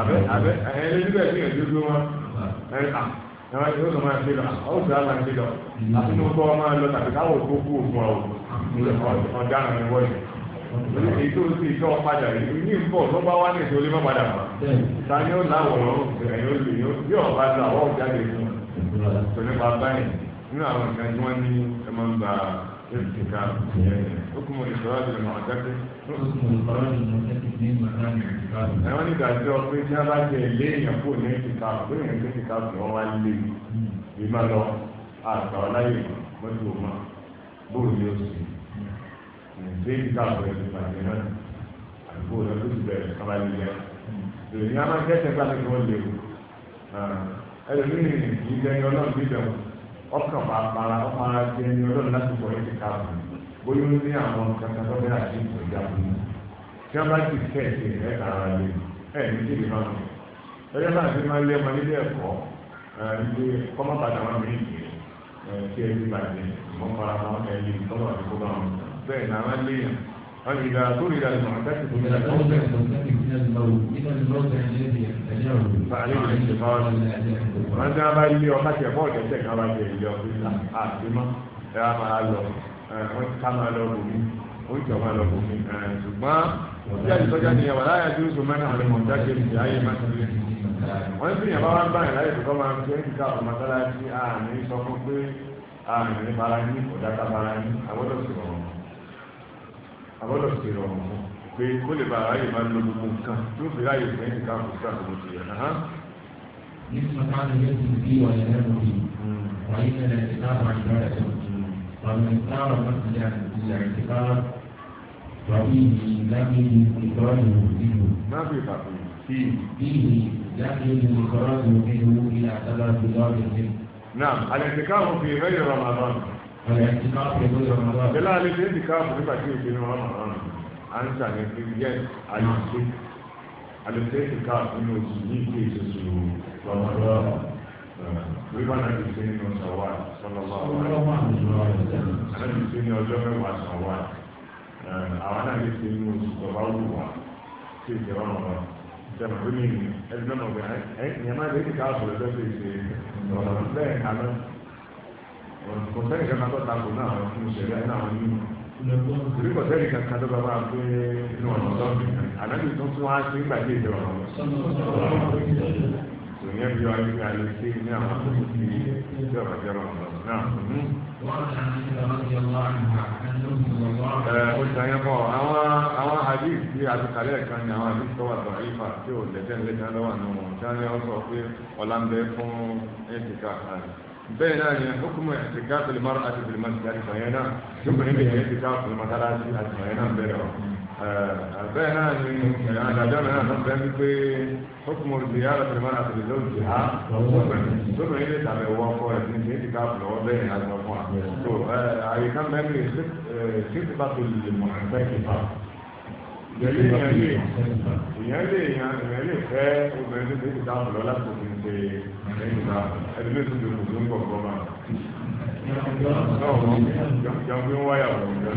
àbẹ́ àbẹ́ ẹ̀ẹ́dẹ́gbẹ̀ẹ́ ẹ̀ka ẹ̀ka yóò sọ ah, mm. máa ń gbéra ó sì á máa ń gbéra àti ní kọ́ máa ń lọ tàbí káwọ̀ tó kú òfin ọ̀hún ọ̀daràn ni wọ́n yìí mm. èyí tó sì tọ́ padà yìí ní ìfọ̀ tó bá wá ní ìtòlé má padà mọ́ ta ni ó láwọ̀ ọ̀rọ̀ ẹ̀yọ́ lè yọ ọ̀bá tó àwọ̀ jáde fún un tó mm. nípa báyìí nínú àwọn nǹkan tí wọ́n ní ẹ máa ń ba الاستكار حكم الإخراج المعتكف حكم الإخراج المعتكف من مكان الاستكار àwọn onídàájọ́ pé tí wọ́n bá tẹ léèyàn kúrò ní ìtìkáàbù tó yẹn ní ìtìkáàbù ni wọ́n wá lé bí má lọ àgbà ọláyè mọ́tò ọmọ bóòlù ni ó sì ṣe ìtìkáàbù rẹ̀ ti bàjẹ́ náà àdúgbò rẹ̀ tó ti bẹ̀rẹ̀ kábà lé yẹn lòdì àwọn akẹ́kẹ̀ẹ́ bá lè wọ́n lè wò ẹlòmíràn kì í jẹ́ ní ọlọ́run bí ìdẹ̀wọ̀n ọkàn pàápàá ọmọara jẹ ni ọlọ́run láti bọ̀ ẹ́ ti ká bọ̀ bóyá ó ní àwọn kankan tó bẹ́ẹ̀ àti ìtò ìjà fún mi tí wọ́n bá ti fẹ́ ẹ̀sìn rẹ̀ ara rẹ̀ ẹ̀ ní kí ni máa ń ẹgbẹ́ máa ti máa lé ọmọ nílé ẹ̀kọ́ ilé kọ́mọ́ bàtà wọn mi ìgbé tí ẹ ti bàjẹ́ ìmọ̀ fara ẹ̀ lè tọ́lọ̀ àdúgbò bá wọn bẹ́ẹ̀ náà wọ́n léèyàn فإذا طرد المعتكف من الموضع فعليه الانتقال wọ́n tí wọ́n bá yí ọmọ tí ẹ̀fọ́ ọ̀dẹ́sẹ̀ kan bá jẹ ìjọ àtìmọ́ ẹ á máa lọ wọ́n ká máa lọ bòmí ó jọ máa lọ bòmí ṣùgbọ́n bí àdìsọ́jà ni ẹ̀wà láyà tí ó so mẹ́rin àwọn ọmọ ìdájọ́ ìdí ayé máa ti lé wọ́n tí ìyàbá wa ń bá yàn láyè tó kọ́ máa ń fẹ́ kíkà ọmọ tálá sí àmì sọ fún pé àmì nípa ara yín ọ̀dà tábara yín àwọ́dọ̀ sọ̀rọ̀ àbọ̀dọ̀ sí ìrọ̀rùn fún pé kó lè bá aráyè máa lo gbogbo nǹkan yóò fi ráyè fún ẹnì kan kò sí àkókò tó yẹ. ní sọ́kà ni yóò ti bí ọ̀yẹ́ lẹ́nu rí wáyé tẹ̀lé ìtàkùn àjọ rẹ̀ tó wàmí ìtàkùn àti àìsíyà ìtàkùn wàmí ìdájọ́ ìtọ́jú ìlú. má fi bàbá yìí. bí ìdájọ́ ìtọ́jú ìlú ilé àtàlà ìlú ọ̀rẹ́ Naam, al-i'tikafu fi ghayri Ramadan Bẹ́lá alẹ́ lè ní káàbù nígbà tí òṣèlú wọn máa rán. Ansa ní fi yẹ àlùfẹ́. Àlùfẹ́ ti káàbù nínú oṣù yìí kí èso sùn lọ́wọ́ lọ́wọ́. Wíwá náà ti ṣe nínú sọ̀wá sọ́lọ́wọ́ àwọn àná ti ṣe ní ọjọ́ mẹ́wàá sọ̀wá. Àwọn náà ti ṣe nínú oṣù tọ́ba wù wá sí ìjọba wọn. Ìjọba tó ní ẹgbẹ́ mọ̀gbẹ́ ẹ̀ ẹ̀ ìyẹn má lè ní káàbù lọ́jọ́ tó ṣe ọ̀rọ̀ bẹ́ẹ̀ kò sẹ́ni kankan tó takò náà àwọn fún ìṣẹ̀lẹ̀ náà àwọn onímọ̀ torí kò sẹ́ni kankan tó bá bá pé inú ọ̀nà ọ̀dọ́bì ànábì tó tún wá sí ìgbà yìí ìjọba wọn. ìyẹn bí wàá yíká lè ṣe ní àwọn akókò tí ìjọba jẹ́ ọ̀nà ọ̀dọ́bì náà. ó ti àyẹ̀ bọ̀ àwọn hadith tí a ti kàlẹ́ kan ní àwọn hadith tó wà sọ̀rọ̀ ìfà tí ò lẹ́tẹ̀ lẹ́tẹ̀ lọ́wọ́ àná wọn tí wọ́n sọ pé ọ̀làǹdẹ fún ẹ̀ẹ́dìkà àti bẹ́ẹ̀ náà ni hukumu ẹ̀tìkáfù lè mara àti bìlì mọ́sí àti fàyẹ́ náà tí mo ní bẹ̀rẹ̀ ẹ̀tìkáfù lè mọ́tàlá sí àti fàyẹ́ náà bẹ̀rẹ̀ ọ̀ bẹ́ẹ̀ náà ni àdájọ́ náà náà bẹ́ẹ̀ ni pé hukumu rẹ̀ yára bìlì mara àti bìlì lóòjì ha lóòjì ilé tàbí wọ́n kọ́ ẹ̀ ní ẹ̀tìkáfù lọ́wọ́ bẹ́ẹ̀ àti ọ̀fọ́n àyíká mẹ́rin sí èèyàn lè yan èèyàn lè fẹ́ obìnrin tó ti dáhùn lọ láti òfin ṣe ẹ̀yìn ìgbà ẹ̀dínlẹ́sìn tó kù tó ń bọ̀ bọ́ máa jọ fi ń wáyà wọ̀ ọ́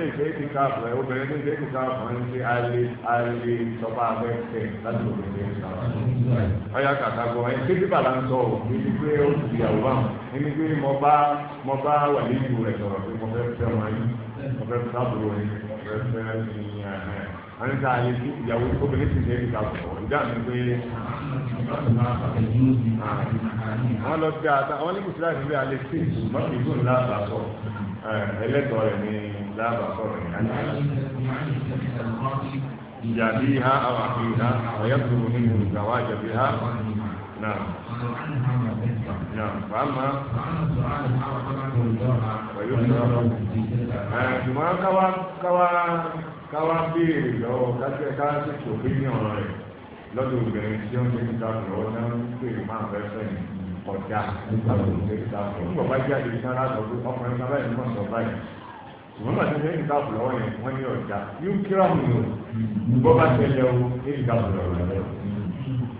é ti káàbọ̀ ẹ̀ obìnrin lè ṣe é ti káàbọ̀ ẹ̀ ṣe alẹ́ alẹ́ ìjọba abẹ́ tẹ̀ láti obìnrin lè ṣàwọ̀ ọ̀yà kàkà gbọ́ ẹ̀ ṣé bíbà là ń sọ ọ́ níbi pé ó ti ìyàwó bá wọn níbi pé mo bá mo bá wà ní ìlú rẹ̀ sọ̀rọ̀ pé mo fẹ́ fẹ́ wọn yín mo fẹ́ fẹ́ àbúrò mo fẹ́ fẹ́ ẹ̀hìn àwọn ìyàwó obìnrin ti ṣe é ti káàbọ̀ ìdáhùn pé wọ́n lọ sí ata wọ́n ní kùsùlá ìfẹ́ alẹ́ sí ṣùgbọ́n kì í gùn láàbà ẹlẹ́tọ̀ rẹ̀ ní láàbà sọ rẹ̀ ìjà bí ha àwọn àfihàn ha ọ̀yẹ́kùrù nínú ìgbàwá ìjà bí ha náà náà fàámà pẹ̀lú ìjọba ṣùgbọ́n káwá béèrè lọ́wọ́ káṣẹ́ káṣẹ́ kò bí ní ọ̀rọ̀ rẹ̀ lọ́dọ̀ obìnrin tí ó ń ṣe ìdáàbò lọ́wọ́ náà ń pè máa fẹ́ fẹ́ ní ọjà ìdáàbò ṣe ìdáàbò ń bọ̀ bá jáde iṣẹ́ aláàbò pé ọkùnrin kan báyìí mọ̀ sọ báyìí ṣùgbọ́n bàtí ṣe ìdáàbò lọ́wọ́ yẹn wọ́n ní ọjà yóò kíra mi o bọ́ bá tẹ̀lé o ní ìdáàbò lọ́wọ́ rẹ̀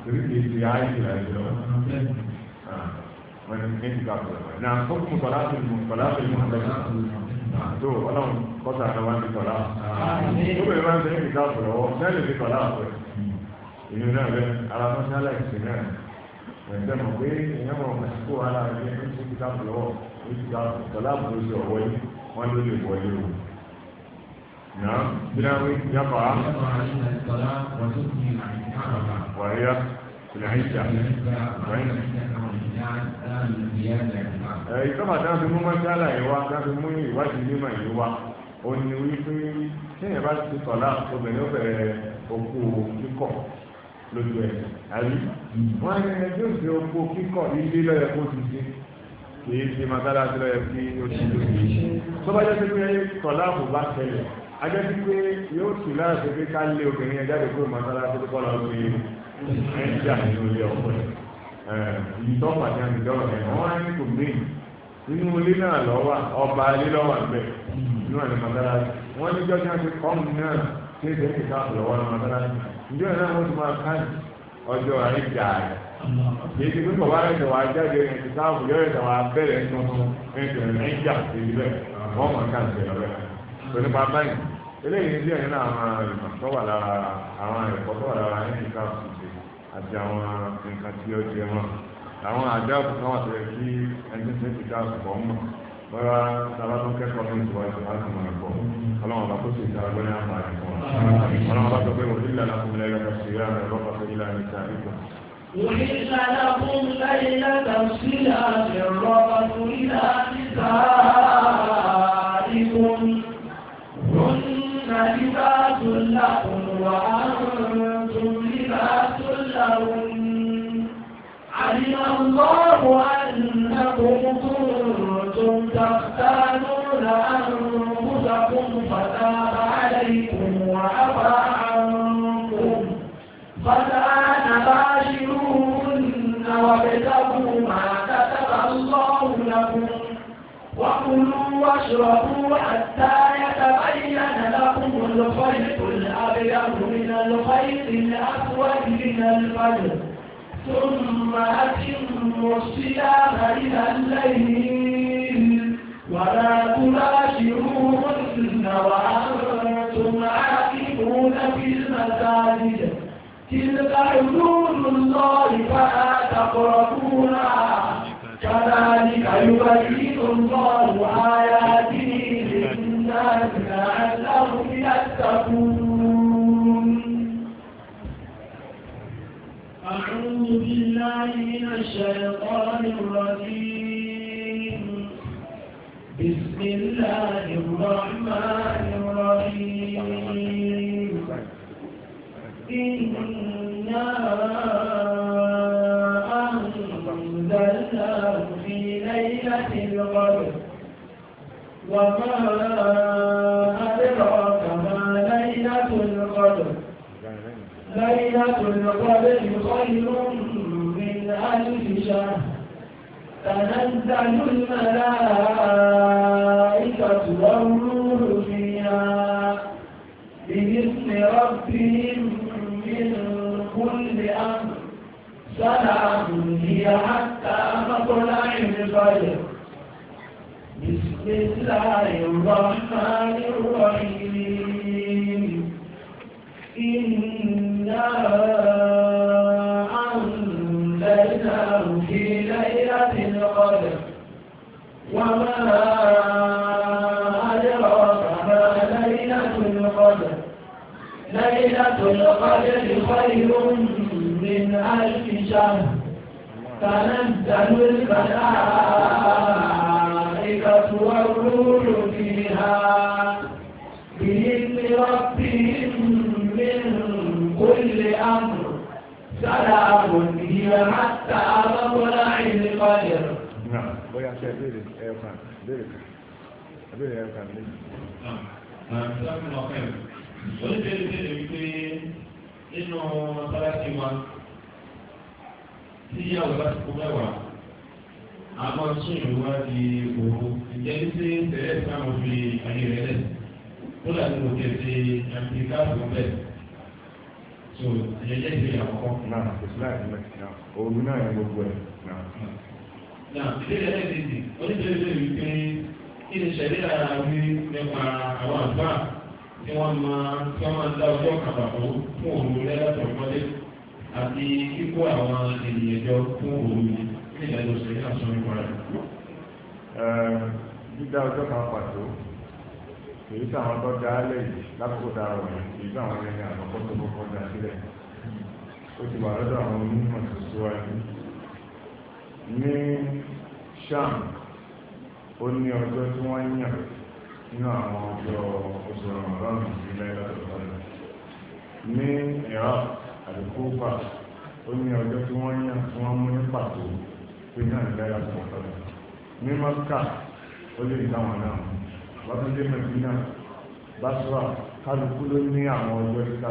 torí kì í ṣe ayé ìlànà lọ́wọ́ wọ́n ní ìdáàbò lọ́wọ́ kọ́lá Ó bẹ̀rẹ̀ máa ń sẹ́yìn ìdáàbò lọ́wọ́ sẹ́yìn ti kọ̀lá àpẹẹrẹ ìlú náà bẹ́ẹ̀ ara mọ́ṣálá ìsìn náà ẹ̀ǹtẹ́ mọ̀ pé ìyẹn mọ̀ mẹ́sìkò ara rẹ̀ ní ti kíkà lọ́wọ́ ní ti ká tọ́lá àbúrò ọ̀wọ́ yìí wọ́n ló lè wọlé o. Nà bínáwé yàpá. Wàyà Ìlàhíjà. Ìtọ́ba tá a fi mú mọ́ṣálá yìí wá, tá a fi mú ìwádìí mímọ̀ yìí wá, ó ní wípé kéèyàn bá ti tọ̀lá obìnrin ó bẹ̀rẹ̀ okú kíkọ̀ lójú ẹ̀ àbí wọ́n ní ẹjọ́ ìṣe oko kíkọ̀ ilé lọ́yẹ kó ti ṣe kìí ṣe mọ́sálásí lọ́yẹ kí ó ti lò ní ṣe tó bá jẹ́ pé tọ̀lá kò bá tẹ̀lẹ̀ ajẹ́ sí pé yóò tù láàṣẹ pé ká lé obìnrin ẹ̀ jáde kúrò mọ́sálásí tó kọ́ lọ sí ẹ̀ ń jà nínú ilé ọ̀pọ̀ ẹ̀ ìtọ́pọ̀ àti àmìjọ́rọ̀ ẹ̀ wọ́n á ní kò mí inú ilé náà lọ́wọ́ ọba ilé lọ́wọ́ àgbẹ̀ inú àlè mọ́sálásí wọ́n ní jọ́jọ́ ti kọ́ ìjọ náà wọ́n ti máa káàdì ọjọ́ àríjà rẹ̀ èyí ti pípọ̀ wáyé tẹ̀wá jáde ẹni ti sáàbù yọ̀rẹ̀ tẹ̀wá bẹ̀rẹ̀ tuntun ẹni tẹ̀wá ní ìjà èyí bẹ́ẹ̀ wọ́n mọ̀ káàdì ọ̀rẹ́ pẹ̀lú pàbáyì eléyìí ní ẹ̀yìn náà àwọn ìmọ̀ tó wà lára àwọn ẹ̀kọ́ tó wà lára ẹni káàkiri àti àwọn nǹkan tí ó jẹ wọn àwọn àdáàbò kan wà tó yẹ kí ẹni tó ti dáàbò pọ̀ mọ̀ bọ́lá tábà tó kẹ́kọ̀ọ́ ọlọ́run bá sọ pé òhìn lànà fún ilẹ̀ yọ̀kọ̀ sí ìyá rẹ̀ lọ́kọ̀ sí ilẹ̀ àmì ìtàn ìkọ̀. òhìn lànà fún ilẹ̀ yọ̀kọ̀ sí ìyá rẹ̀ lọ́kọ̀ sí ilẹ̀ àmì ìtàn ìkọ̀. هن لباس لكم وأنتم لباس لهم علم الله أنكم كنتم تختانون أنفسكم فتاب عفا عنكم وابتغوا ما كتب الله لكم وكلوا واشربوا حتى يتبين لكم الأبيض من من الفجر ثم أتموا الصيام إلى الليل ولا تباشروهن وأنتم المساجد تلك حدود الله فلا تقربوها كذلك يبين الله آياته للناس لعلهم يتقون أعوذ بالله من الشيطان الرجيم بسم الله الرحمن الرحيم إنا أنزلناه في ليلة القدر وما أدراك ما ليلة القدر ليلة القدر خير من ألف شهر تنزل الملائكة والروح فيها بإذن ربهم كل أمر سلام هي حتى مطلع الفجر بسم الله الرحمن الرحيم إنا أنزلناه في ليلة القدر وما ليلة القدر خير من ألف شهر تنزل الملائكة والروح فيها بإذن ربهم من كل أمر سلام هي حتى مطلع القدر نعم بويا شيخ بيرك ايوه كان بيرك بيرك oníbèrè bèrè wípé nínú mọ́sálásí wa tí ìyàwó bá ti kú mẹ́wàá àmọ́ sún ìlú wa di òru ìjẹ́ wípé tẹ̀lé sáwọn fi ayé rẹ̀ lẹ̀ tó dàbí kò tẹ̀sí àti káàbù bẹ́ẹ̀ tó ẹ̀yẹ́dẹ́ ìgbé àkọ́kọ́. náà kò sí láti mẹ́tìlá òru náà yẹn gbogbo ẹ̀ náà. náà ìdílé ẹ̀ẹ́dẹ̀ẹ́dì oníbèrè bèrè wípé kí ni ṣẹ̀rí àárín nípa àwọn àgbà tí wọ́n máa tí wọ́n máa dá ọjọ́ kàbàkó fún òru lẹ́yàtọ̀ ìmọ́lé àti kíkó àwọn ènìyàn jọ fún òru ní ìdájọ́ sẹ́yìn àṣọ nípa rẹ̀. dídá ọjọ́ kan pàtó èyí táwọn tó dá lẹ́yìn lákòókò dára wọ̀nyí èyí táwọn ẹni àkọ́kọ́ tó kọ́kọ́ da sílẹ̀ ó ti wà lọ́dọ̀ àwọn onímọ̀ tó síwájú ní sham ó ní ọjọ́ tí wọ́n yàn nínú àwọn ọjọ́ oṣù ramadan sí láìláàtọ̀ sọ́dọ̀ ní iraq àdìkúfà ó ní ọjọ́ tí wọ́n yàn ní pàtó pé náà ní láìláàtọ̀ sọ́dọ̀ ní mọ́kà ó lè dáwọn náà bátúndé mẹ́tínà básúà kálukú ló ní àwọn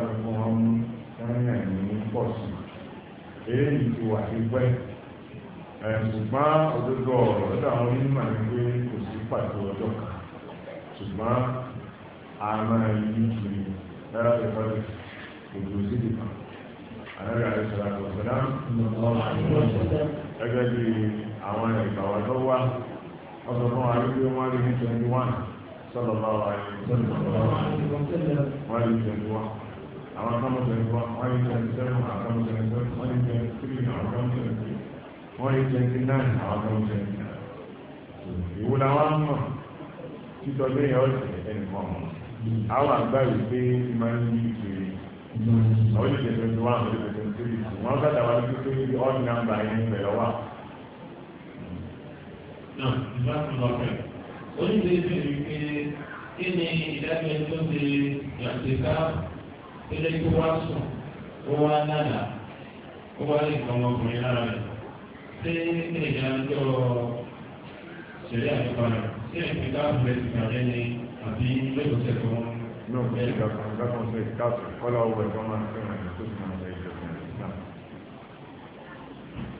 àwọn onímọ̀ kò sí pàtó ọjọ́ kan ṣùgbọ́n a máa yí kiri lára ìfọ́ òjò sí ìdìbò àlẹ́ àti sọ̀rọ̀ àtọ̀sọ̀dá gẹ́gẹ́ bí àwọn ìgbàwà tó wá ọ̀sọ̀ fún wa wípé wọ́n rí ní 21 sọ̀rọ̀ bá wa wọ́n rí 21 àwọn akọ́mọ̀ 21 wọ́n rí 27 àwọn akọ́mọ̀ 27 wọ́n rí 23 àwọn akọ́mọ̀ 23 wọ́n rí 29 àwọn akọ́mọ̀ 29 ìwúlà wa mọ̀ títọ́ lóyìn ọ̀sẹ̀ ẹnìkan àwọn àgbà rẹ̀ pé máa ń yí ìpèrè àwọn olùdíje twenty one olùdíje twenty three wọn gbàdá wa lójú pé all number yẹn bẹ̀rẹ̀ wà. náà ìgbà tó lọ fẹ́ oníṣẹ́ bèrè pé kí ni ìdájọ́ tó ṣe yàtìká tẹ́lẹ̀ tó wá sùn ó wá nàdà ó wá lè kọ́ ọmọkùnrin lára rẹ̀ ṣé ìdájọ́ ṣẹlẹ̀ àdúgbò rẹ̀ ṣé ìpínlẹ̀ àbúlé ti gbàgbé ni àbí lẹ́tọ̀ tẹ̀ fún wọn. No, mi ti gbàgbọ́ gbàgbọ́ sọ ìdáàbò kọ́lá owó ẹ̀kọ́ máa ń fẹ́ wọn tó ti máa ń lọ ìjọba náà.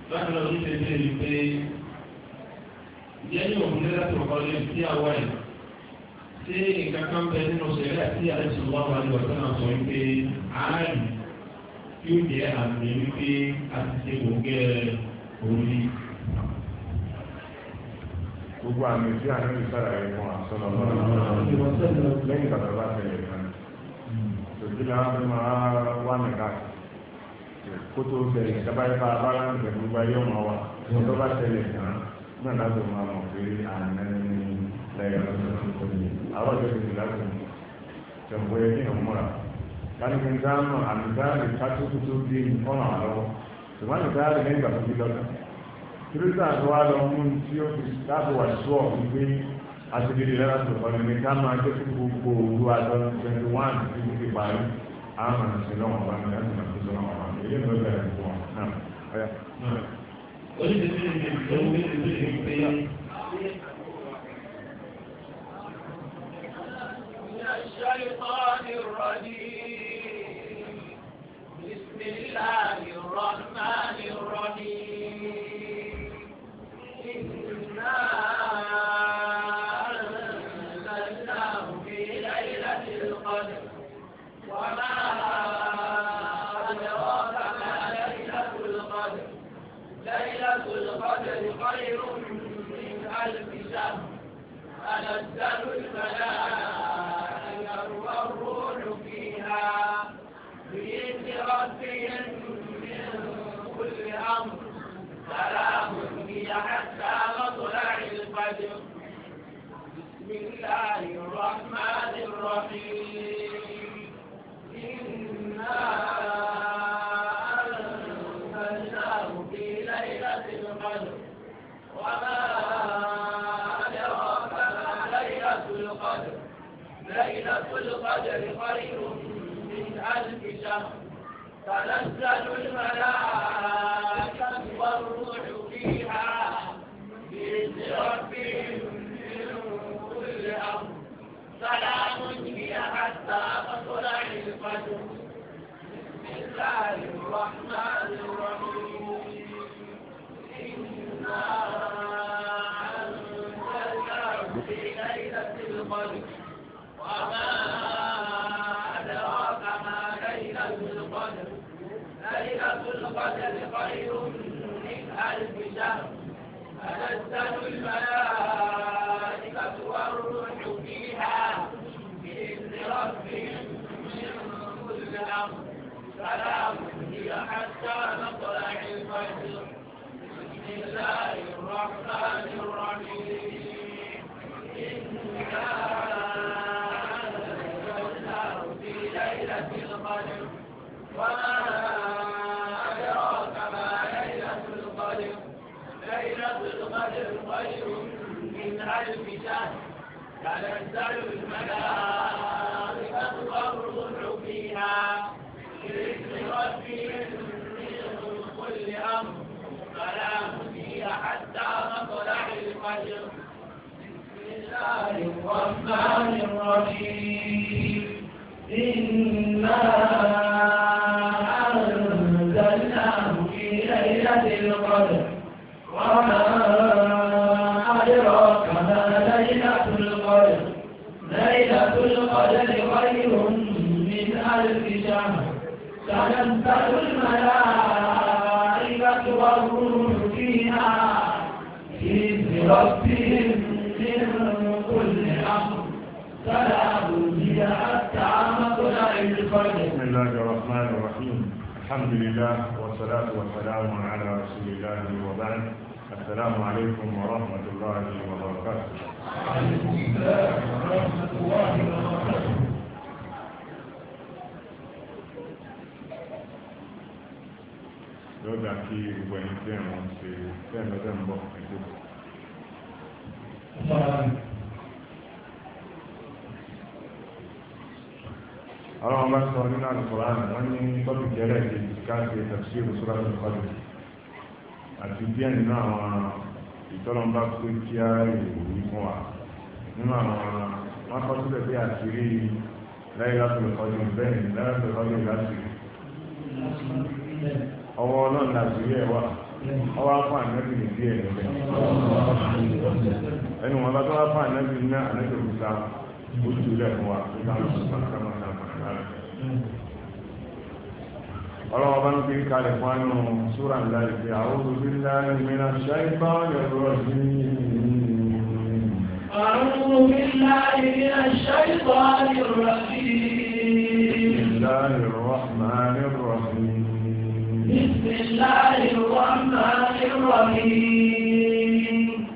Láti lọ sí ṣe ṣe rí pé ìyá yóò múlẹ̀ láti ọ̀pọ̀ lé sí àwa yìí. Ṣé nǹkan kan bẹ nínú ṣẹlẹ̀ àti àlejò wà wà ní ọ̀sán náà sọ wípé àárín yóò jẹ́ àmì wípé a ti ṣe òǹgẹ́ orí gbogbo àmì tí àná lè sára rẹ̀ fún àsọ̀nà lọ́wọ́ lẹ́yìn bàtà bá tẹ̀lé kan tòjú la wọn máa wà mẹ́ta kó tó tẹ̀lé dábàá yẹn bá a bá láǹtẹ̀ gbogbo ayé ọmọ wa tó bá tẹ̀lé kan náà láti máa mọ̀ pé àná ní lẹ́yìn lọ́sọ̀rọ̀ àwọn ìjọba ti láti mọ̀ tẹ̀wọ́ yẹn kí ọmọ rà láti fi dáná àmì dáná ìtàkùn tó dé ìfọ́nà àlọ́wọ́ ṣùgbọ́n àmì dáná lẹ́yìn bàtà kìrìtà tó wá tí ó fi láti wà sí ọ̀ wípé aṣèlérí lẹ́la tó kọ́ ni ká máa jẹ́ kí gbogbo òru àjọ twenty one ti fi parí àmà ìṣẹ̀lẹ̀ wọn bá ní láti máa fi sọ́nà wọn èyí ló bẹ̀rẹ̀ fún wọn بسم الله الرحمن الرحيم أنزلناه في ليلة القدر وما أدراك ما ليلة القدر ليلة القدر خير من ألف شهر أنزل الملائكة والروح فيها بإذن من كل أمر سلام حتى مطلع الفجر بسم الله الرحمن الرحيم إنا أنزلناه في ليلة القدر وما أدراك ما ليلة القدر ليلة القدر خير من ألف شهر تنزل الملائكة والروح ربهم من كل أمر سلام هي الله الرحمن الرحيم إنا أنزلناه في ليلة القدر وما أدراك ما ليلة القدر ليلة القدر خير من ألف شهر تنزل الملائكة والروح فيها بإذن ربهم من كل أمر سلام هي حتى مطلع الفجر بسم الله الرحمن الرحيم إنا أنزلناه في ليلة القدر وما خير من ألف شهر تنزل الملائكة والروح فيها بإذن ربهم من كل أمر سلام هي حتى مطلع الفجر بسم الله الرحمن الرحيم إنا أنزلناه في ليلة القدر وما تنزل الملائكة والروح فيها بإذن ربهم من كل أمر سلام هي حتى مطلع الفجر بسم الله الرحمن الرحيم الحمد لله والصلاة والسلام على رسول الله وبعد السلام عليكم ورحمة الله وبركاته. وعليكم السلام ورحمة الله وبركاته. lọ́dà kí gbogbo ẹni tí ẹ̀rọ ń ṣe tí ẹ̀rọ tẹ̀ ń bọ̀ ẹ̀jẹ̀ bọ̀. ọlọ́run bá sọ nínú àlùkòrán wọ́n ní tọ́pù jẹ́rẹ̀ ti káàkiri tàbí ìrùsọ́lá tó kọjú àti díẹ̀ nínú àwọn ìtọ́lọ́mbà tó kí á ìròyìn fún wa nínú àwọn wọn kọ́ sílẹ̀ bí àṣírí láyé látòlùkọ́jú bẹ́ẹ̀ ni láyé látòlùkọ́jú láṣírí ọwọ́ ọlọ́run láti rí ẹ̀wà ọwọ́ afọ ànábì ní díẹ̀ níbẹ̀ ẹnu wọn bá tó wá fún ànábì ní ànábì òkúta ó ti rẹ̀ fún wa tó bá ń sọ pàtàkì ọlọ́wọ́ bá ń gbé kalẹ̀ fún àánú súra ńlá ìfẹ́ àwọn olùdílá ìmìnà ṣáìbá ọ̀yọ̀rọ̀ sí أعوذ بالله من الشيطان الرجيم الله الرحمن الرحيم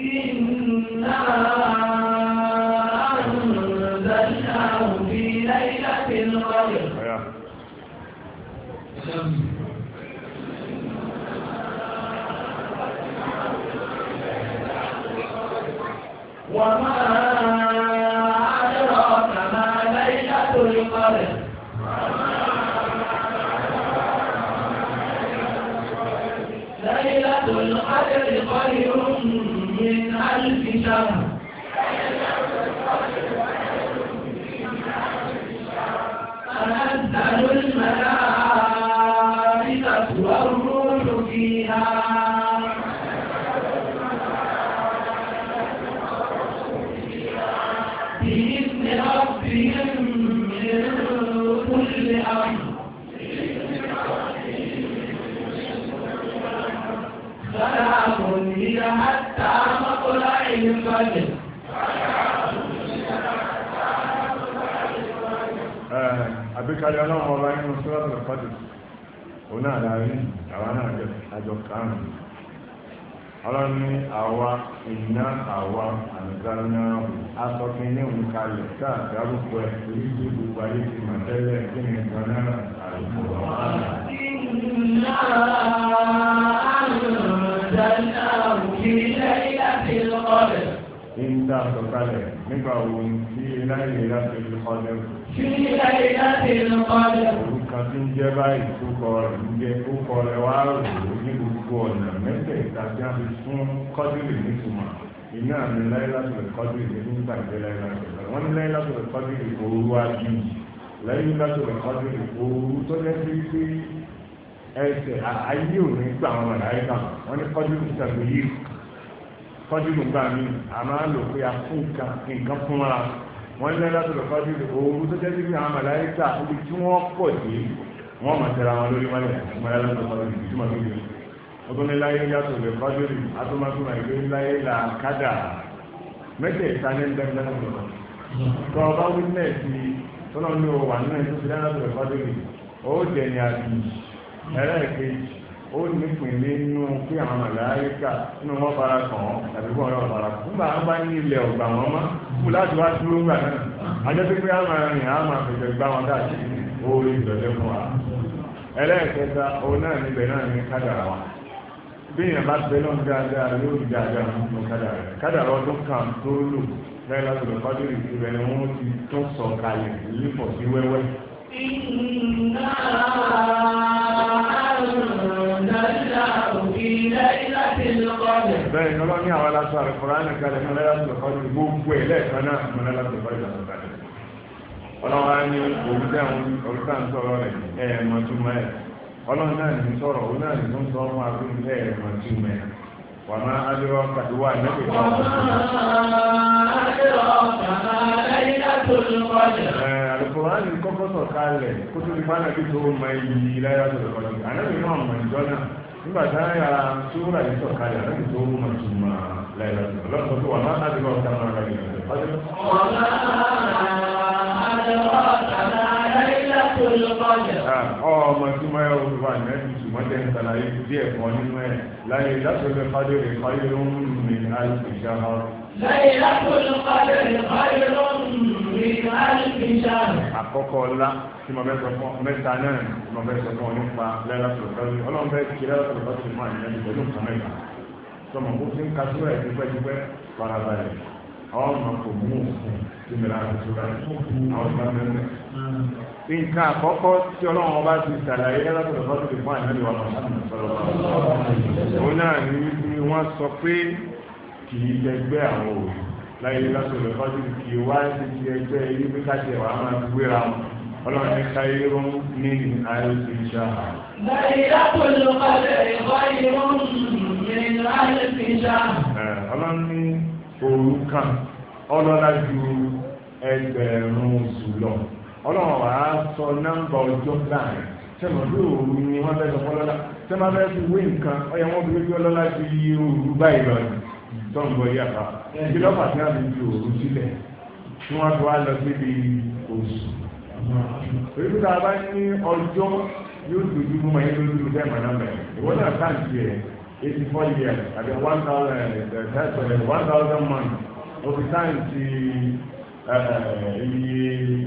إنا أنزلناه في ليلة القدر وما من ألف شهر àgbékalẹ̀ ọlọ́run ọba nínú sọ́rọ̀tọ̀ fàdù òun náà láàrin àwọn náà àjọ karùn-ún ọlọ́run ní àwa iná àwa àǹgáná asọ́fin ní òun kalẹ̀ káà dárúkọ ẹ̀ èyí tó gbogbo ayé ti mà tẹ́lẹ̀ kí ni nǹkan náà àrùkọ ọ̀hún. tá a sọ kalẹ̀ nígbà wo tí láyé láti fi kọ́lẹ̀ o. tí láyé láti fi kọ́lẹ̀ o. òun kan tí ń jẹ́ báyìí tó kọ rẹ̀ ń jẹ́ ó kọ rẹ̀ wá rò ó ní gbogbo ọ̀nà mẹ́tẹ̀ẹ̀ta tí a fi fún kọ́dìrì nítumọ̀ iná mi láyé láti fi kọ́dìrì ní nígbà tí láyé láti fi kọ́lẹ̀ wọ́n ní láyé láti fi kọ́dìrì òru wájú láyé láti fi kọ́dìrì òru tó jẹ́ sí pé ẹsẹ̀ ayé òní gbà wọn láyé náà wọ́n ní kọ́dìrì fọ́júlù gbà mí a máa lò pé a fún nǹkan nǹkan fún wa wọ́n ní lọ́dọ̀ tó fọ́júlù ooru tó jẹ́ síbi àwọn màláíkà níbi tí wọ́n pọ̀ dé wọ́n mọ̀ tẹ́ra wọn lórí wálẹ̀ mọ́lẹ́lá tó fọ́júlù tí wọ́n lórí ó tún ní láyé yàtọ̀ lè fọ́júlù atúmọ̀túmọ̀ ìlú láyé là kádà mẹ́tẹ̀ ìta ní ẹ̀ńdẹ́gbẹ́lá tó lọ ó nípìnlẹ̀ nínú pé àwọn màláyíkà nínú wọn fara kàn án tàbí wọn náà fara kàn án nígbà wọn bá ní ilẹ̀ ọ̀gbà wọn mọ́ kú láti wá dúró gbà náà ajẹ́ pé àwọn arìnrìn àwọn gbá wọn ó rí fún wa ẹlẹ́ẹ̀kẹta òun náà níbẹ̀ náà ní kádàrà wa bá bẹ dáadáa dáadáa kádàrà kádàrà ọdún kan tó lò bẹ́ẹ̀ ni ọlọ́ni àwọn aláṣọ àlùkùránì kalẹ̀ fún aláṣọ ìkọ́ni gbogbo ẹ̀ lẹ́ẹ̀kan náà fún aláṣọ ìkọ́ni ìdàgbàsọ kalẹ̀. ọlọ́wọ́ á ní òwúta àwọn òwúta ń sọ̀rọ̀ rẹ̀ ẹ̀ẹ́mọ̀túmọ̀ ẹ̀ ọlọ́run náà ní sọ̀rọ̀ òun náà ní tó ń sọ ọmọ akúndé ẹ̀ẹ́mọ̀túmọ̀ ẹ̀ wàmà àdúrà kàdúwà nẹ́bí kan. wàmà àdúrà kàmá lẹ́yìn àtúntò kọjá. alukóran ni kọ́kọ́ sọ̀ kalẹ̀ kótó ní bá nàbí tó ma yí láyé àtúntò kọjá ànábì náà mọ̀ ìjọ náà nígbà tí wọ́n yà sóra yìí sọ̀ kalẹ̀ ànábì tó ma ọmọ tí mo yẹ olùfà nẹ́ẹ̀bì ṣùgbọ́n tẹ̀ ń tàlàyé díẹ̀ kan nínú ẹ̀ láyé látọ̀lẹ̀ fádẹ́rẹ̀ fáyẹ̀rọ̀ ń rìn àìsàn ìṣàhà. láyé látọ̀lẹ̀ fádẹ́rẹ̀ fáyẹ̀rọ̀ ń rìn àìsàn ìṣàhà. àkọ́kọ́ ọlá tí mo fẹ́ sọ fún mẹ́ta náà tí mo fẹ́ sọ fún ọ nípa lẹ́látọ̀lẹ̀ fádẹ́rẹ̀ ọlọ́run fẹ́ kí lẹ́látọ̀lẹ̀ fádẹ́rẹ̀ máa nẹ́ẹ̀bì pẹ̀lú nǹkan mẹ́ta tọmọ kó fi ń ka sóra ẹ̀ nǹkan àkọ́kọ́ tí ọlọ́run ọba ti ṣàlàyé lọ́dọ̀ lọ́dọ̀ fún àìmọ́lẹ̀ wa lọ́sọ̀rọ̀ òun náà ní wípé wọ́n sọ pé kì í dẹgbẹ́ àwọn òwe láyé lọ́sọ̀rọ̀ lọ́dọ̀ kì í wá sí ti ẹgbẹ́ ilé pé káṣí ẹ̀wà máa ń gbéra wọn ọlọ́run ní káyéró ní ayé ti ń ṣá. láyé lọ́sọ̀rọ̀ ọlọ́run ní òru ọlọ́lá ju ẹgbẹ̀rún oṣù lọ ọlọ́run wà á sọ nọ́mbà ọjọ́ láàrin sẹ́mọ̀ bí òru ni wọ́n fẹ́ sọ fọ́lọ́lá sẹ́mọ̀ fẹ́ fi wé nǹkan ọyẹ wọ́n fi wé ọlọ́lá ju iye òru báyìí lọ ni tọ́ǹbọ̀ yà bá kí lọ́pà tí wọ́n fi fi òru sílẹ̀ tí wọ́n fi wá lọ síbi oṣù. èyí tó tàbá ní ọjọ́ yóò dojú mọ́ ẹni lójú fẹ́ mọ̀ náà mẹ́rin ìwọ́n náà sáǹtì ẹ̀ eighty four years àbí one thousand eh, eh, eh, one thousand months òfìsáǹtì iye.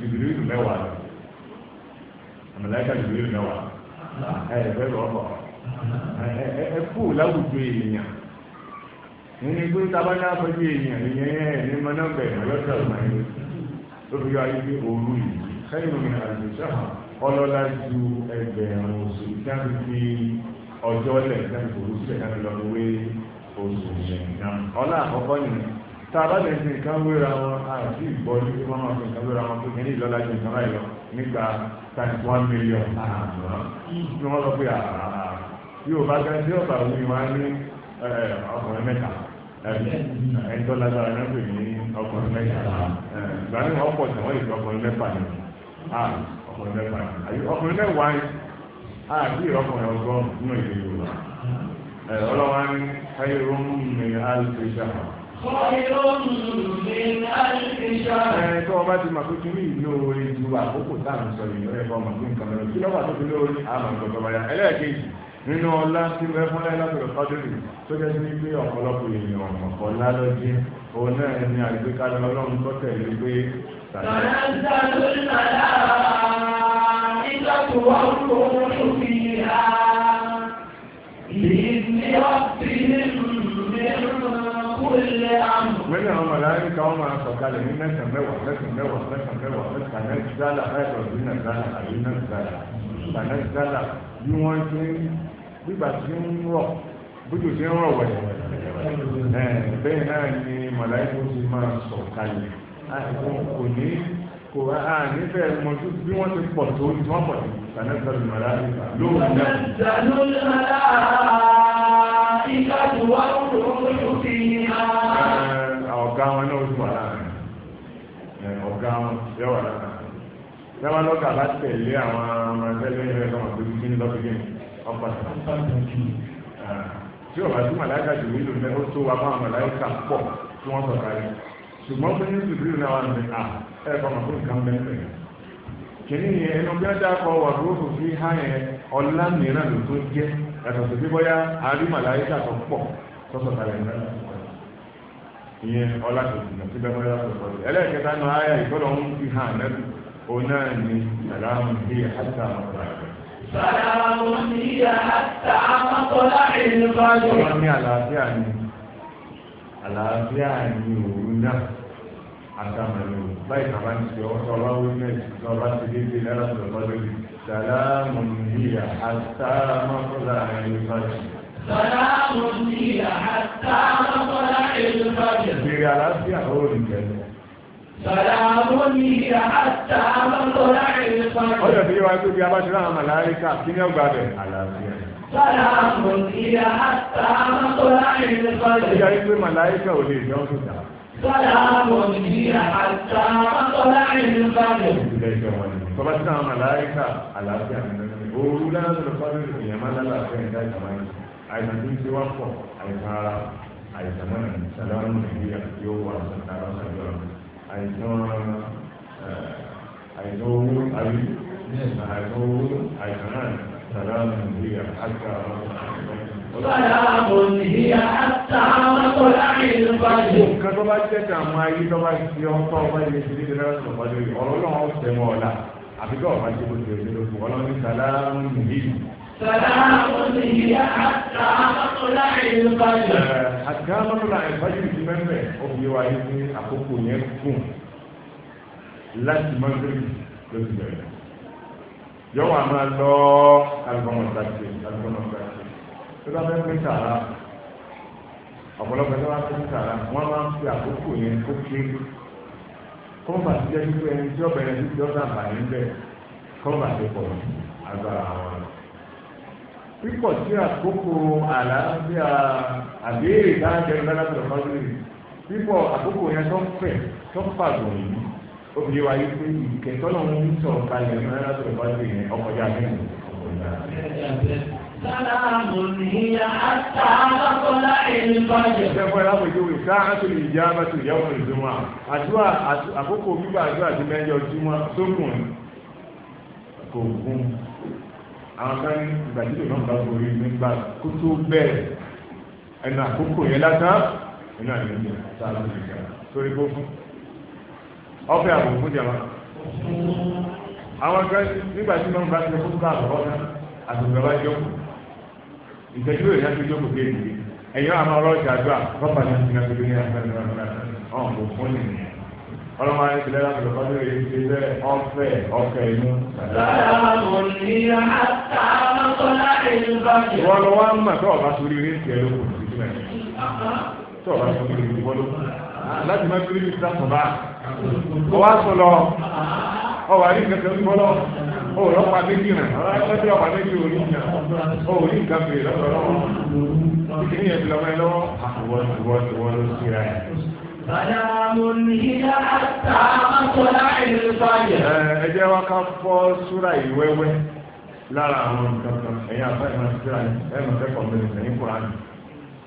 jìbìrìlù mẹ́wàá lọ àmàlẹ́kà jìbìrìlù mẹ́wàá ẹ ẹ̀fẹ́ rọ́ọ̀bọ̀ ẹ kú láwùjọ èèyàn nínú pé tábàlá àfẹ́jú èèyàn ìyẹn ẹ̀ ní mọ́nàbẹ̀ lọ́sẹ̀ ọ̀sán ló fi yọ ayé pé òru yìí sẹ́yìn omi àjòjá ọlọ́lá ju ẹgbẹ̀rún oṣù jáde fi ọjọ́ lẹ̀ jáde kò rú sílẹ̀ jáde lọ́wọ́ oṣù yẹn ọlá àkọ́kọ́ nìyẹn tàbá lè fi nǹkan wéra wọn àti ìgbọ́ ní kí wọ́n máa fi nǹkan wéra wọn tó kẹ́lẹ́ ìlọ́lá ju nǹkan báyìí lọ nígbà times one million àmọ́ ní wọ́n lọ pé àrà yóò bá gá sí ọ̀bà omi wa ní eh, ọkùnrin mẹ́ta ẹni tó lágbára náà pè ní ọkùnrin mẹ́ta eh, ìgbà ní wọ́n pọ̀ tẹ̀wọ́n ìgbà ọkùnrin mẹ́fà ni ọkùnrin mẹ́fà ni ọkùnrin mẹ́wàá ni àti ọkùnrin ọgọ́rùn-ún nínú ìlú Yorùbá eh, ọlọ́wọ́n á ní ayé rọ́mù mi á lè ṣe àmọ́ tó o bá ti màá tuntun ní ìlú orí ju àkókò tá à ń sọ yìí lọ́yẹ̀kọ́ màá fún nǹkan mẹ́rin kí lọ́wọ́ àtúntò lórí àmọ̀ ìgbọ̀gbọ̀ báyà ẹlẹ́ẹ̀kejì nínú ọlá tí wọ́n fún lẹ́lọ́pẹ̀lọ́ kọ́dúrì tó jẹ́ sí pé ọ̀pọ̀lọpọ̀ èèyàn ọ̀pọ̀ lálọ́jí òun náà ẹni àgbékalẹ̀ ọlọ́run tó tẹ̀lé pé tàbí kulli amr. mẹ́lẹ̀ àwọn màláyé kan wọ́n máa sọ̀kalẹ̀ ní mẹ́sàn mẹ́wàá mẹ́sàn mẹ́wàá mẹ́sàn mẹ́wàá mẹ́sàn nẹ́sàlà ẹ̀rọ bí nàìjíríà àbí nàìjíríà nàìjíríà bí wọ́n ti ń gbígbà tí ń rọ̀ bójú ti ń rọ̀ wẹ̀wẹ̀ bẹ́ẹ̀ náà ni màláyé tó ti máa sọ̀kalẹ̀ kò ní kò á nífẹ̀ẹ́ mọ̀tú bí wọ́n ti pọ̀ tó ní wọ́n pọ̀ tó sànẹ́sọ̀rọ̀ mọ̀lá nípa lóòrùn náà. ìdánù lọ́la ìdájú wa ń lò ó fi hàn. ọ̀gá wọn náà ti wà láàrin ọ̀gá wọn yẹ wà láàrin yàrá lọ́gà bá tẹ̀lé àwọn ọmọ ẹgbẹ́ lẹ́yìn rẹ̀ lọ́wọ́ tó kí ní lọ́bí yẹn ọ̀pọ̀ tí ọ̀bà bá màláìka pọ̀ tí wọ́n ṣùgbọ́n fún yín ṣùgbọ́n náà wọ́n ní à ẹ̀kọ́ máa fún nǹkan mẹ́fẹ̀ẹ́ yẹn kìíní yẹn ẹnu bí wọ́n dá kọ wà tó kò fi há yẹn ọlá mìíràn ló tó jẹ́ yàtọ̀ sí bíbọ́yá arímàláyíkà tó pọ̀ tọ́sọ̀ kalẹ̀ náà ìyẹn ọlá tó jìnà sí bẹ́ẹ̀ ẹlẹ́ẹ̀kẹta nu ayà ìgbọ́dọ̀ ń fi hàn nẹ́bù òun ni sàlámù bí àtà àmọ́tọ́lá sàlámù bí àtà àmọ́tọ́lá ìlú bá àlàáfíà ní òru náà àtàmàlò báyìí kàmá ti ṣe ọ̀tọ̀ ọba wíńdẹ̀sì tí ọba ti dé dé lára tó lọ́wọ́ lórí sàlámù níyà àtàmọ́kọ́lá ẹ̀yọ́fàjì. sàlámù níyà àtàmọ́kọ́lá ẹ̀yọ́fàjì. ìbéèrè àlàáfíà ó rí kẹ́lẹ́. sàlámù níyà àtàmọ́kọ́lá ẹ̀yọ́fàjì. ọjọ́ tí yóò wáyé pé bí a bá ti kí ni ọgbà bẹ̀ àlàáfíà. Ìyá ìgbé màláíkà ò lè jọ ọdún dà. Sọ́láàmù ní àtà mọ́tọ́lá ìlú bàbẹ̀. Ìjìlẹ̀ ìjọ wọn ni. Bọ́bá tí àwọn màláíkà àlàáfíà nínú ní ooru lánàá fọ́lẹ̀ ìyẹn máa lálàáfíà ìdá ìjọba ní. Àìsàn tí ń ṣe wá pọ̀, àìsàn ara, àìsàn mọ́nà ní Sàlámù Nàìjíríà tí ó wà sàkárà sàjọ́. Àìsàn àìsàn owó àìsàn owó àìsàn náà سلام هي حتى سلام هي حتى مطلع الفجر. nǹkan tó bá jẹ́ kí àwọn ayé tó bá ti ọkọ̀ ọba ilé ti di ìdára sọ̀rọ̀ bá lórí ọ̀rọ̀ náà ó tẹ̀ mọ́ ọ̀la àbí tó ọba ti bójú ẹ̀jẹ̀ lóṣù ọlọ́run sàlámù nìyí yọ wà máa lọ alùpùpù gbàgbé alùpùpù gbàgbé tó bá fẹ́ pín sàrà ọ̀pọ̀lọpọ̀ tó bá fẹ́ pín sàrà wọ́n máa ń fi àkókò yẹn kó kéré kọ́ńbà ti jẹ́ pípé ẹni tí ọbẹ̀rẹ̀ ti jọ́ dàgbà yín bẹ́ẹ̀ kọ́ńbà ti pọ̀ agbára wọn. pípọ̀ sí àkókò àlàáfíà àbẹ́rẹ́ ìdájẹ́ ìdájẹ́ ìdájẹ́ pípọ̀ àkókò yẹn tó ń fẹ̀ tó ń pàdùn yìí obìnrin wa yìí pé ìkẹtọ́ náà ń sọ̀rọ̀ kalẹ̀ ní ọ̀rẹ́ láti ọ̀gá ìgbè yẹn ọkọ̀ ya mẹ́rin. Sálámù níyà àtà àbákọ́lá ẹni bàjẹ́. Ìjẹ́pọ̀ alábòjúwe sáàtò ìjà abàtò ìyàwó ìdúnmọ̀. Àdúrà àkókò gbígbà àdúrà ti mẹ́jọ ojúmọ́ sókùn kò gún. Àwọn kan ní ìgbàdídò náà bá borí nígbà kó tó bẹ̀rẹ̀ ẹnu àkókò yẹn lásán. Ìnáà ní ìjà sáàtò ìjà sórí gbófún ọ̀fẹ́ àbùkù fún jàmá àwọn kan nígbà tí wọ́n bá ti fún ká àbọ̀kọ́ náà àtùgbà bá jókòó ìtẹ́jú rẹ̀ yẹn ti jókòó kéèké ẹ̀yọ́ àmọ́ ọlọ́ọ̀jà àdúrà bọ́pà náà ti náà ti gbé ní àgbẹ̀rẹ̀ náà ọ̀hún kò fún nìyẹn ọlọ́mọ ayé tilẹ̀ láti lọ́kọ́ lórí èyí ti bẹ́ẹ̀ ọ̀fẹ́ ọ̀fẹ́ inú. wọ́n lọ wá ń mà tó ọba sórí rí tiẹ̀ ló kù tó ọba sórí rí wọ́n ló láti má sórí rí sá sọ̀bá ọ wá sọ lọ ọ wà rí nǹkan tó lọ ọ rọ pa méjì rẹ ọlọ́pàá méjì ọpa méjì orí ìjà ọ rí nǹkan bèrè lọ́wọ́ ìkíní yẹn ti lọ mẹ́rin lọ́wọ́ àwọn ìwọ ìwọ ló ti ra ẹ̀. Ẹ jẹ́ wá ká fọ́ súra yìí wẹ́wẹ́ lára àwọn nǹkan kan ẹ̀yin àbáyé máa ti síra ẹ̀ ẹ̀ máa fẹ́ kọ̀ọ̀mẹ́rin ẹ̀yin kùránì.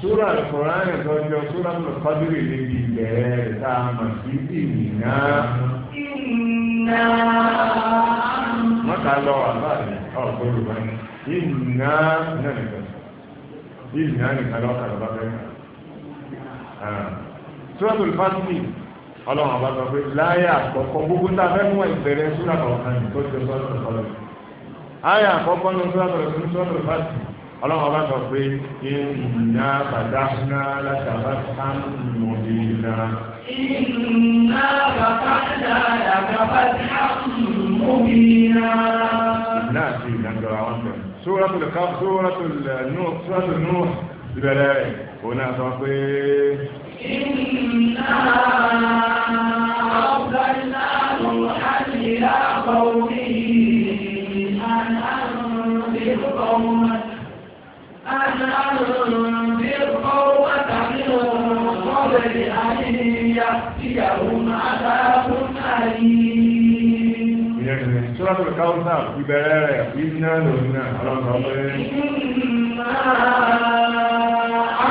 súrà Kùránì tọ́jọ́ súrà Kọ́dírì níbi ìbẹ̀rẹ̀ rẹ̀ tá a mọ̀ sí ìnìyà. ìnà. mọ́ta lọ àbá rẹ̀ ọ̀pọ̀ Yorùbá ni ìnà náà nìkan ìnà nìkan lọ́kà lọ́ba fẹ́ràn. Ah. súrà Fásitì ọlọ́run ọba sọ pé láyé àkọ́kọ́ gbogbo tá a fẹ́ mú ìbẹ̀rẹ̀ súrà kọ̀ọ̀kan tó ti sọ́dọ̀ sọ́dọ̀. láyé àkọ́kọ́ ní súrà Fásitì الله أبا إنا فتحنا لك فتحا مبينا إنا فتحنا لك فتحا مبينا ناسي نقرا سورة الكهف سورة النوح سورة النوح البلاي هنا تفريق إنا أرسلنا نوحا إلى قومه Sọ́lọ́tò káwùsà ìbẹ̀rẹ̀ rẹ̀ ìdínà lòun náà ọlọ́pàá ọmọ ẹ̀rẹ́. Ìgbìmọ̀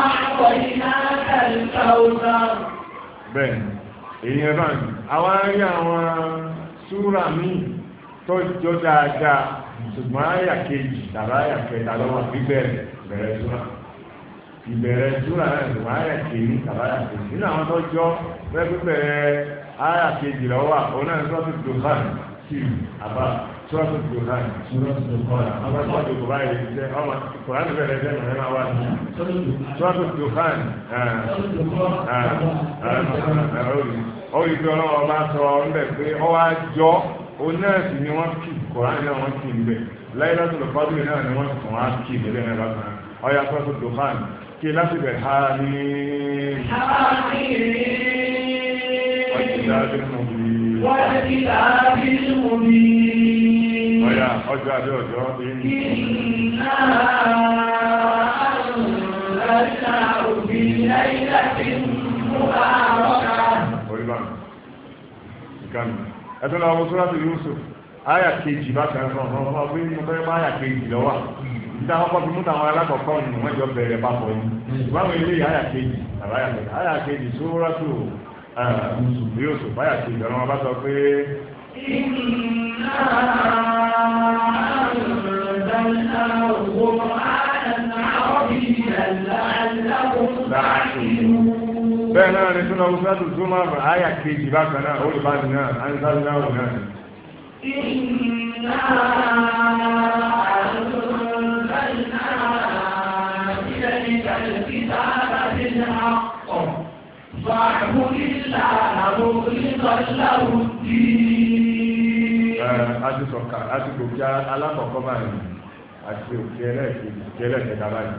àkọ̀ ìná kàlùkàwùsà. Bẹ́ẹ̀ ni, àwọn arí àwọn súrà míì tó jọ dáadáa ṣùgbọ́n àyà kejì tàbí àyà kẹta lọ́wọ́ bíbẹ̀rẹ̀ bẹ̀rẹ̀ súrà ìbẹ̀rẹ̀ súrà náà ṣùgbọ́n àyà kejì tàbí àyà kejì nínú àwọn tó jọ fẹ́ bíbẹ̀rẹ̀ àyà kejì lọ́wọ́ àwọn náà sọ́tù dùkán sí àbá sọ́tù dùkán sọ́tù dùkán àbá sọ́tù dùkán yìí ṣe ọmọ kòrán bẹ̀rẹ̀ ṣe mọ̀ ẹ́mà wá sọ́tù dùkán ọ̀rọ̀ ìgbẹ́ ọlọ́wọ́ bá sọ ọ́ ń bẹ̀ pé ọ wá jọ òun náà sì ni wọ́n kì kọ̀ránì náà wọ́n kì ń bẹ̀ láìláṣọ lọ fábílì náà ni wọ́n sì tún wá kì í lẹ́lẹ́ náà lásán ọyà sọ́tò dùkán kí láti bẹ̀ ha ní. ọyà ọjọ́ adé ọjọ́ iná àrùn lọ́sà òbí láìláṣẹ́ mú àrọ́ká. orí bá mi ìkànnì ẹ̀tún lọ́wọ́ sọ́rọ́tù Yusuf àyà kejì bákan náà ọmọ ọmọ bí mo fẹ́ bá àyà kejì lọ́wọ́ níta kọ́kọ́ fi mú tàwọn alákọ̀ọ́kọ́ ni wọ́n jọ bẹ̀rẹ̀ papọ̀ yìí ìbáwọn eléyìí àyà kejì àyà kejì sọ́rọ́tù Yusuf àyà kejì ọ̀nà wọn bá sọ pé. Inna anzalnahu Qur'anan Arabiyyan bẹ́ẹ̀ náà ni súnà ọ̀sán tó máa rà áyà kejì bákan náà ó lè bá nìyà àǹsáàlì náà wò náà. Ìnà àlùfáà náà ilẹ̀ ìkàlẹ̀ kíta àti náà ọ̀. فاعبد الله مخلصا له الدين. Àti sọ̀ka, alákọ̀ọ́kọ́ báyìí, àti òkè ẹlẹ́ẹ̀kejì, òkè ẹlẹ́ẹ̀kẹta báyìí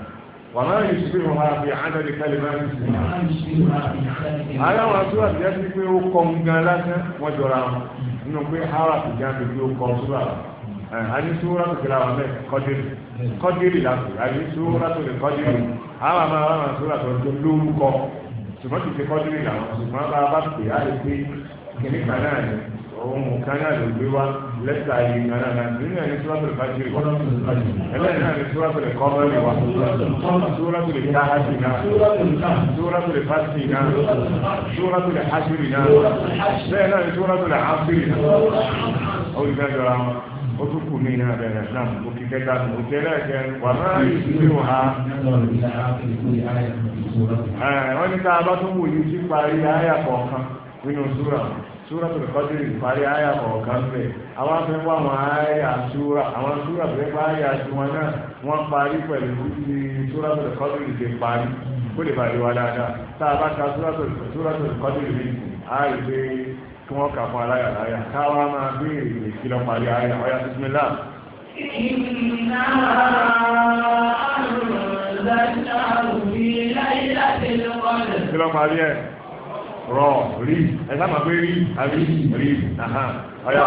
wàmọ́ yìí wọ́n máa fi àádọ́dì kálímà ní sí i. aláwọ̀ àtúwà tí a ti pé ó kọ́ ń gan lásán wọ́n jọra wọn nínú pé hara kò já pé ó kọ́ súra wọn. a ní súra tó kẹra wọn bẹ́ẹ̀ kọ́dírì kọ́dírì lásán a ní súra tó lè kọ́dírì àwọn àmọ́ àwọn àmọ́ súra tó lórúkọ ṣùgbọ́n kì í ṣe kọ́dírì làwọn ṣùgbọ́n bá a bá pè á lè pé kìnnìkan náà ni òun kan náà lè gbé wá lẹ́tà yìí nana na nínú ẹni sọ́lábìlì fàjìrì ẹlẹ́yìn náà ni sọ́lábìlì kọ́mẹ́lì wa sọ́lábìlì káhásì náà sọ́lábìlì fàjìrì náà sọ́lábìlì hásìrì náà lẹ́yìn náà ni sọ́lábìlì hásìrì náà ó ti jọra wọn ó tún kù ní ìnáwó ẹ̀rẹ̀ islam ó kí kẹta ó tẹ lẹ́ẹ̀kẹ́ wà máa ń sí wọn ha. wọ́n ní ká a bá tún wòye sí parí ayà kọ̀ọ̀kan nínú súra wọn súra tó kọjú ìparí àyà kọ̀ọ̀kan bẹ̀ àwọn afẹ́ wà wọn àyà súra àwọn súra tó fẹ́ àyà tiwọn náà wọ́n parí pẹ̀lú ti súra tó kọjú ìdè parí kó lè bàlẹ̀ wà dáadáa tá a bá ka súra tó kọjú ìdè àyè pé kí wọ́n kà fún aláyà láyà káwa máa béèrè ìkìlọ̀ parí àyà ọ̀yà tuntun nílá. إنا أنزلناه في ليلة القدر rọ̀ rí ẹ̀ka máa pé rí àrí rí àhán ọ̀yà.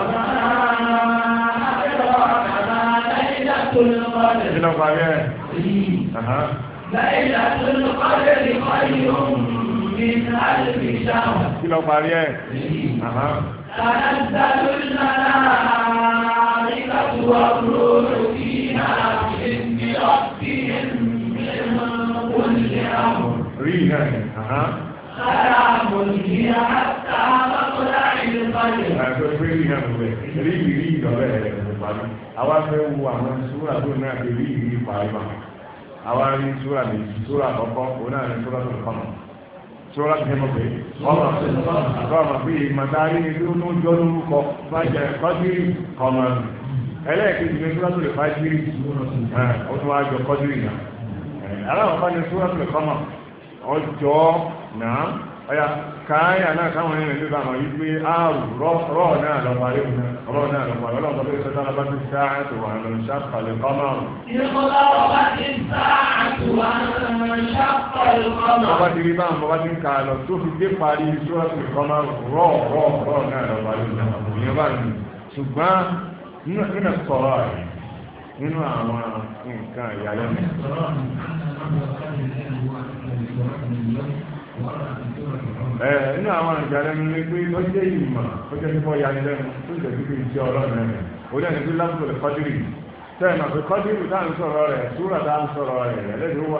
kí ló parí ẹ̀. kí ló parí ẹ̀. تنزل الملائكة والروح فيها بإذن ربهم من كل أمر. Àgbẹ̀gbẹ̀ ìhàn rẹ̀, rí ìrírí ìdọ̀rẹ́ rẹ̀ lọ́pàá. Àwa fẹ́ wo àwọn súrà tó náà fi rí ìrírí pàápàá. Àwa rí súrà méjì, súrà àkọ́kọ́, òun náà ní súrà tó kọ́mọ̀. Súrà tó kẹ́mọ̀ pé, ọmọ àbá ọmọ pé ìmọ̀tàrí ni tó ń jọ lórúkọ, bá jẹ kọ́dírì kọ́mọ̀. Ẹlẹ́ẹ̀kejì ni súrà tó lè fájírì, ó tún kọ́dírì náà. Aláwọ̀ bá ní tó lè kọ́mọ̀, ọjọ́ náà ọ̀yà káyà náà káwọn ẹ̀rìn ló dáhùn yìí pé áàrù rọ̀ náà lọ parí òun rọ̀ náà lọ parí ọlọ́pàá lórí sọ́tà lọ́pàá ti sá àtùwà lọ́n ṣàpàlẹ̀ kọ́mọ̀rù. ìrọ̀lá ọba ti sá àtùwà lọ́n ṣàpàlẹ̀ kọ́mọ̀rù. ọba ti rí báwọn bàbá ti ń ka lọ tó fi dé parí sọ́tà kọ́mọ̀rù rọ̀ nínú àwọn nǹkan ìyàlẹ́nu. e àwọn ìgbàlẹ́nu ní pé ó jẹ́ ìmọ̀ ó jẹ́ ya nílẹ́nu tó jẹ́ fífi iṣẹ́ ọlọ́run rẹ̀ ó dẹ̀ ní lásìkò lè kọ́dírì sẹ́yìn àpè kọ́dírì tá à ń sọ̀rọ̀ rẹ̀ tá à ń sọ̀rọ̀ rẹ̀ wá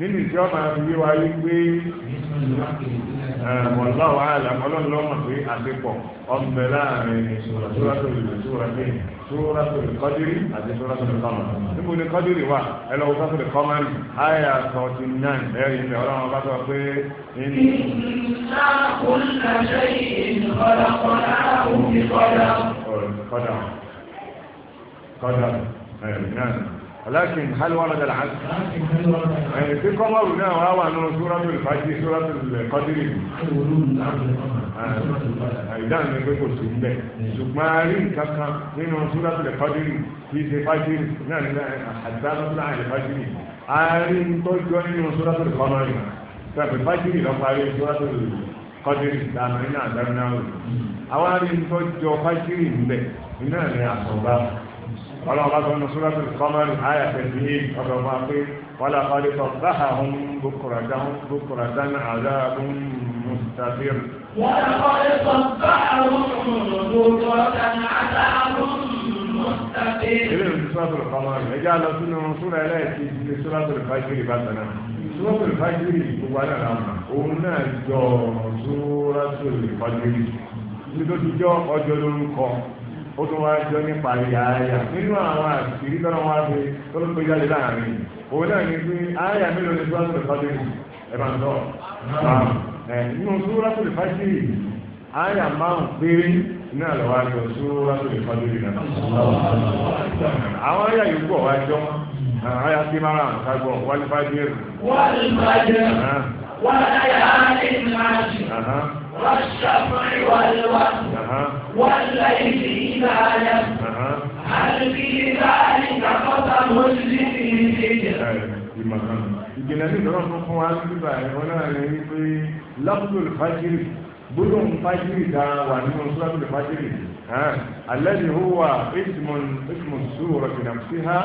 ní láti àlèyàn wọláwọ àlàm ọlọ́ọ̀lọ́mọ pé àdépọ̀ ọmọbẹ láàrin sóràtòlù kọ́dírì àti sóràtòlù kọ́mà níbo ni kọ́dírì wà ẹ lọ́wọ́ sóràtòlù kọ́mà ní àyà tọ́tí náà ẹ̀rí ilẹ̀ ọlọ́run bá sọ pé. ìnà kúnlẹ̀ ṣe ìkọ̀dàkọ̀dà òbí ولكن هل ورد العكس؟ في قمر نعم روى أنه سورة الفجر سورة القدر àìdá mi pé kò sí ń bẹ̀ ṣùgbọ́n a rí nǹkan kan nínú súrátù lè fájírì kì í ṣe fájírì náà ní àdánúlá àìlè fájírì a rí ń tọ́jú nínú súrátù lè fájírì tàbí fájírì lọ parí súrátù lè fájírì dáná nínú àdánúlá rẹ̀ àwọn a rí ń tọ́jú fájírì ń bẹ̀ nínú àìlè àtọ̀gbá ọlọ́run bá sọ́nà sọ́nà kọ́mọ́rì àyà tẹ̀lé ọ̀dọ̀ máa pé wàlá ọdẹ tó bá àwọn bukura dáná àdáàbùn mustapir. wàlá ọdẹ tó bá àwọn bukura dáná àdáàbùn mustapir. ilé ìlú sọ́nà kọ́mọ́rì ẹjẹ́ ó tún wá jọ nípa ìyá àyà nínú àwọn àṣírí tọ́lọ́ wá pé tó ló péjáde láàrin òun náà ní pé àyà mélòó ni sọ́ọ́sì lè fọ́dé nù ẹ̀ máa nínú sóòrà tó lè fájì àyà márùn péré náà lọ́wọ́ àjọ sóòrà tó lè fọ́dé nù àwọn àyà yòókù ọ̀wá jọ àyà sí mara àkágbọ̀ wálé fájì rẹ̀. wálé fájì rẹ̀ wálé àyà ní màjì wàṣàfẹ́ wàlúwà wálé ìdí كتابا هل في ذلك قسم لذي حجر ìgbìnà ní ìdọ́rọ̀ tó fún wa nígbà ẹ̀rọ náà rẹ̀ ní pé lọ́pùtò lè gbọ́dọ̀ ń fájírì dáa wà nínú sọ́lọ́pùtò lè fájírì alẹ́lẹ́ huwa ismun sura fi nafsiha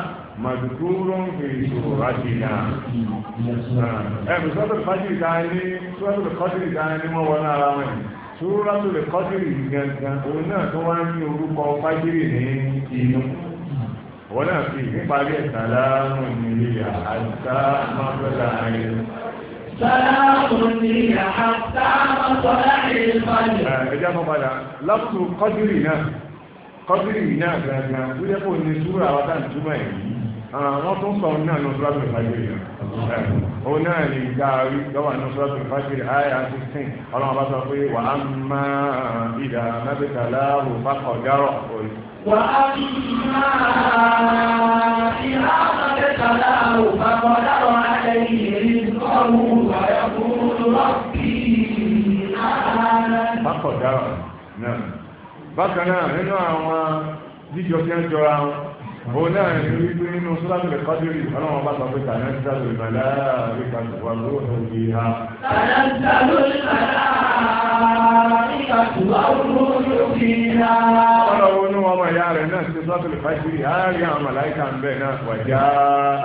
madhkurun fi suratina ah, ẹ̀rọ sọ́lọ́pùtò lè fájírì dáa ní sọ́lọ́pùtò lè dáa ní wọ́n wọ́n náà ara wọn ṣúra tó lè kọ́dìrì gangan òun náà tó wá ní orúkọ fájírì ní inú wọ́n náà fi níparí ẹ̀sàlámù nílé àtà mọ́tọ́lá ayé. Sàlámù nílé àtà mọ́tọ́lá ayé fàlẹ̀. Ẹja mọ́ padà lọ́tù kọ́dìrì náà kọ́dìrì náà gangan tó yẹ ní ṣúra wa tá yìí. Ah, wọ́n tún sọ náà ní ọ̀sọ́lọ́tò ìfàjìrì òun náà ní gaari lọ́wọ́ ní ọ̀sọ́lọ́tò ìfàjìrì àyà sixteen ọlọ́run bá sọ pé wà á má ìdá mẹ́bẹ̀tà láàrú bákọ̀ dárọ̀ òye. wà á má ìdá mẹ́bẹ̀tà láàrú bákọ̀ dárọ̀ àlẹ́ yìí ọ̀rùn àyàkùn lọ́ọ̀kì àlá. bákọ̀ dárọ̀ bákan náà nínú àwọn jíjọ tí ń jọra wọn òun náà ní wípé nínú sọ́lábìlẹ̀ kọ́dúrì ọlọ́run bá sọ pé tàná ń dàlù ìmọ̀lá àríkà tùwà lóòrùn òbí ha. tàná ń dàlù ìmọ̀lá àríkà tùwà lóòrùn òbí ha. ọlọ́run ní wọn ọmọ ìyá rẹ̀ náà ti sọ́lábìlẹ̀ fásitì àárí àwọn màláìka ń bẹ̀ náà wàjá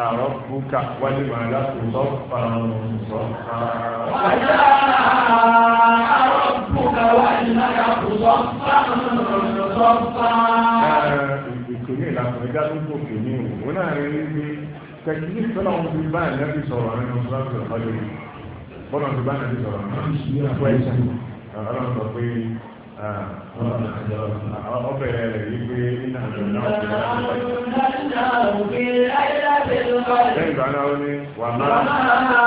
àrọ́ búkà wálé màlá tó sọ fàrùn sọ fàrùn. wàjá àrọ́ búkà wálé màlá tó sọ fàrùn sọ fàrùn àti gátúntò kì ní òun náà rí rí pé tẹkílì sọlá wọn fi bá ẹnẹbi sọ̀rọ̀ àwọn ẹni sọlá sọ̀rọ̀ lọ́jọ́ yìí bọlá wọn fi bá ẹnẹbi sọ̀rọ̀ àwọn ẹni sọlá sọ pé ọbẹ̀ rẹ̀ yí pé iná àjọyọ̀ náà ti wá sí. lẹ́yìn ìgbà náà ó ní wàhálà. wàhálà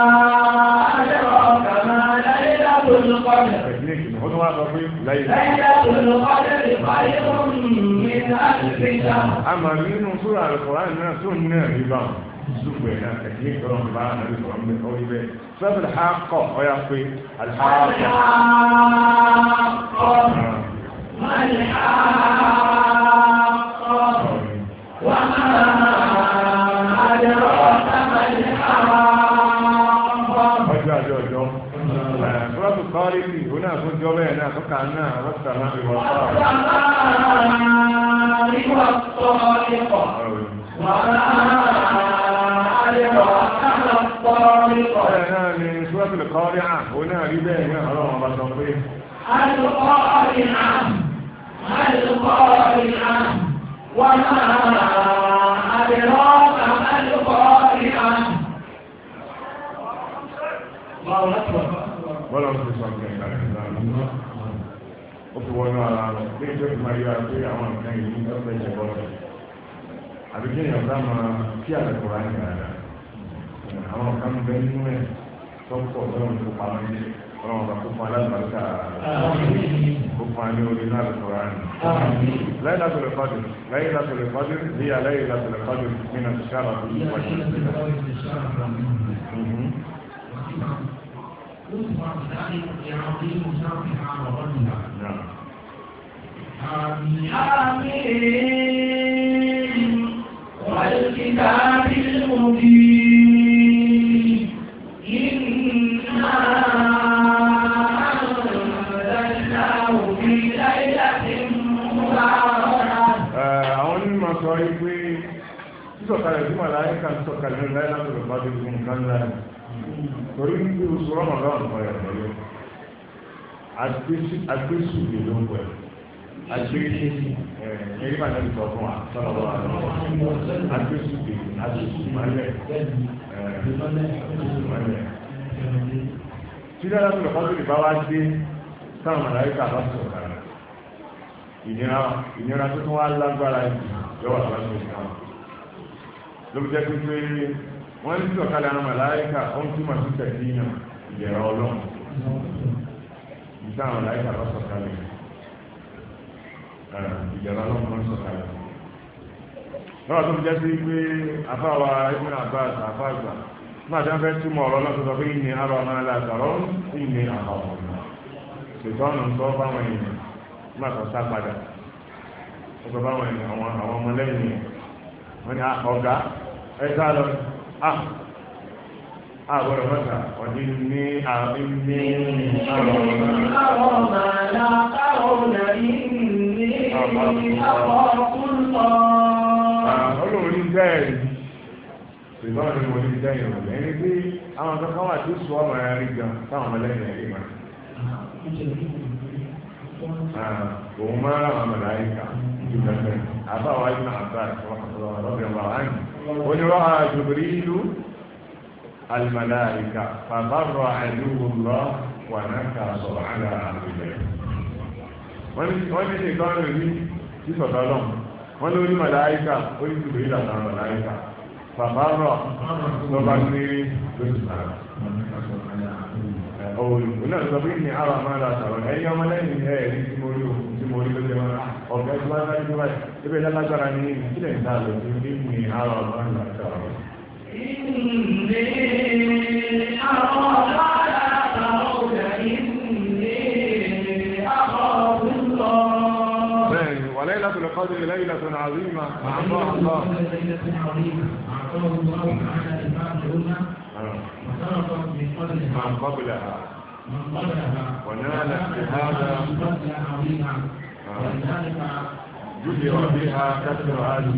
àjọ ọ̀kà máa láyé lábòlùkọ́ rẹ̀ tún wá sọ pé láyé náà. láyé náà tó lọ kọ́lé lè parí fún mi láti fi dá. a máa rí inú sóra àlùkòrán náà tó ní náà rí báwọn sùgbù ẹ̀ náà ẹ̀kí ní ìtọ́rọ̀ nípa ànábì sọ̀rọ̀ ń bẹ ọ́ ibẹ̀ sọ́bìlì ha kọ̀ ọ́ yà pé alihamdu. alihamdu. wàhálà àdéhùn ọ̀sán alihamdu. kọ́lẹ́tì òun náà tún jọ bẹ́ẹ̀ náà tó kàn náà wọ́n ti sàmà ìwọ̀n sọ́ọ̀. Bẹ́ẹ̀ náà ni Súwẹ́tìlì kọ́rí à, òun náà rí bẹ́ẹ̀ ní ọ̀rọ̀ wọn bá sọ pé. Alùkọ́rí à, alùkọ́rí à, wọ́n náà àdìrọ́ kà alùkọ́rí à. Wọ́n náà bọ́lá ń fi sọ̀tẹ̀ ìlànà ìlànà ó fi wọnú ara rẹ̀ bí ìjọ ti máa yára pé àwọn nǹkan yìí ń fẹ́ jẹ bọ́lá àbí kí èèyàn bá máa kí àlẹ́kọ̀ọ́ rà ní ara àwọn nǹkan bẹ nínú ẹ̀ tọ́pọ̀ lọ́rùn tó pa mí ọlọ́run bá kópa alágbàáta kópa ní orí náà lọ́kọ̀ọ́ rà ní. láyé látọ̀lẹ̀ fàdù láyé látọ̀lẹ̀ fàdù ní aláyé látọ̀lẹ̀ fàdù nínú ìṣàlàyé يصبح ذلك بعظيم شرحها وغنها آمين آمين والكتاب المبين إنا أنزلناه في ليلة مباركة àwọn onímọ̀ sọ wípé sísọ̀kalẹ̀ tí màláyíkà ń sọ̀kalẹ̀ láìláàbò lọ́pàá tó gbogbo nǹkan láàrín torí ní oṣù rọmọdọ́nù kan rẹ̀ pẹ̀lú agbésùlè ló ń pẹ̀lú agbésùlè ẹ̀rí máa ń sọ fún wa sọ̀rọ̀ wa agbésùlè agbésùlè agbésùlè. tí dára tó lọ́kọ́ tó lè bá wá dé sáwọn màláìka bá sọ̀rọ̀ rẹ̀ ìnira ìnira tó tún wá lágbára yìí yọ̀wọ̀ àbájọ ìdáhùn ló jẹ́ pé wọ́n ní sọ̀kalẹ̀ àwọn màláíkà ó ń túmọ̀ sí tẹ̀síìnà ìyẹ̀rọ ọlọ́run nígbà àwọn màláíkà bá ìyẹ̀rọ ọlọ́run ló ń lọ́wọ́ tó fi jẹ́ sí pé afáwa ibùdó máa fẹ́ túmọ̀ ọ̀rọ̀ lọ́sọ̀ ọmọ àgbọ̀dọ̀ ah. ah, mọ́ta ọ̀dí ní àmì ní àrọ̀ ah, ọ̀mà láàárọ̀ nàí ní àpọ̀ ọ̀kúnlọ. olórí bẹ́ẹ̀ ṣùgbọ́n ní mo ní bẹ́ẹ̀ yọ̀ lẹ́ni pé àwọn kan kan wà tó sọ ọmọ ẹ̀ rí gan táwọn ọmọlẹ́yìn ẹ̀ rí mà. òun máa ń ra àwọn ọmọ láyé ká àbáwá ibi náà bá àtọ́wọ́ àtọ́wọ́ àlọ́bẹ̀rẹ̀ wà láyé onírọ́ àjùbírí ìlú alìmọ̀láàríkà fàbárọ̀ àìlúwòrán wà náà kà sọ̀rọ̀ àgbà àgbègbè wọ́n ní ṣe kọ́rin rí sí sọ̀tọ̀ ọlọ́run wọ́n ló rí màláíkà ó ní ṣùgbọ́n ìlà àwọn màláíkà bàbá rọ̀ ló bá ní lóṣù sára òun náà sọ pé ní àrà máa ra sọ̀rọ̀ ẹ̀yìn ọmọ lẹ́yìn ẹ̀ẹ́dì tí mo rí òun mo rí lóde wọn ọ̀gá ìgbà bá ní báyìí ebe lálágbára ní ìdílé ìdá lọ sí ní ní àrà ọ̀gá ìgbà tó ọ̀rọ̀. ìdílé àwọn ọ̀gá àtàwọn ọ̀gá ìdílé àwọn ọ̀gá bẹ́ẹ̀ni wàlẹ́ láti lọ kọ́ sí ilé ìlà tó nà àzímà àbọ̀ àbọ̀. من قبلها ونالت بهذا júbi ọdí ha kásìrò àlù.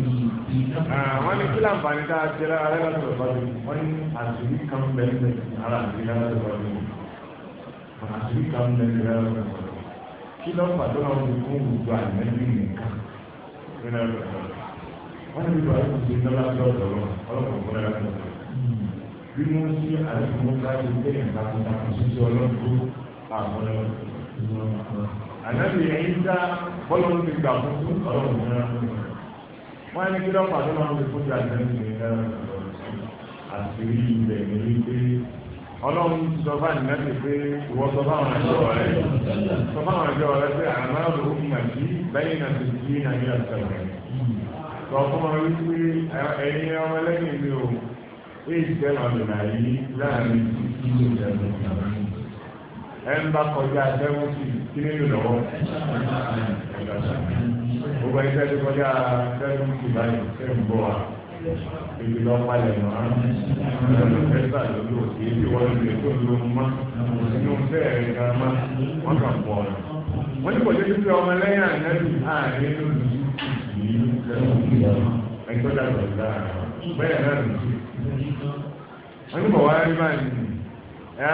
wọ́n ní kí láǹfààní tá a ṣe lára lára tó lọ́dọ̀ wọ́n ní àṣírí kan bẹ̀rẹ̀ bẹ̀rẹ̀ ara àti lára tó lọ́dọ̀ àṣírí kan bẹ̀rẹ̀ lára tó lọ́dọ̀ kí lọ́ pàtó náà wọ́n kún gbogbo àmẹ́lì nìkan nínú ẹ̀rọ wọ́n ní gbogbo àti kùsùn náà lọ́dọ̀ ọ̀dọ̀ ọlọ́pàá fúnra lọ́dọ̀ bí wọ́n ṣe àdúgbò káyọ̀ bẹ́ẹ̀ àkàtà àṣìṣe ọlọ́dún àwọn ànábì ẹ̀yìn dá bọ́lọ́dún ti gbà fún fún ọlọ́run náà wọ́n á ní kí lọ́pàá tó máa ń fi fúnjà àtẹ́sí náà àṣírí ilẹ̀ ní wípé ọlọ́run ti sọ fún ànábì pé ìwọ sọ fáwọn àjọ rẹ sọ fáwọn àjọ rẹ pé àmọ́ òun mà sí lẹ́yìn náà ti di nàìjíríà sọ̀rọ̀ sọ fún wọn wípé ẹ̀yin ọmọ lẹ́yìn mi ò èyí tẹ́ wọn lò náà yí láàrin títí tó jẹ́ lọ. ẹ ń bá kọjá sẹ́wọ́n sí kí ní lò lọ́wọ́. gbogbo ẹgbẹ́ tó kọjá sẹ́wọ́n sí báyìí sẹ́wọ́n bọ̀ wá. Ebi lọ palẹ̀ mọ́ á. Ẹnu fẹ́sà ló lò sí ebi wọ́n wọ́n ní bọ̀wá rí báyìí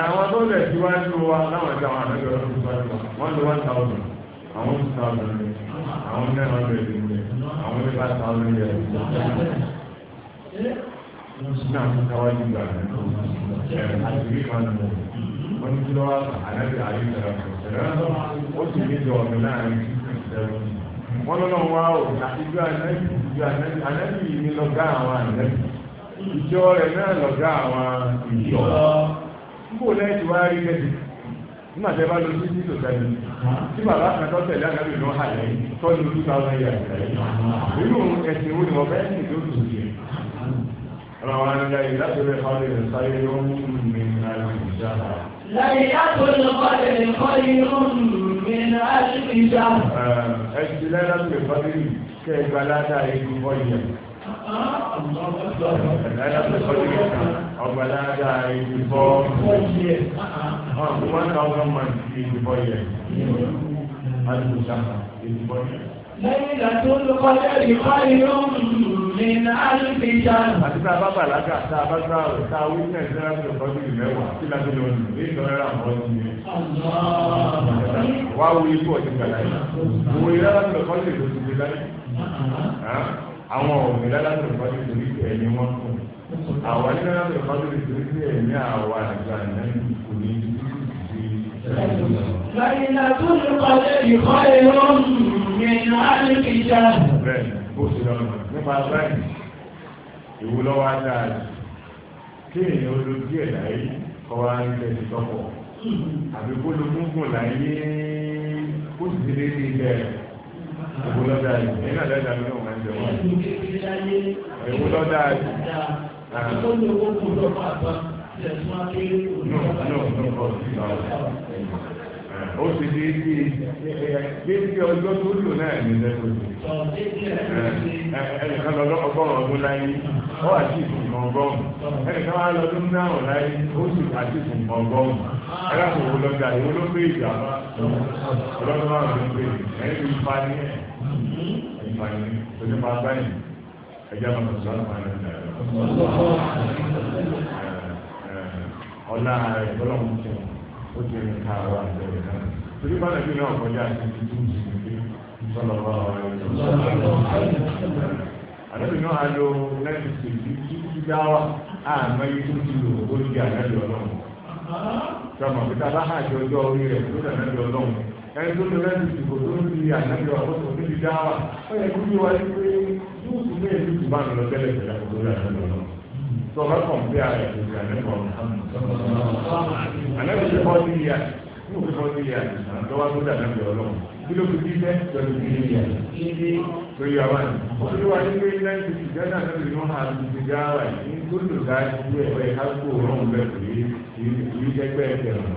àwọn tó wa láwọn ẹ̀dá àwọn àmẹ́jọ ọdún síwájú wa wọ́n one thousand àwọn two thousand àwọn nine hundred àwọn ní five thousand yẹn. náà fún káwájú gbà ẹ̀ àdìrí kan nù wọ́n ti lọ́wọ́ àyè ó sì ní láàrin mi lọ gá àwọn ìjọ rẹ̀ náà lọ̀gá àwọn ìjọ níbo lẹ́yìn tí wọ́n á nígbà tí bá lọ sí sí sòtẹ́lì tí bàbá kan tó tẹ̀lé àgbàdo ní ọ̀hà lẹ́yìn tó ní two thousand years lẹ́yìn nínú ẹ̀sìn wo ni wọ́n fẹ́ẹ́ sìn tó yẹ. ọ̀rọ̀ àwọn ẹ̀yà ìdájọ́ ẹ̀kọ́ lè sáré ló ń mi náà ìjà. lẹ́yìn àtúntò kọ́ lè kọ́ inú mi náà ìjà. ẹ ti lẹ́yìn àtúntò kọ́ ẹ̀dáyà tó kọ́ sílẹ̀ kan one thousand man eighty four years adùn sàkà eighty four years. lẹ́yìn ìdájọ́ ló kọjá ìfáyé yóò ní alùpùpù jáde. àti tá a bá bàlágà tá a bá gbà rẹ̀ tá a wí ní ẹ̀sẹ̀ láti lọ́kọ́ sí ìlú sí láti lọ́ọ́ nù ní ìtọ́jú rà mọ́ sí i. wá wo ikú ọ̀sìn gbàlá yìí wo ìlú láti lọ́kọ́ gbé láyé àwọn òmí lálàtò ìfọdù ìtòrí ẹ̀mí wọn kù àwọn ní lálàtò ìfọdù ìtòrí ẹ̀mí àwọn àgbà náà kò ní ju Fàyínà tó ń kọjá ìkọ́ ìrọ̀ nínú àdìkìjà. Bẹ́ẹ̀ni, bó ṣe lọ́nà nípa báyìí, ìwúlọ́wọ́ adáa kí èèyàn ló díẹ̀ láyé kọ́ wá ń tẹ̀sí tọ́pọ̀ hmm. àbí kó ló gúngùn láyé kó sì ti dé ní ilẹ̀ rẹ̀. Èwo ló dáa yìí? Ẹ̀yin náà lẹ́dàá ló lóun máa ń jẹ wọ́n. Èwo ló dáa yìí? Ah. Ó ní owó kù lọ́pàá bá tẹ̀sán akéré òní. No, no, no, no, no ó ti di bí bí ọjọ́ tó lò náà ní lẹ́kọ̀ọ́ ẹnìkan lọ ọgọ́rùn ọdún láyé ó àti ìfúnkan ọgọ́rùn ẹnìkan wá lọ ọdún náà láyé ó sì àti ìfúnkan ọgọ́rùn ẹlẹ́kọ̀ọ́ lọ́jà ìwé ló pé ìjà ọlọ́dún náà ló pé ẹni tó ń pa ní ẹ̀ ń pa ní tó ní pa báyìí ẹjẹ́ àwọn ọ̀sán máa ń lọ ọ̀la ìfọlọ́mù tẹ̀wọ̀n ó jẹ́ ká àwọn àjọ ìka torí bá nàbí náà kọjá àti ibi tó ń jì ní pé sọlọ bá wà lọ àdébì náà á lo lẹ́yìn tèmi tí tí dá wà àmọ́ ibi tó ti lò ó di ànábì ọlọ́run sọmọ pé tábà hàn àjọ ọjọ́ orí rẹ̀ tó dà ànábì ọlọ́run ẹni tó lọ lẹ́yìn ìdìbò tó ń di ànábì ọlọ́run tó ti dá wà ó yẹ kó bí wáyé pé yóò tún bẹ́ẹ̀ ní ìbánu lọ tẹ́lẹ̀ tẹ́lẹ̀ tó dà ànábì ọlọ́run tó bá kàn pé ààrẹ tó ti àlẹ́kọ̀ọ́ àlẹ́kọ̀ọ́ ti fọ́ sí ìyá tí òfin fọ́ sí ìyá àtọ́wá tó dà lábẹ́ ọlọ́run kí ló fi bí fẹ́ pẹ̀lú sí ìyá ìdí tó yà wá ní. òfin wa ní pé ilé ti ti gánà náà lè mọ́ àti ti gá wà ní tó lò ká ju ẹ̀fọ́ ẹ̀ká kó rọrùn bẹ́ẹ̀ pé ìlú jẹ́gbẹ́ ẹ̀fẹ́ rẹ̀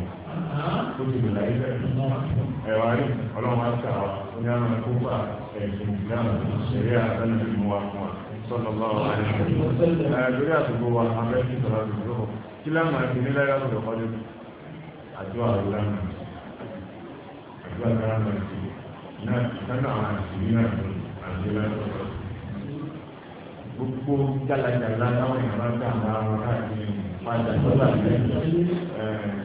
tó ti lò láyé bẹ́ẹ̀ ẹ̀wà rí ọlọ́run á sà wá ó ní àwọn sallallahu alaihi wasallam àgbèrè àtúgbò wa abẹ́sí sọ̀rọ̀ àdúgbò kí lámà ti ní láyé láti lọ́kọ́ dé àjọ àrùlámà àjọ àrùlámà ti náà sánà àwọn àṣìlí náà ní àjọlá sọ̀rọ̀ gbogbo jálajàlá táwọn èèyàn bá dà máa wọn káàkiri padà sọ́dà lẹ́yìn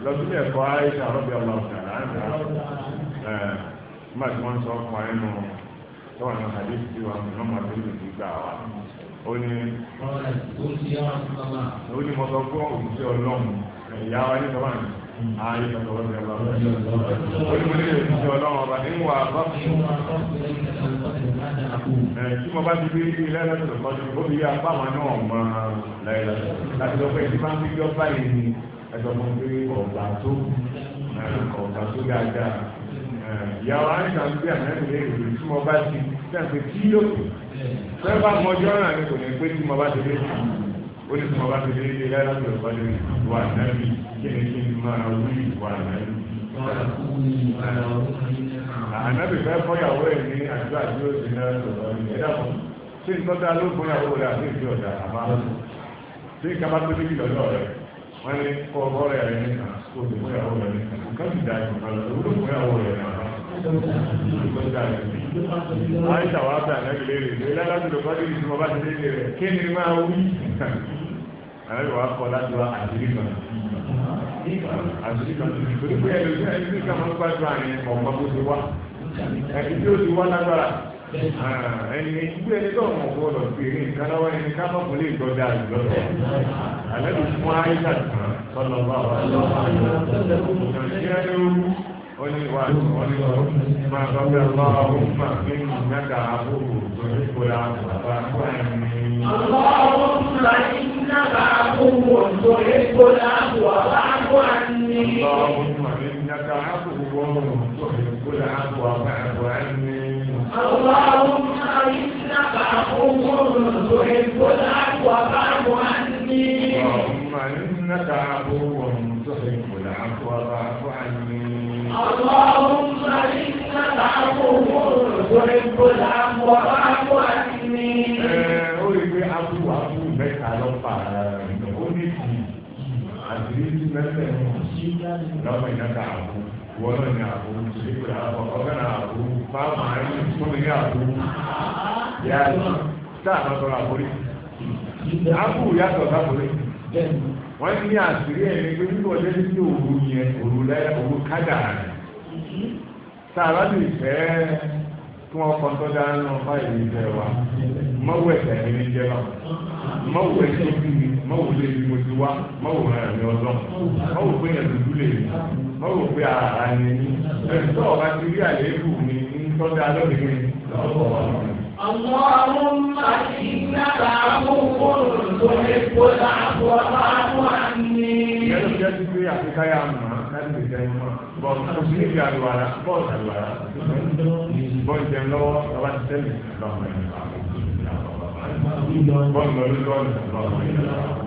lọ́sílẹ̀ ẹ̀kọ́ àìsàn àrọ́bí ọba ọ̀tàrà àǹtà nígbà tí wọ́n sọ ọkùnrin nù tọ́wọ́n àdéhùn tí wọ́n mọ̀ tó lè gbà wá ó ní ó ní mo sọ fún òṣìṣẹ́ ọlọ́run ìyá wa ní sọ́wọ́n ààyè sọ̀tọ̀ wọ́n fẹ́ bá ó ní mo ní òṣìṣẹ́ ọlọ́run ọba ní wà bá tí mo bá ti bí ilé ẹlẹ́sìn lọ́kọ́ tó ó fi yá báwọn náà mọ láìlá láti lọ pé ìdí máa ń fi jọ báyìí ni ẹ̀sọ́ fún pé ọ̀gbà tó ọ̀gbà tó dáadáa ìyá wa ní sàmúgbé àmì ẹ̀sìn tí mo bá ti dàgbé kí sẹ́fà mọ́jọ́ náà ni kò ní pé tí mo bá ti dé ó ní tí mo bá ti dé dé lára tó bá dé wà nábì kí ni kí n máa wí wà nábì. ànábì fẹ́ fọ́yàwó ẹ̀ ní àdúrà tí ó náà tó lọ ní ẹ̀dá kan ṣé ní tọ́ta ló fọ́yàwó rẹ̀ àti ìfi ọ̀dà àbá ṣé kábà tó débi lọ́dọ̀ rẹ̀ wọ́n ní kọ́ ọ̀rẹ́ rẹ̀ nìkan kó o ti fọ́yàwó rẹ̀ nìkan kó o àìsàn wà bẹ ànábì léèrè ní lálàbí lọ fọdí ìdúró bá ti léèrè rẹ kí ni máa wí ànábì wà kọ láti wá àdìrí kan àdìrí kan torí pé ẹni tí ẹni tí kàmá gbàdúrà ni ọ̀pọ̀ tó ti wá ẹni tí ó ti wá lágbára ẹni ìgbé ẹni tó ọmọ ọgbọ lọ sí eré nǹkan lọ́wọ́ ẹni ká má kún lè gbọ́ dáa jù lọ́tọ̀ ànábì fún àìsàn kan sọlọ bá wà lọ sí ẹni ó قل وقل مغفر اللهم انك عفو تحب العفو فاعف عني اللهم انك عفو تحب العفو فاعف عني اللهم انك عفو تحب العفو فاعف عني اللهم انك عفو تحب العفو فاعف عني اللهم انك عفو تحب العفو فاعف عني اللهم إنا العفو تحب العفو فاعف عني. ó lè gbé abu abu mẹ́ta lọ fà eh, ó ní kù àti ní mẹsẹ lọ́mọ ìdáka àbú wọ́n náà ní àbú ṣèkúrẹ́ àbọ̀ ọ̀gá náà àbú bá màá ní fún mi ní àbú yàtọ̀ sáà náà sọ̀rọ̀ àbúrí àbú yàtọ̀ sábúrí. wọ́n ní àṣírí ẹ̀mí pé nígbà ọjọ́ tí tí òru yẹn òru lẹ́yìn òru kádà rẹ̀ tá a bá lè fẹ́ kí wọ́n kọ́ tó wa mọ́wọ́ ẹ̀sẹ̀ mi ní jẹ́ mọ́wọ́ ẹ̀sẹ̀ mi ní mọ́wọ́ lè ti wá mọ́wọ́ rẹ̀ mi mọ́wọ́ pé yẹn dúdú rí اللهم إنك عفو تحب العفو فاعف عني. bọ́ọ̀lù kò sí ìdí àlùwàlà bọ́ọ̀lù àlùwàlà bọ́ọ̀lù jẹun lọ́wọ́ ọba ti tẹ́lẹ̀ lọ́wọ́ bọ́ọ̀lù lọ́wọ́ lọ́wọ́.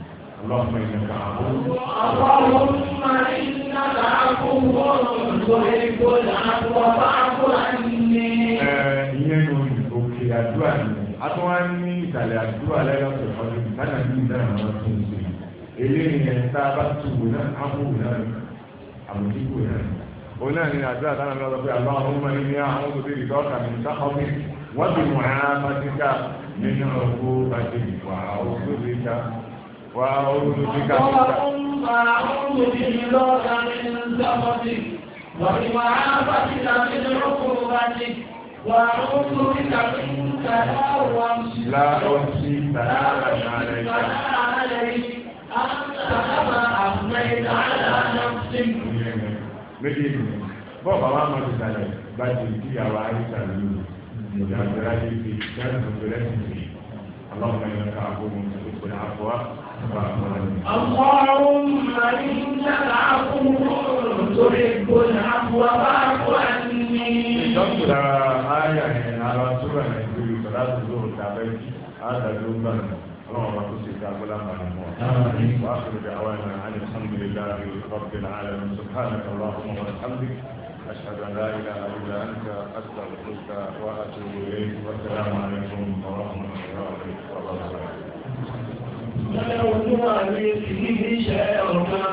اللهم إنك عفو اللهم إنك عفو تحب العفو فاعف عني ìyẹn ló ní òkè àdúrà ni a tún wá ní ìtàlẹ̀ àdúrà lẹ́yọ̀tọ̀ ọdún ìtàlẹ̀ àti ìdáná àwọn tó ń ṣe eléyìí ẹ̀ tá a bá tùwò náà á wò náà àbòjúwò náà òun náà ni àdúrà táwọn ọlọ́dọ̀ pé àlọ́ àwọn ọmọ ní àwọn tó وأعوذ بك اللهم أعوذ بك من سخطك وبمعافتك من عقوبتك وأعوذ بك منك لا أمسي لا أمسي سلاما عليك أنت كما أثنيت على نفسك bọ́ọ̀bà wa máa ti sàlẹ̀ bá ti di ìyàwó àyíká lónìí ìyá àgbẹ̀rẹ̀ yìí fi dáná tó fẹ́rẹ́ sí i ẹ̀yọ́ ká àbọ̀ mọ̀ tó fẹ́rẹ́ àbọ̀ اللهم إنك عفو تحب العفو فاعف عني. ìjọba ayà yẹn ara sóra yẹn lórí ìjọba tó lóòrò tàbí واخر دعوانا ان الحمد لله رب العالمين سبحانك اللهم وبحمدك اشهد ان لا اله الا انت استغفرك واتوب اليك والسلام عليكم ورحمه الله olúwa mi kì í ṣe ọ̀gá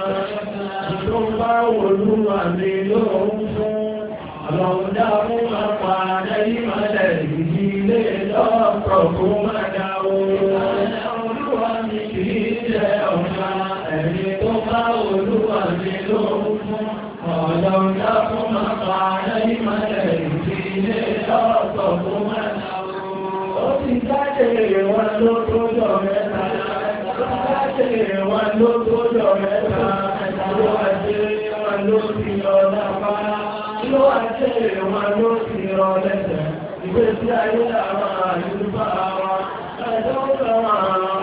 tó bá olúwa mi lóhùn fún àwọn dáhùn máa pa lẹ́yìn mọ́lẹ̀ ìdílé lọ́pọ̀ kó má dá o. olúwa mi kì í ṣe ọ̀gá ẹ̀mí tó ṣe wọn ló tó dọ̀rẹ́ ta ló wá ṣe wọn ló fi ọ̀dà pa ló wá ṣe wọn ló fi ọ̀lẹ́sẹ̀ ìgbésí ayé àwọn àyùbá wa ẹ̀dọ́ kan.